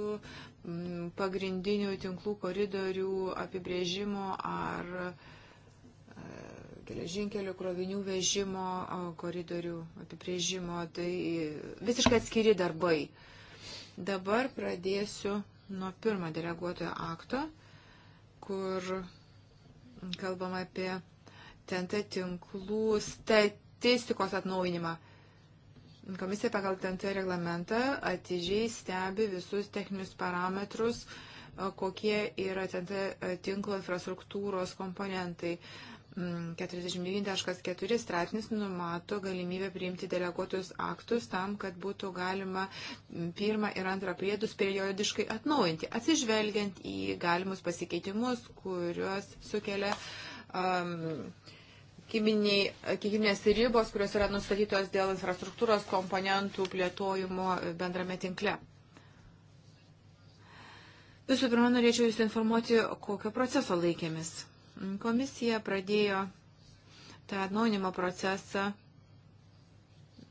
[SPEAKER 2] mm, pagrindinių tinklų koridorių apibrėžimo ar e, geležinkelio krovinių vežimo koridorių apibrėžimo. Tai visiškai atskiri darbai. Dabar pradėsiu nuo pirmo deleguotojo akto, kur kalbam apie TNT tinklų statistikos atnaujinimą. Komisija pagal TNT reglamentą atidžiai stebi visus techninius parametrus, kokie yra TNT tinklo infrastruktūros komponentai. 49.4 mm, straipsnis numato galimybę priimti deleguotus aktus tam, kad būtų galima pirmą ir antrą priedus periodiškai atnaujinti, atsižvelgiant į galimus pasikeitimus, kuriuos sukelia um, kiekiminės ribos, kurios yra nustatytos dėl infrastruktūros komponentų plėtojimo bendrame tinkle. Visų pirma, norėčiau Jūs informuoti, kokio proceso laikėmis. Komisija pradėjo tą atnaunimo procesą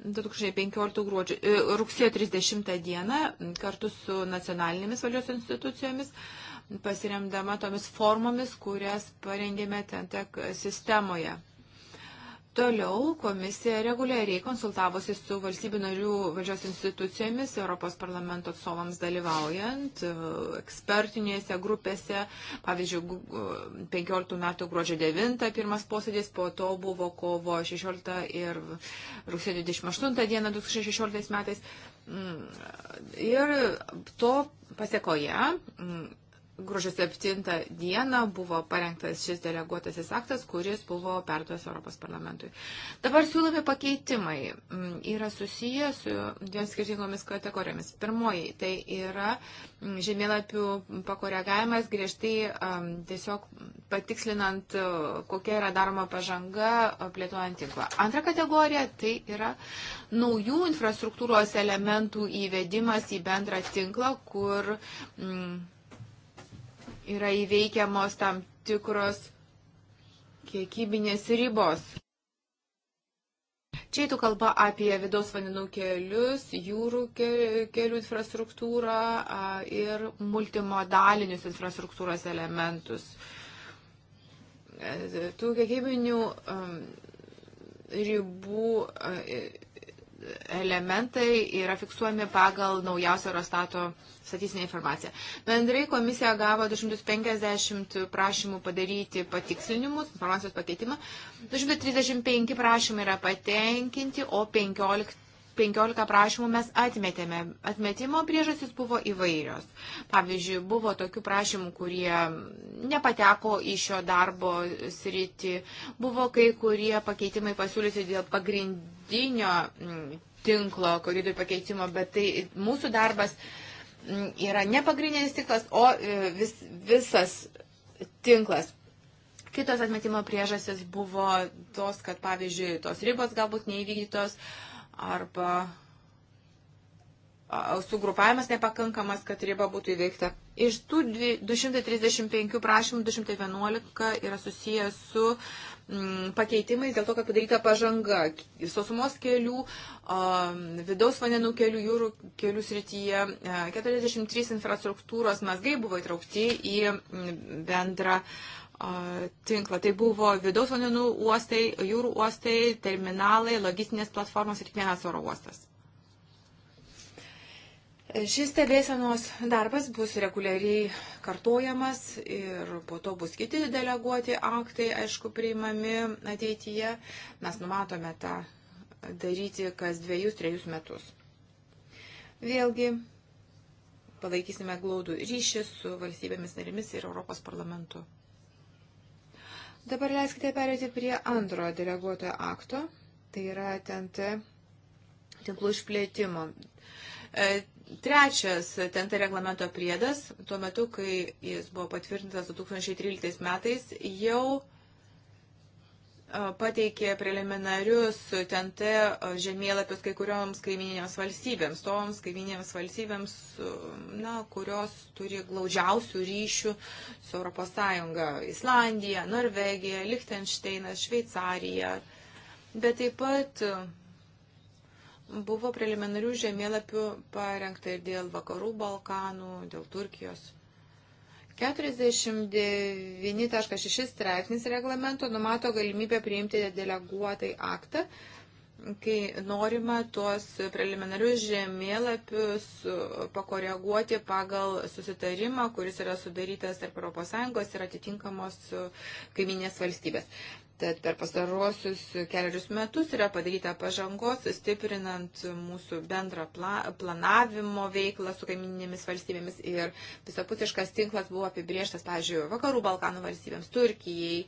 [SPEAKER 2] 2015 gruodžio, e, rugsėjo 30 dieną kartu su nacionalinėmis valdžios institucijomis, pasiremdama tomis formomis, kurias parengėme TENTEK sistemoje. Toliau komisija reguliariai konsultavosi su valstybių narių valdžios institucijomis, Europos parlamento atstovams dalyvaujant, e, ekspertinėse grupėse, pavyzdžiui, 15 metų gruodžio 9 pirmas posėdis, po to buvo kovo 16 ir rugsėjo 28 dieną 2016 metais. Mm, ir to pasiekoje mm, gruodžio 7 dieną buvo parengtas šis deleguotasis aktas, kuris buvo perduotas Europos parlamentui. Dabar siūlomi pakeitimai mm, yra susiję su dviem skirtingomis kategorijomis. Pirmoji tai yra mm, žemėlapių pakoregavimas griežtai tiesiog patikslinant, kokia yra daroma pažanga plėtojant tinklą. Antra kategorija tai yra naujų infrastruktūros elementų įvedimas į bendrą tinklą, kur mm, yra įveikiamos tam tikros kiekybinės ribos. Čia eitų kalba apie vidaus vandenų kelius, jūrų kelių infrastruktūrą ir multimodalinius infrastruktūros elementus. E, tų kiekybinių um, ribų elementai yra fiksuojami pagal naujausią Eurostato statistinę informaciją. Bendrai komisija gavo 250 prašymų padaryti patikslinimus, informacijos pakeitimą. 235 prašymai yra patenkinti, o 15 15 prašymų mes atmetėme. Atmetimo priežastys buvo įvairios. Pavyzdžiui, buvo tokių prašymų, kurie nepateko į šio darbo sritį. Buvo kai kurie pakeitimai pasiūlyti dėl pagrindinio mm, tinklo koridorių pakeitimo, bet tai mūsų darbas mm, yra ne pagrindinis tinklas, o e, vis, visas tinklas. Kitos atmetimo priežastis buvo tos, kad pavyzdžiui, tos ribos galbūt neįvykdytos, uh, arba sugrupavimas nepakankamas, kad riba būtų įveikta. Iš tų 235 prašymų 211 yra susijęs su mm, pakeitimais dėl to, kad padaryta pažanga sausumos kelių, vidaus vandenų kelių, jūrų kelių srityje. 43 infrastruktūros mazgai buvo įtraukti į bendrą tinklą. Tai buvo vidaus vandenų uostai, jūrų uostai, terminalai, logistinės platformos ir kiekvienas oro uostas. Šis stebėsenos darbas bus reguliariai kartojamas ir po to bus kiti deleguoti aktai, aišku, priimami ateityje. Mes numatome tą daryti kas dviejus, trejus metus. Vėlgi, palaikysime glaudų ryšį su valstybėmis narimis ir Europos parlamentu. Dabar leiskite perėti prie antrojo deleguotojo akto, tai yra TNT tinklų išplėtimo. E, trečias TNT reglamento priedas, tuo metu, kai jis buvo patvirtintas 2013 metais, jau pateikė preliminarius TNT žemėlapius kai kurioms kaiminėms valstybėms, toms kaiminėms valstybėms, na, kurios turi glaudžiausių ryšių su ES - Islandija, Norvegija, Lichtensteinas, Šveicarija. Bet taip pat buvo preliminarių žemėlapių parengta ir dėl Vakarų Balkanų, dėl Turkijos. 49.6 straipsnis reglamento numato galimybę priimti deleguotai aktą, kai norima tuos preliminarius žemėlapius pakoreguoti pagal susitarimą, kuris yra sudarytas tarp ES ir atitinkamos e, kaiminės valstybės. Tad per pastaruosius keliarius metus yra padaryta pažangos, stiprinant mūsų bendrą pla planavimo veiklą su kaiminėmis valstybėmis ir visapusiškas tinklas buvo apibrieštas, pavyzdžiui, vakarų Balkanų valstybėms, Turkijai,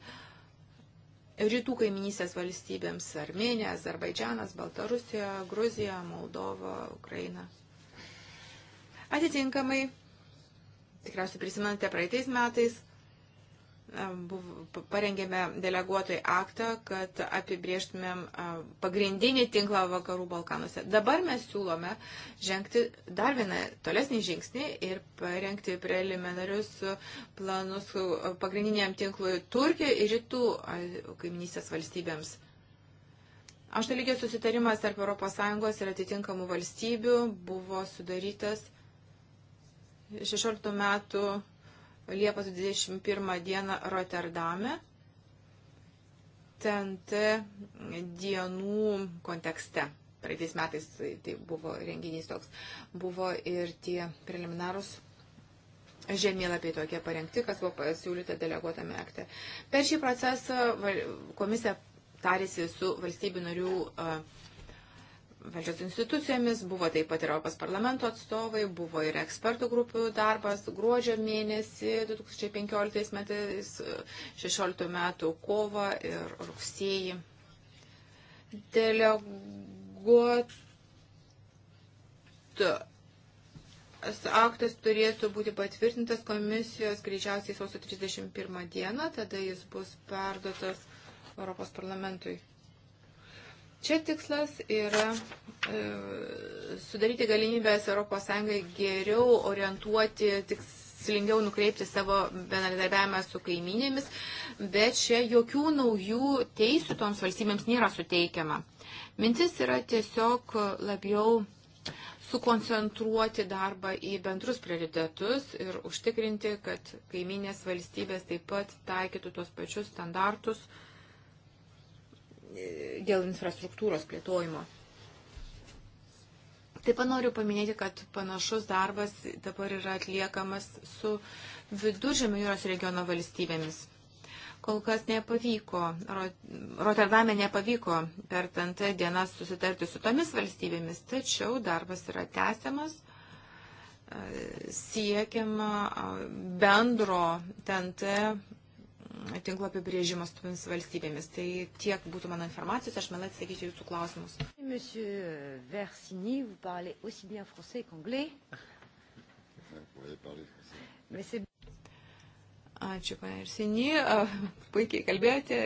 [SPEAKER 2] rytų kaiminysės valstybėms, Armenija, Azerbaidžianas, Baltarusija, Gruzija, Moldova, Ukraina. Atitinkamai, tikriausiai prisimenate, praeitais metais parengėme deleguotojai aktą, kad apibrieštumėm pagrindinį tinklą vakarų Balkanuose. Dabar mes siūlome žengti dar vieną tolesnį žingsnį ir parengti preliminarius planus pagrindiniam tinklui Turkijoje ir rytų kaiminystės valstybėms. Aštuo lygio susitarimas tarp ES ir atitinkamų valstybių buvo sudarytas 16 metų Liepos 21 dieną Rotterdame. TNT dienų kontekste. Praeitais metais tai buvo renginys toks. Buvo ir tie preliminarus žemėlapiai tokie parengti, kas buvo pasiūlyta deleguotame akte. Per šį procesą komisija tarėsi su valstybių narių uh, valdžios institucijomis, buvo taip pat ir Europos parlamento atstovai, buvo ir ekspertų grupių darbas gruodžio mėnesį 2015 metais, 16 metų kovą ir rugsėjį. Deleguotų aktas turėtų būti patvirtintas komisijos greičiausiai sausio 31 dieną, tada jis bus perduotas Europos parlamentui. Čia tikslas yra e, sudaryti galimybės ES geriau orientuoti, tikslingiau nukreipti savo bendradarbiavimą su kaiminėmis, bet čia jokių naujų teisų toms valstybėms nėra suteikiama. Mintis yra tiesiog labiau sukoncentruoti darbą į bendrus prioritetus ir užtikrinti, kad kaiminės valstybės taip pat taikytų tos pačius standartus, uh, dėl infrastruktūros plėtojimo. Taip pat noriu paminėti, kad panašus darbas dabar yra atliekamas su viduržėmio jūros regiono valstybėmis. Kol kas nepavyko, Rotterdame nepavyko per TNT dienas susitarti su tomis valstybėmis, tačiau darbas yra tęsiamas, e, siekiama bendro TNT tinklo apibrėžimas tomis valstybėmis. Tai tiek būtų mano informacijos, aš mielai atsakyčiau jūsų klausimus. Monsieur Versini, vous parlez aussi bien français qu'anglais. Ačiū, pana Irsini. Puikiai kalbėjote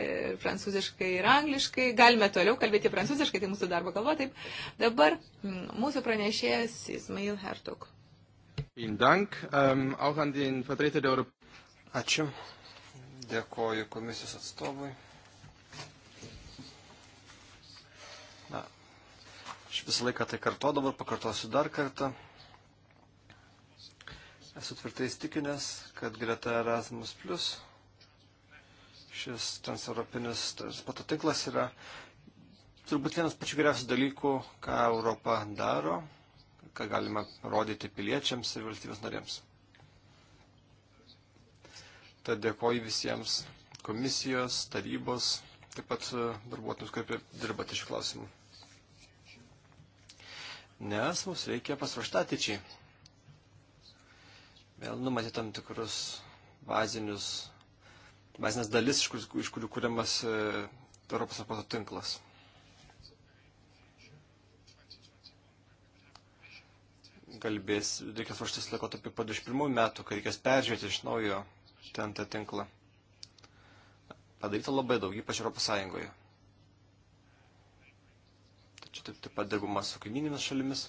[SPEAKER 2] prancūziškai ir angliškai. Galime toliau kalbėti prancūziškai, tai mūsų darbo kalba taip. Dabar mūsų pranešėjas Ismail Hertog.
[SPEAKER 3] Ähm, Ačiū. Dėkoju komisijos atstovui. Na, aš visą laiką tai kartu dabar, pakartosiu dar kartą. Esu tvirtai įstikinęs, kad greta Erasmus Plus šis transeuropinis transporto tinklas yra turbūt vienas pačių geriausių dalykų, ką Europa daro, ką galima rodyti piliečiams ir valstybės narėms. Tad dėkoju visiems komisijos, tarybos, taip pat e, darbuotojams, kurie dirbate šiuo klausimu. Nes mums reikia pasvaršta ateičiai. Vėl numatyti tam tikrus bazinius, bazinės dalis, iš, kur, iš kurių kuriamas e, Europos transporto tinklas. Kalbės, reikės ruoštis laikotarpį po 21 metų, kai reikės peržiūrėti iš naujo ten tą tinklą. Padaryta labai daug, ypač Europos Sąjungoje. Tačiau taip, taip pat dirbama su kaimyninėmis šalimis.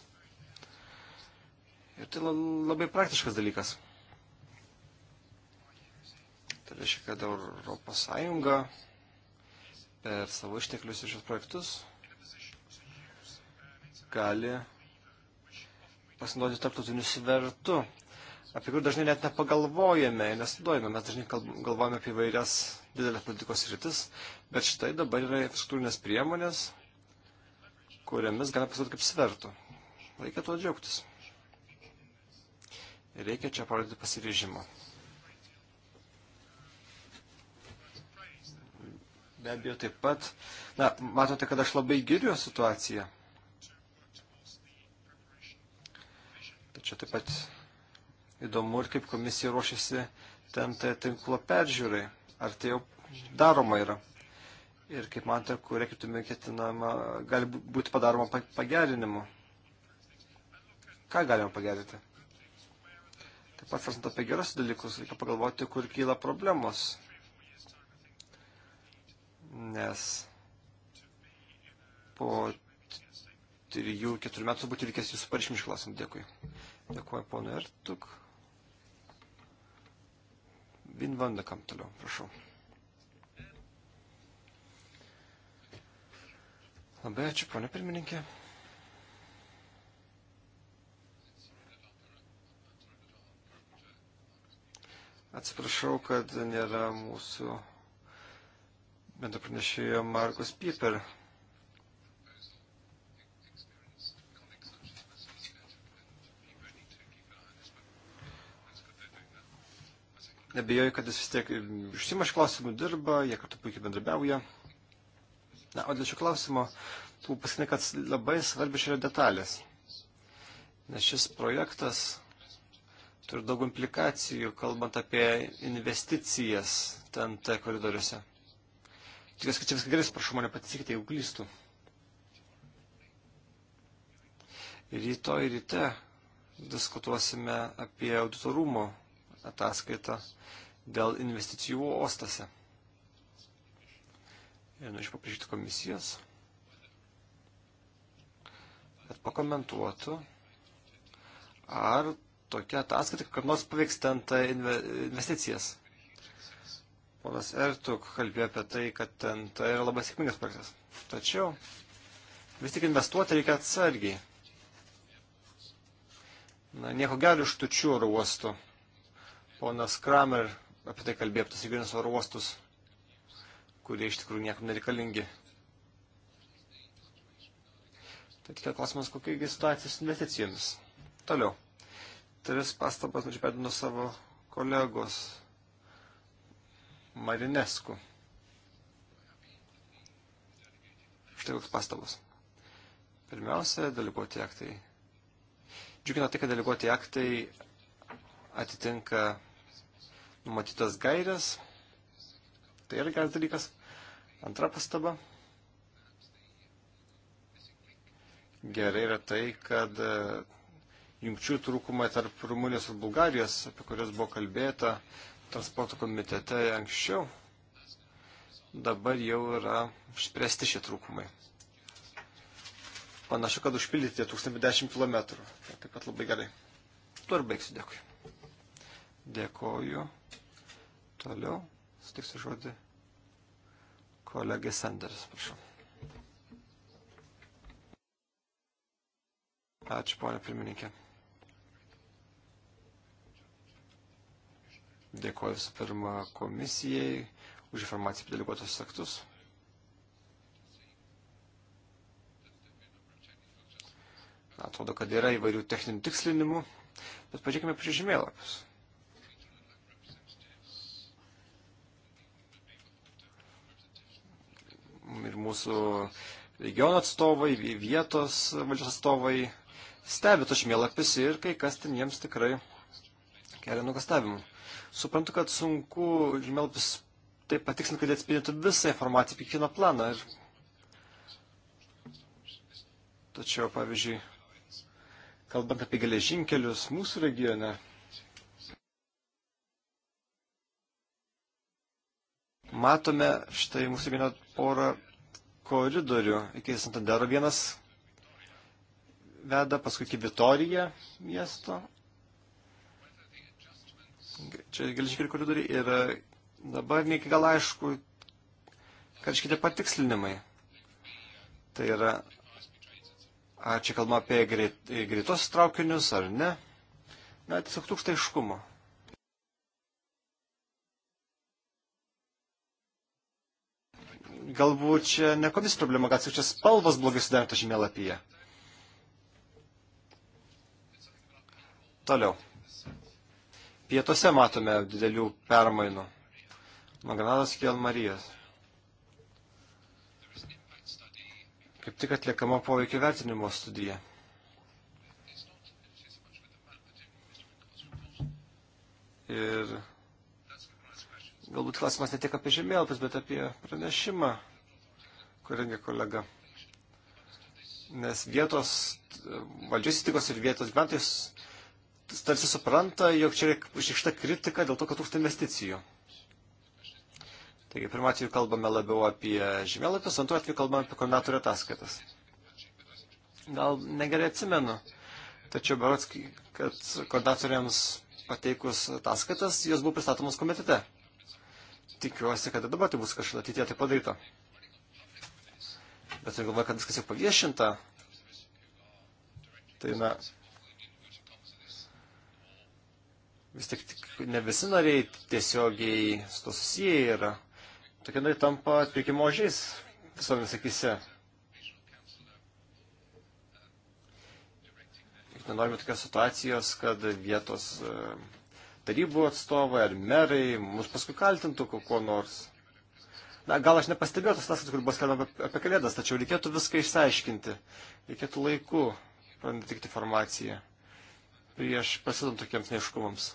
[SPEAKER 3] Ir tai labai praktiškas dalykas. Tai reiškia, kad Europos Sąjunga per savo išteklius ir šios projektus gali pasinaudoti tarptautiniu svertu, apie kurių dažnai net nepagalvojame, nestuduojame. Mes dažnai galvojame apie vairias didelės politikos rytis, bet štai dabar yra infrastruktūrinės priemonės, kuriamis galime pasinaudoti kaip svertų. Reikia tuo džiaugtis. Reikia čia parodyti pasiryžimą. Be abejo, taip pat, na, matote, kad aš labai giriu situaciją. Tačiau taip pat įdomu ir kaip komisija ruošiasi ten tai tinklo peržiūrai. Ar tai jau daroma yra? Ir kaip matote, kuria kitumi ketinama, gali būti padaroma pagerinimu. Ką galima pagerinti? Taip pat, svarstant apie gerus dalykus, reikia pagalvoti, kur kyla problemos. Nes po trijų, keturių metų turbūt reikės jūsų pareišmišklausim. Dėkui. Dėkuoju, ponui Ertuk. Vin Vandekam toliau, prašau. Labai ačiū, ponė pirmininkė. Atsiprašau, kad nėra mūsų bendra pranešėjo Markus Piper. Nebejoju, kad jis vis tiek užsima šį klausimą, dirba, jie kartu puikiai bendrabiauja. Na, o dėl šio klausimo, tu pasakai, kad labai svarbi čia yra detalės. Nes šis projektas turi daug implikacijų, kalbant apie investicijas ten T koridoriuose. Tikiuosi, kad čia viską gerai, prašau mane patikėti, jeigu klystu. Rytoj ryte diskutuosime apie auditorumo ataskaitą dėl investicijų uostose. Ir norėčiau nu, paprašyti komisijos, kad pakomentuotų, ar tokia ataskaita, kad nors paveiks ten tą investicijas. Ponas Ertuk kalbėjo apie tai, kad ten tai yra labai sėkmingas projektas. Tačiau vis tik investuoti reikia atsargiai. Na, nieko gero iš tučių oro uostų. Ponas Kramer apie tai kalbėjo, apie tos įgrinus oro uostus, kurie iš tikrųjų niekam nereikalingi. Tai kitas klausimas, kokia situacija su investicijomis. Toliau. Tris pastabas norėčiau perduoti nuo savo kolegos Marinesku. Štai koks pastabas. Pirmiausia, deleguoti aktai. Džiugina tai, kad deleguoti aktai atitinka numatytas gairias. Tai yra geras dalykas. Antra pastaba. Gerai yra tai, kad e, jungčių trūkumai tarp Rumunijos ir Bulgarijos, apie kurias buvo kalbėta transporto komitete anksčiau, dabar jau yra išspręsti šie trūkumai. Panašu, kad užpildyti 1010 km. Tai taip pat labai gerai. Tuo ir baigsiu, dėkui. Dėkoju. Toliau sutiksiu žodį kolegai Sanders, prašau. Ačiū, ponė pirmininkė. Dėkuoju visų pirma komisijai už informaciją apie deleguotus aktus. Atrodo, kad yra įvairių techninių tikslinimų, bet pažiūrėkime prie žemėlapius. ir mūsų regiono atstovai, vietos valdžios atstovai stebi tos šmėlapius ir kai kas ten jiems tikrai kelia nugastavimų. Suprantu, kad sunku žemėlapis taip patikslinti, kad atspindėtų visą informaciją apie kiekvieną planą. Ir... Tačiau, pavyzdžiui, kalbant apie geležinkelius mūsų regione, Matome štai mūsų vieną porą koridorių iki Santandero vienas veda, paskui iki Vitorija miesto. Čia geležinkelių koridoriai ir e, dabar ne iki gal aišku, kad iškite patikslinimai. Tai yra, ar čia kalbama apie e, greitos traukinius ar ne. Na, tiesiog trūksta iškumo. galbūt čia ne komisijos problema, gal čia spalvos blogai sudarytos žemėlapyje. Toliau. Pietuose matome didelių permainų. Nuo Granados iki Almarijos. Kaip tik atliekama poveikio vertinimo studija. Ir Galbūt klausimas ne tiek apie žemėlapius, bet apie pranešimą, kuriangi kolega. Nes vietos valdžios įstikos ir vietos gyventojus tarsi supranta, jog čia yra išikšta kritika dėl to, kad trūksta investicijų. Taigi, pirmą atveju kalbame labiau apie žemėlapius, antrą atveju kalbame apie koordinatorių ataskaitas. Gal negerai atsimenu, tačiau berots, kad koordinatoriams pateikus ataskaitas, jos buvo pristatomos komitete tikiuosi, kad dabar tai bus kažkada ateityje tai padaryta. Bet jeigu galvoju, kad viskas jau paviešinta, tai na, vis tik, tik ne visi nariai tiesiogiai su to susiję yra. Tokie nariai tampa atpirkimo žiais visuomenės akise. Ir nenorime tokios situacijos, kad vietos uh, tarybų atstovai ar merai mus paskui kaltintų kuo nors. Na, gal aš nepastebėjau tas ataskaitas, kur buvo skelbiama apie kalėdas, tačiau reikėtų viską išsiaiškinti. Reikėtų laiku pradėti teikti informaciją prieš prasidant tokiems neiškumams.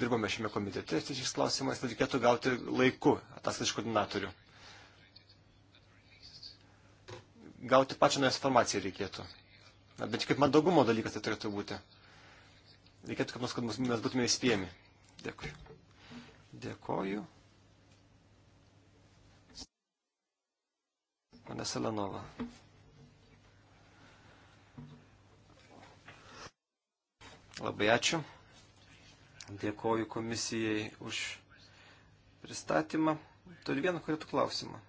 [SPEAKER 3] Dirbame šiame komitete, tai šis klausimas reikėtų gauti laiku ataskaitas iš koordinatorių. Gauti pačią informaciją reikėtų. Na, bet kaip man daugumo dalykas tai turėtų būti. Reikėtų, kad mes, kad mes būtume įspėjami. Dėkui. Dėkoju. Pane Selenova. Labai ačiū. Dėkoju komisijai už pristatymą. Turiu vieną kurį klausimą.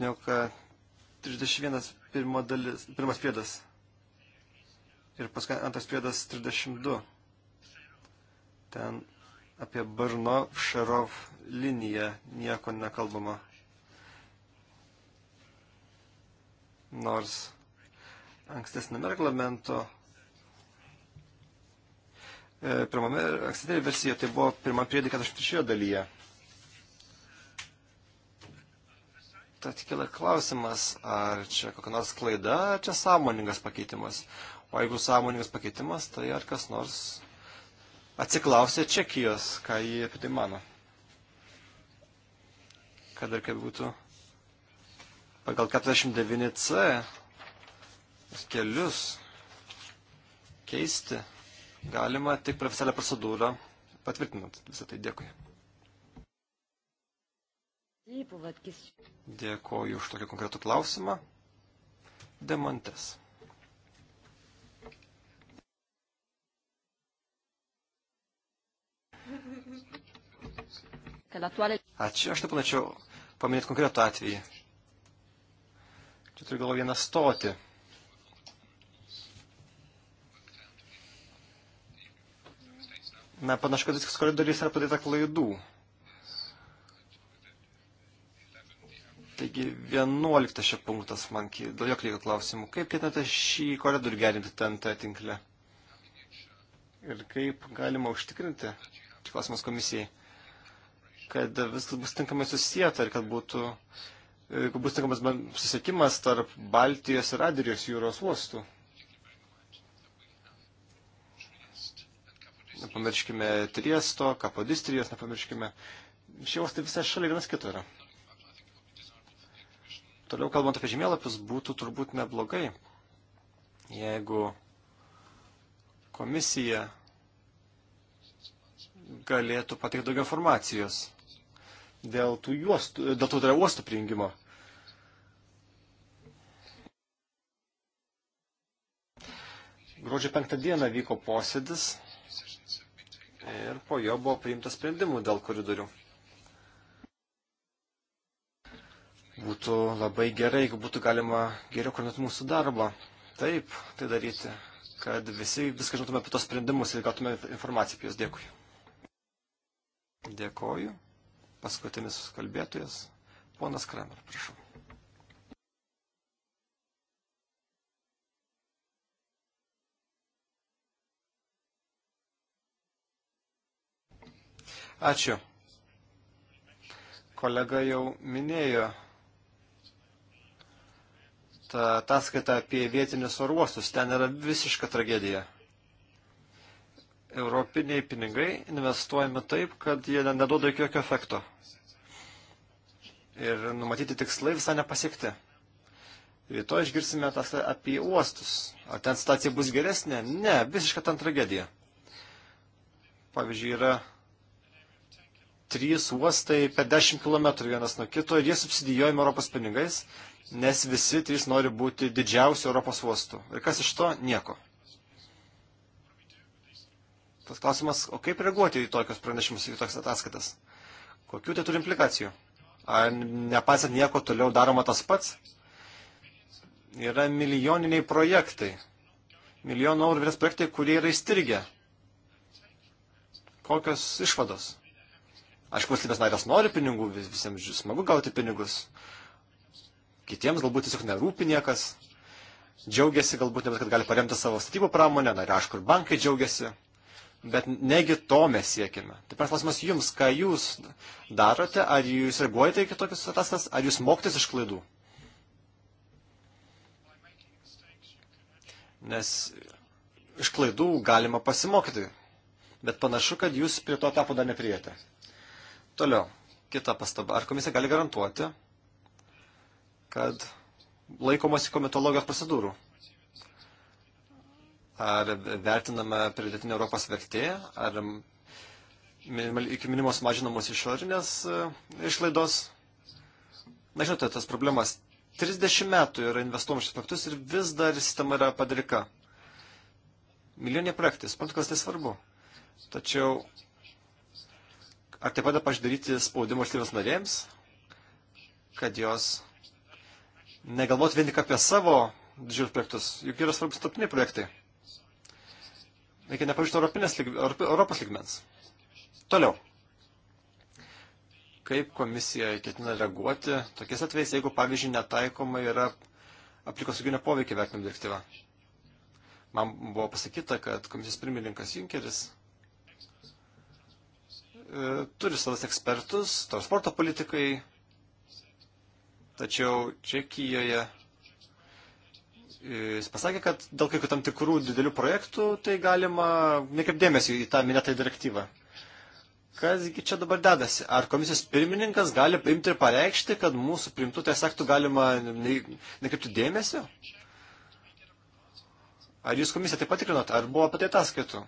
[SPEAKER 3] Sniuka 31 pirmo dalis, pirmas priedas. Ir paskui antras priedas 32. Ten apie Barno Šerov liniją nieko nekalbama. Nors ankstesnėme reglamento e, pirmame ankstesnėje versijoje tai buvo pirmam priedė 43 dalyje. Tad kila klausimas, ar čia kokia nors klaida, ar čia sąmoningas pakeitimas. O jeigu sąmoningas pakeitimas, tai ar kas nors atsiklausė Čekijos, ką jie apie tai mano. Kad ir kaip būtų pagal 49C kelius keisti galima tik profesionalią procedūrą patvirtinant visą tai. Dėkui. Dėkoju už tokį konkretų klausimą. Demantes. Ačiū, aš taip panačiau paminėti konkretų atvejį. Čia turiu galvo vieną stotį. Na, panašu, kad viskas koridoriais yra padaryta klaidų. Taigi 11 šia punktas man dėl jo reikia klausimų. Kaip ketinate šį koridorių gerinti TNT tinkle? Ir kaip galima užtikrinti, čia klausimas komisijai, kad viskas bus tinkamai susijęta ir kad būtų, kad bus tinkamas susiekimas tarp Baltijos ir Adirijos jūros uostų. Nepamirškime Triesto, Kapodistrijos, nepamirškime. Šie uostai visai šalia vienas kito yra. Toliau kalbant apie žemėlapius, būtų turbūt neblogai, jeigu komisija galėtų pateikti daugiau informacijos dėl tų, juostų, dėl tų tai uostų prijungimo. Gruodžio penktą dieną vyko posėdis ir po jo buvo priimtas sprendimų dėl koridorių. Būtų labai gerai, jeigu būtų galima geriau koordinuoti mūsų darbą. Taip, tai daryti, kad visi viską žinotume apie tos sprendimus ir gautume informaciją apie juos. Dėkui. Dėkoju. Paskutinis kalbėtojas, ponas Kramer, prašau. Ačiū. Kolega jau minėjo ta ataskaita apie vietinius oruostus. Ten yra visiška tragedija. Europiniai pinigai investuojami taip, kad jie neduoda jokio efekto. Ir numatyti tikslai visai nepasiekti. Rytoj išgirsime tas apie uostus. Ar ten situacija bus geresnė? Ne, visiška ten tragedija. Pavyzdžiui, yra trys uostai per 10 km vienas nuo kito ir jie subsidijuojami Europos pinigais, nes visi trys nori būti didžiausių Europos uostų. Ir kas iš to? Nieko. Tas klausimas, o kaip reaguoti į tokius pranešimus, į tokias ataskaitas? Kokių tai turi implikacijų? Ar nepasant nieko toliau daroma tas pats? Yra milijoniniai projektai, milijonų eurų vertės projektai, kurie yra įstrigę. Kokios išvados? Aišku, valstybės narės nori pinigų, visiems smagu gauti pinigus. Kitiems galbūt tiesiog nerūpi niekas. Džiaugiasi galbūt, nebus, kad gali paremti savo statybų pramonę, na ir aišku, ir bankai džiaugiasi. Bet negi to mes siekime. Tai pirmas klausimas jums, ką jūs darote, ar jūs reaguojate į kitokius atastas, ar jūs moktės iš klaidų? Nes iš klaidų galima pasimokyti, bet panašu, kad jūs prie to tapo dar neprijėtė. Toliau, kita pastaba. Ar komisija gali garantuoti, kad laikomasi komitologijos procedūrų? Ar vertinama pridėtinė Europos vertė, ar iki minimos mažinamos išorinės e, išlaidos? Na, žinote, tas problemas 30 metų yra investuojama šis projektus ir vis dar sistema yra padarika. Milijonė projektai, suprantu, kas tai svarbu. Tačiau Ar taip pat paždaryti spaudimą valstybės narėms, kad jos negalvot vien tik apie savo didžiulius projektus, juk yra svarbus tarptiniai projektai. Reikia nepamiršti Europos lygmens. Toliau. Kaip komisija ketina reaguoti tokiais atvejais, jeigu, pavyzdžiui, netaikoma yra aplikosauginio poveikio vertinimo direktyva? Man buvo pasakyta, kad komisijos pirmininkas Junkeris E, turi savas ekspertus, transporto politikai, tačiau Čekijoje e, jis pasakė, kad dėl kai tam tikrų didelių projektų tai galima nekreipdėmėsi į tą minėtą direktyvą. Kasgi čia dabar dedasi? Ar komisijos pirmininkas gali imti ir pareikšti, kad mūsų primtų teisės aktų galima nekreipti dėmesio? Ar jūs komisiją taip patikrinote, ar buvo apie tai ataskaitų?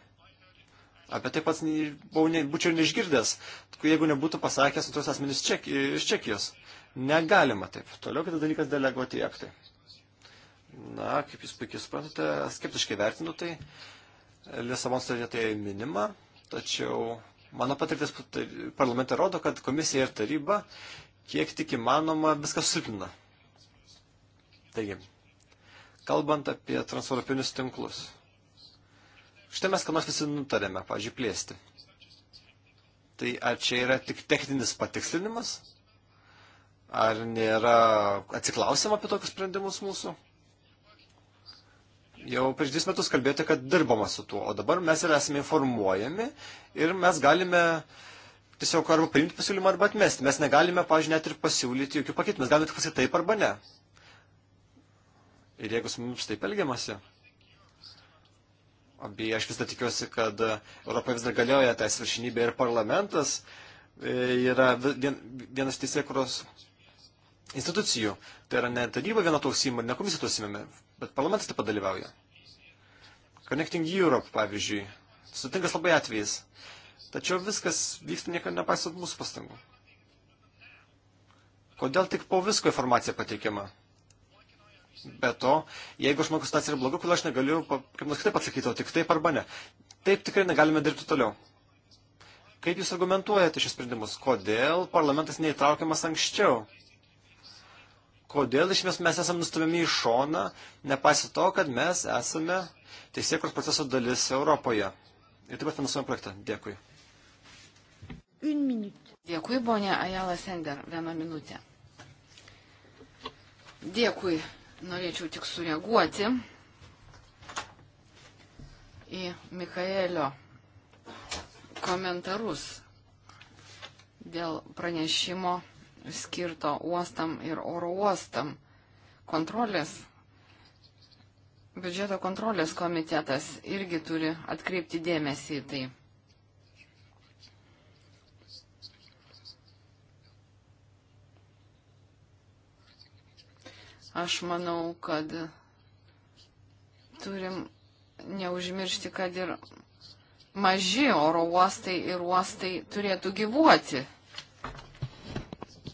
[SPEAKER 3] Apie tai pats ne, būčiau ir neišgirdęs, jeigu nebūtų pasakęs antros asmenys ček, iš Čekijos. Negalima taip. Toliau kitas dalykas - deleguoti aktai. Na, kaip jūs puikiai suprantate, skeptiškai vertinu tai. Lisabon sutartė tai minima, tačiau mano patirtis tai parlamente rodo, kad komisija ir taryba kiek tik įmanoma viską susilpina. Taigi, kalbant apie transeuropinius tinklus. Štai mes, ką nors visi nutarėme, pažiūrėjau, plėsti. Tai ar čia yra tik techninis patikslinimas? Ar nėra atsiklausima apie tokius sprendimus mūsų? Jau prieš dvis metus kalbėjote, kad dirbama su tuo, o dabar mes ir esame informuojami ir mes galime tiesiog arba priimti pasiūlymą arba atmesti. Mes negalime, pažiūrėjau, net ir pasiūlyti jokių pakeitimų, mes galime tik pasakyti taip arba ne. Ir jeigu su mums taip elgiamasi, bei aš vis dar tikiuosi, kad Europoje vis dar galioja teisės viršinybė ir parlamentas e, yra vienas teisėkuros institucijų. Tai yra ne taryba viena to užsima, ne komisija to užsimėme, bet parlamentas taip pat dalyvauja. Connecting Europe, pavyzdžiui, sutinkas labai atvejis. Tačiau viskas vyksta niekada nepaisant mūsų pastangų. Kodėl tik po visko informacija pateikiama? Be to, jeigu žmogus situacija yra bloga, kodėl aš negaliu kaip nors kitaip atsakyti, o tik taip arba ne. Taip tikrai negalime dirbti toliau. Kaip jūs argumentuojate šios sprendimus? Kodėl parlamentas neįtraukiamas anksčiau? Kodėl iš mes esame nustumiami į šoną, nepasi to, kad mes esame teisėkos proceso dalis Europoje? Ir taip pat finansuojam projektą. Dėkui.
[SPEAKER 1] Dėkui, bonė Ajala Sender. Vieną minutę. Dėkui, Norėčiau tik sureaguoti į Mikaelio komentarus dėl pranešimo skirto uostam ir oro uostam. Kontrolės, biudžeto kontrolės komitetas irgi turi atkreipti dėmesį į tai. Aš manau, kad turim neužmiršti, kad ir maži oro uostai ir uostai turėtų gyvuoti.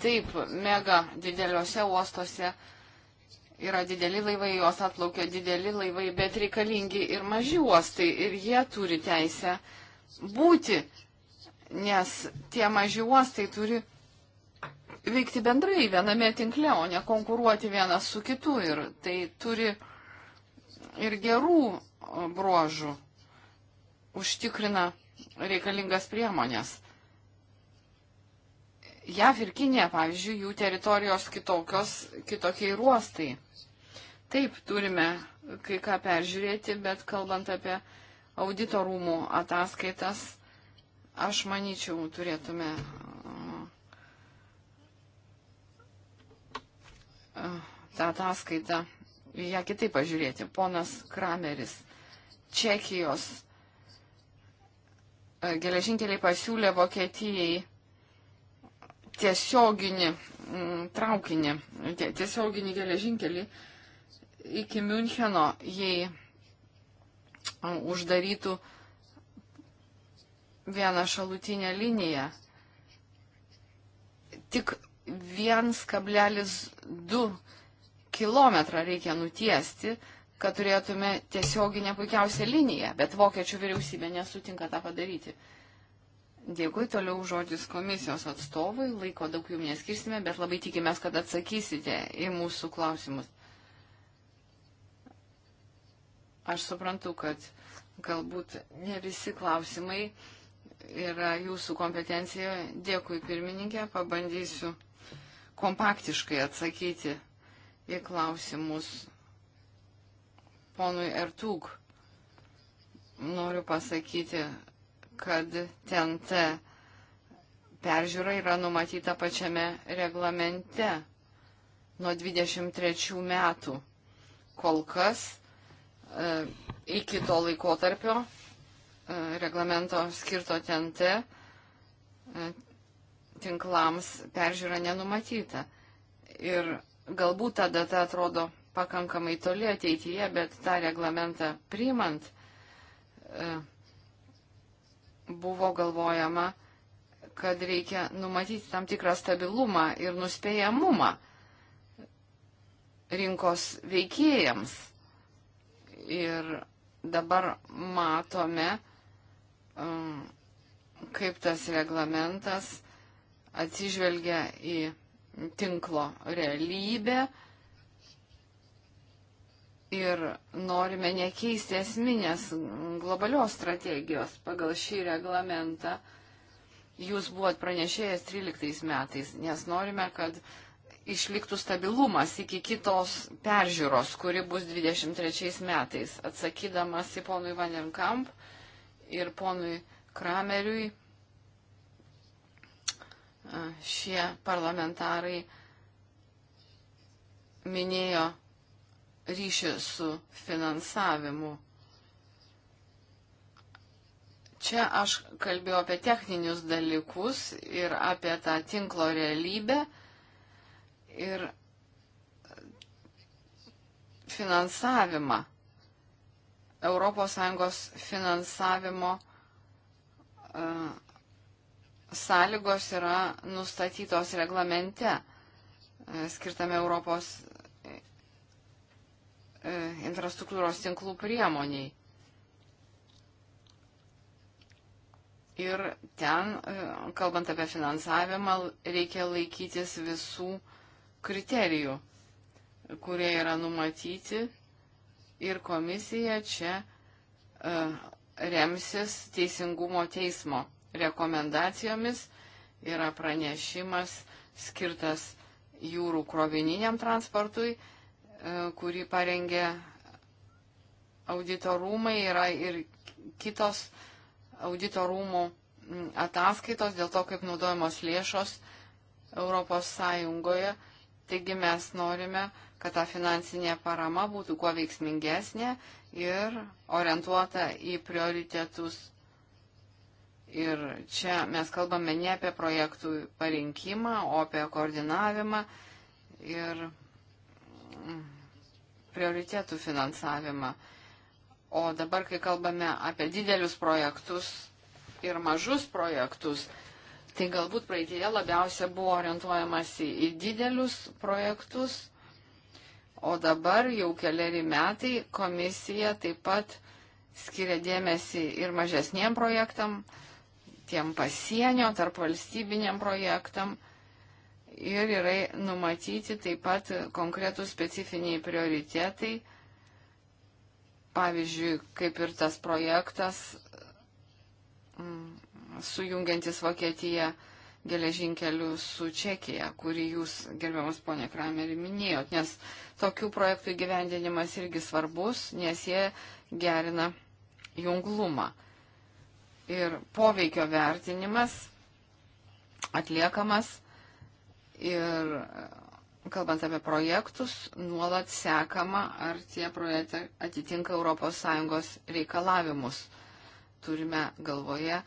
[SPEAKER 1] Taip, mega dideliuose uostuose yra dideli laivai, juos atplaukia dideli laivai, bet reikalingi ir maži uostai ir jie turi teisę būti, nes tie maži uostai turi veikti bendrai viename tinkle, o ne konkuruoti vienas su kitu. Ir tai turi ir gerų e, bruožų užtikrina reikalingas priemonės. JAV ir Kinė, pavyzdžiui, jų teritorijos kitokios, kitokiai ruostai. Taip, turime kai ką peržiūrėti, bet kalbant apie auditorumų ataskaitas, aš manyčiau, turėtume tą ataskaitą, ją kitaip pažiūrėti. Ponas Krameris, Čekijos e, geležinkeliai pasiūlė Vokietijai tiesioginį mm, traukinį, tiesioginį geležinkelį iki Müncheno, jei e, uždarytų vieną šalutinę liniją. Tik 1,2 km reikia nutiesti, kad turėtume tiesioginę puikiausią liniją, bet vokiečių vyriausybė nesutinka tą padaryti. Dėkui, toliau žodis komisijos atstovui, laiko daug jum neskirsime, bet labai tikimės, kad atsakysite į mūsų klausimus. Aš suprantu, kad galbūt ne visi klausimai yra jūsų kompetencijoje. Dėkui pirmininkė, pabandysiu kompaktiškai atsakyti į klausimus. Ponui Ertug noriu pasakyti, kad TNT peržiūra yra numatyta pačiame reglamente nuo 23 metų. Kol kas e, iki to laikotarpio e, reglamento skirto TNT tinklams peržiūra nenumatyta. Ir galbūt ta data atrodo pakankamai toli ateityje, bet tą reglamentą priimant e, buvo galvojama, kad reikia numatyti tam tikrą stabilumą ir nuspėjamumą rinkos veikėjams. Ir dabar matome, e, kaip tas reglamentas atsižvelgia į tinklo realybę ir norime nekeisti esminės globalios strategijos pagal šį reglamentą. Jūs buvot pranešėjęs 13 metais, nes norime, kad išliktų stabilumas iki kitos peržiūros, kuri bus 23 metais. Atsakydamas į ponui Vandenkamp ir ponui Krameriui, šie parlamentarai minėjo ryšį su finansavimu. Čia aš kalbėjau apie techninius dalykus ir apie tą tinklo realybę ir finansavimą. ES finansavimo uh, sąlygos yra nustatytos reglamente e, skirtame Europos e, infrastruktūros tinklų priemoniai. Ir ten, e, kalbant apie finansavimą, reikia laikytis visų kriterijų, kurie yra numatyti. Ir komisija čia remsis teisingumo teismo rekomendacijomis yra pranešimas skirtas jūrų krovininiam transportui, e, kurį parengė auditorumai, yra ir kitos auditorumų ataskaitos dėl to, kaip naudojamos lėšos Europos Sąjungoje. Taigi mes norime, kad ta finansinė parama būtų kuo veiksmingesnė ir orientuota į prioritetus Ir čia mes kalbame ne apie projektų parinkimą, o apie koordinavimą ir mm, prioritėtų finansavimą. O dabar, kai kalbame apie didelius projektus ir mažus projektus, tai galbūt praeitėje labiausia buvo orientuojamasi į didelius projektus, o dabar jau keliari metai komisija taip pat skiria dėmesį ir mažesniem projektam tiem pasienio tarp valstybiniam projektam ir yra numatyti taip pat konkretų specifiniai prioritetai, pavyzdžiui, kaip ir tas projektas mm, sujungiantis Vokietiją geležinkeliu su Čekija, kurį jūs, gerbiamas ponė Kramerį, minėjot, nes tokių projektų gyvendinimas irgi svarbus, nes jie gerina junglumą ir poveikio vertinimas atliekamas ir kalbant apie projektus, nuolat sekama, ar tie projektai atitinka ES reikalavimus. Turime galvoje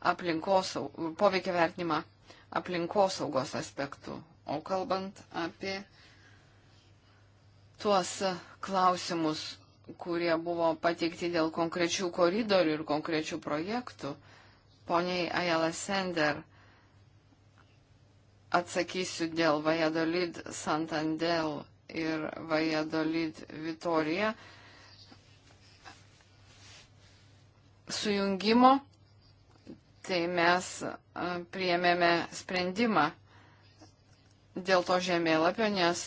[SPEAKER 1] aplinkos, poveikio vertinimą aplinkosaugos aspektų. O kalbant apie tuos klausimus, kurie buvo pateikti dėl konkrečių koridorių ir konkrečių projektų. Poniai Ajala Sender atsakysiu dėl Vajadolid Santandel ir Vajadolid Vitorija sujungimo, tai mes priėmėme sprendimą dėl to žemėlapio, nes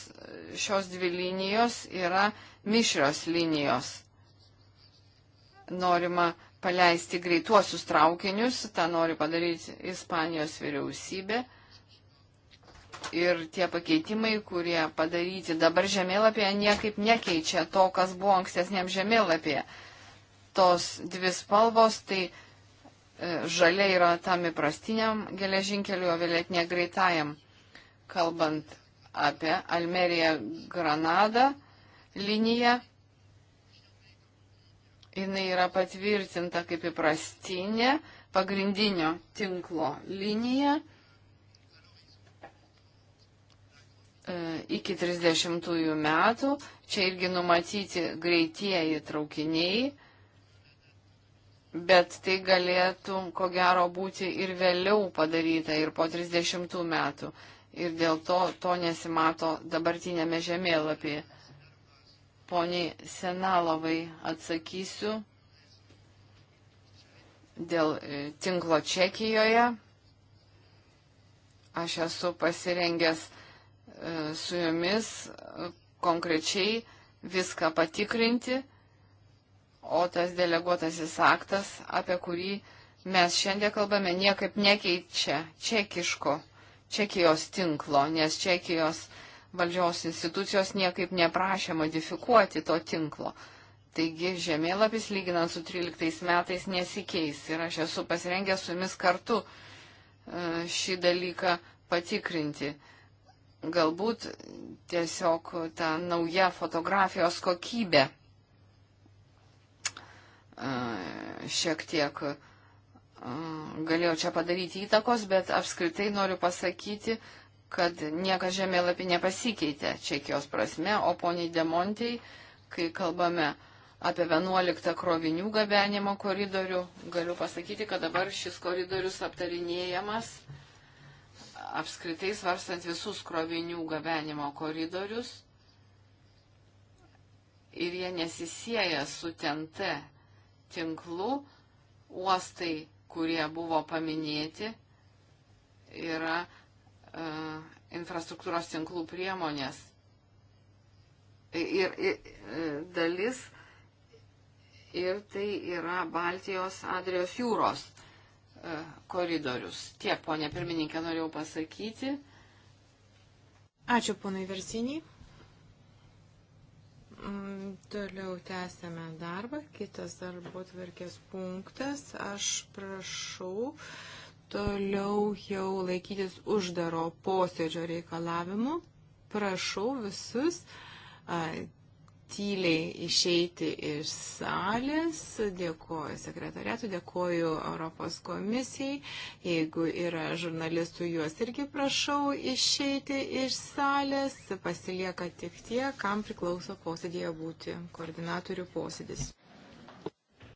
[SPEAKER 1] šios dvi linijos yra mišrios linijos. Norima paleisti greituosius traukinius, tą nori padaryti Ispanijos vyriausybė. Ir tie pakeitimai, kurie padaryti dabar žemėlapyje, niekaip nekeičia to, kas buvo ankstesniam žemėlapyje. Tos dvi spalvos, tai e, žalia yra tam įprastiniam geležinkeliu, o vėlėtinė greitajam. Kalbant apie Almeriją Granadą, linija. Jis yra patvirtinta kaip įprastinė pagrindinio tinklo linija e, iki 30 metų. Čia irgi numatyti greitieji traukiniai, bet tai galėtų, ko gero, būti ir vėliau padaryta, ir po 30 metų. Ir dėl to to nesimato dabartinėme žemėlapyje. Poniai Senalovai atsakysiu dėl e, tinklo Čekijoje. Aš esu pasirengęs e, su jumis e, konkrečiai viską patikrinti, o tas deleguotasis aktas, apie kurį mes šiandien kalbame, niekaip nekeičia čekiško, čekijos tinklo, nes čekijos tinklo valdžios institucijos niekaip neprašė modifikuoti to tinklo. Taigi žemėlapis lyginant su 13 metais nesikeis ir aš esu pasirengęs su jumis kartu e, šį dalyką patikrinti. Galbūt tiesiog ta nauja fotografijos kokybė e, šiek tiek e, galėjo čia padaryti įtakos, bet apskritai noriu pasakyti, kad niekas žemėlapį nepasikeitė Čekijos prasme, o poniai Demontiai, kai kalbame apie 11 krovinių gabenimo koridorių, galiu pasakyti, kad dabar šis koridorius aptarinėjamas apskritai svarstant visus krovinių gabenimo koridorius ir jie nesisėja su TNT tinklu, uostai, kurie buvo paminėti, yra E, infrastruktūros tinklų priemonės. Ir, ir e, dalis ir tai yra Baltijos Adrijos jūros e, koridorius. Tiek, ponė pirmininkė, norėjau pasakyti.
[SPEAKER 2] Ačiū, ponai Versinį. Mm, toliau tęsėme darbą. Kitas darbo tvarkės punktas. Aš prašau. Uh, toliau jau laikytis uždaro posėdžio reikalavimu. Prašau visus a, tyliai išeiti iš salės. Dėkoju sekretariatu, dėkoju Europos komisijai. Jeigu yra žurnalistų, juos irgi prašau išeiti iš salės.
[SPEAKER 1] Pasilieka tik tie, kam priklauso posėdėje būti. Koordinatorių posėdis.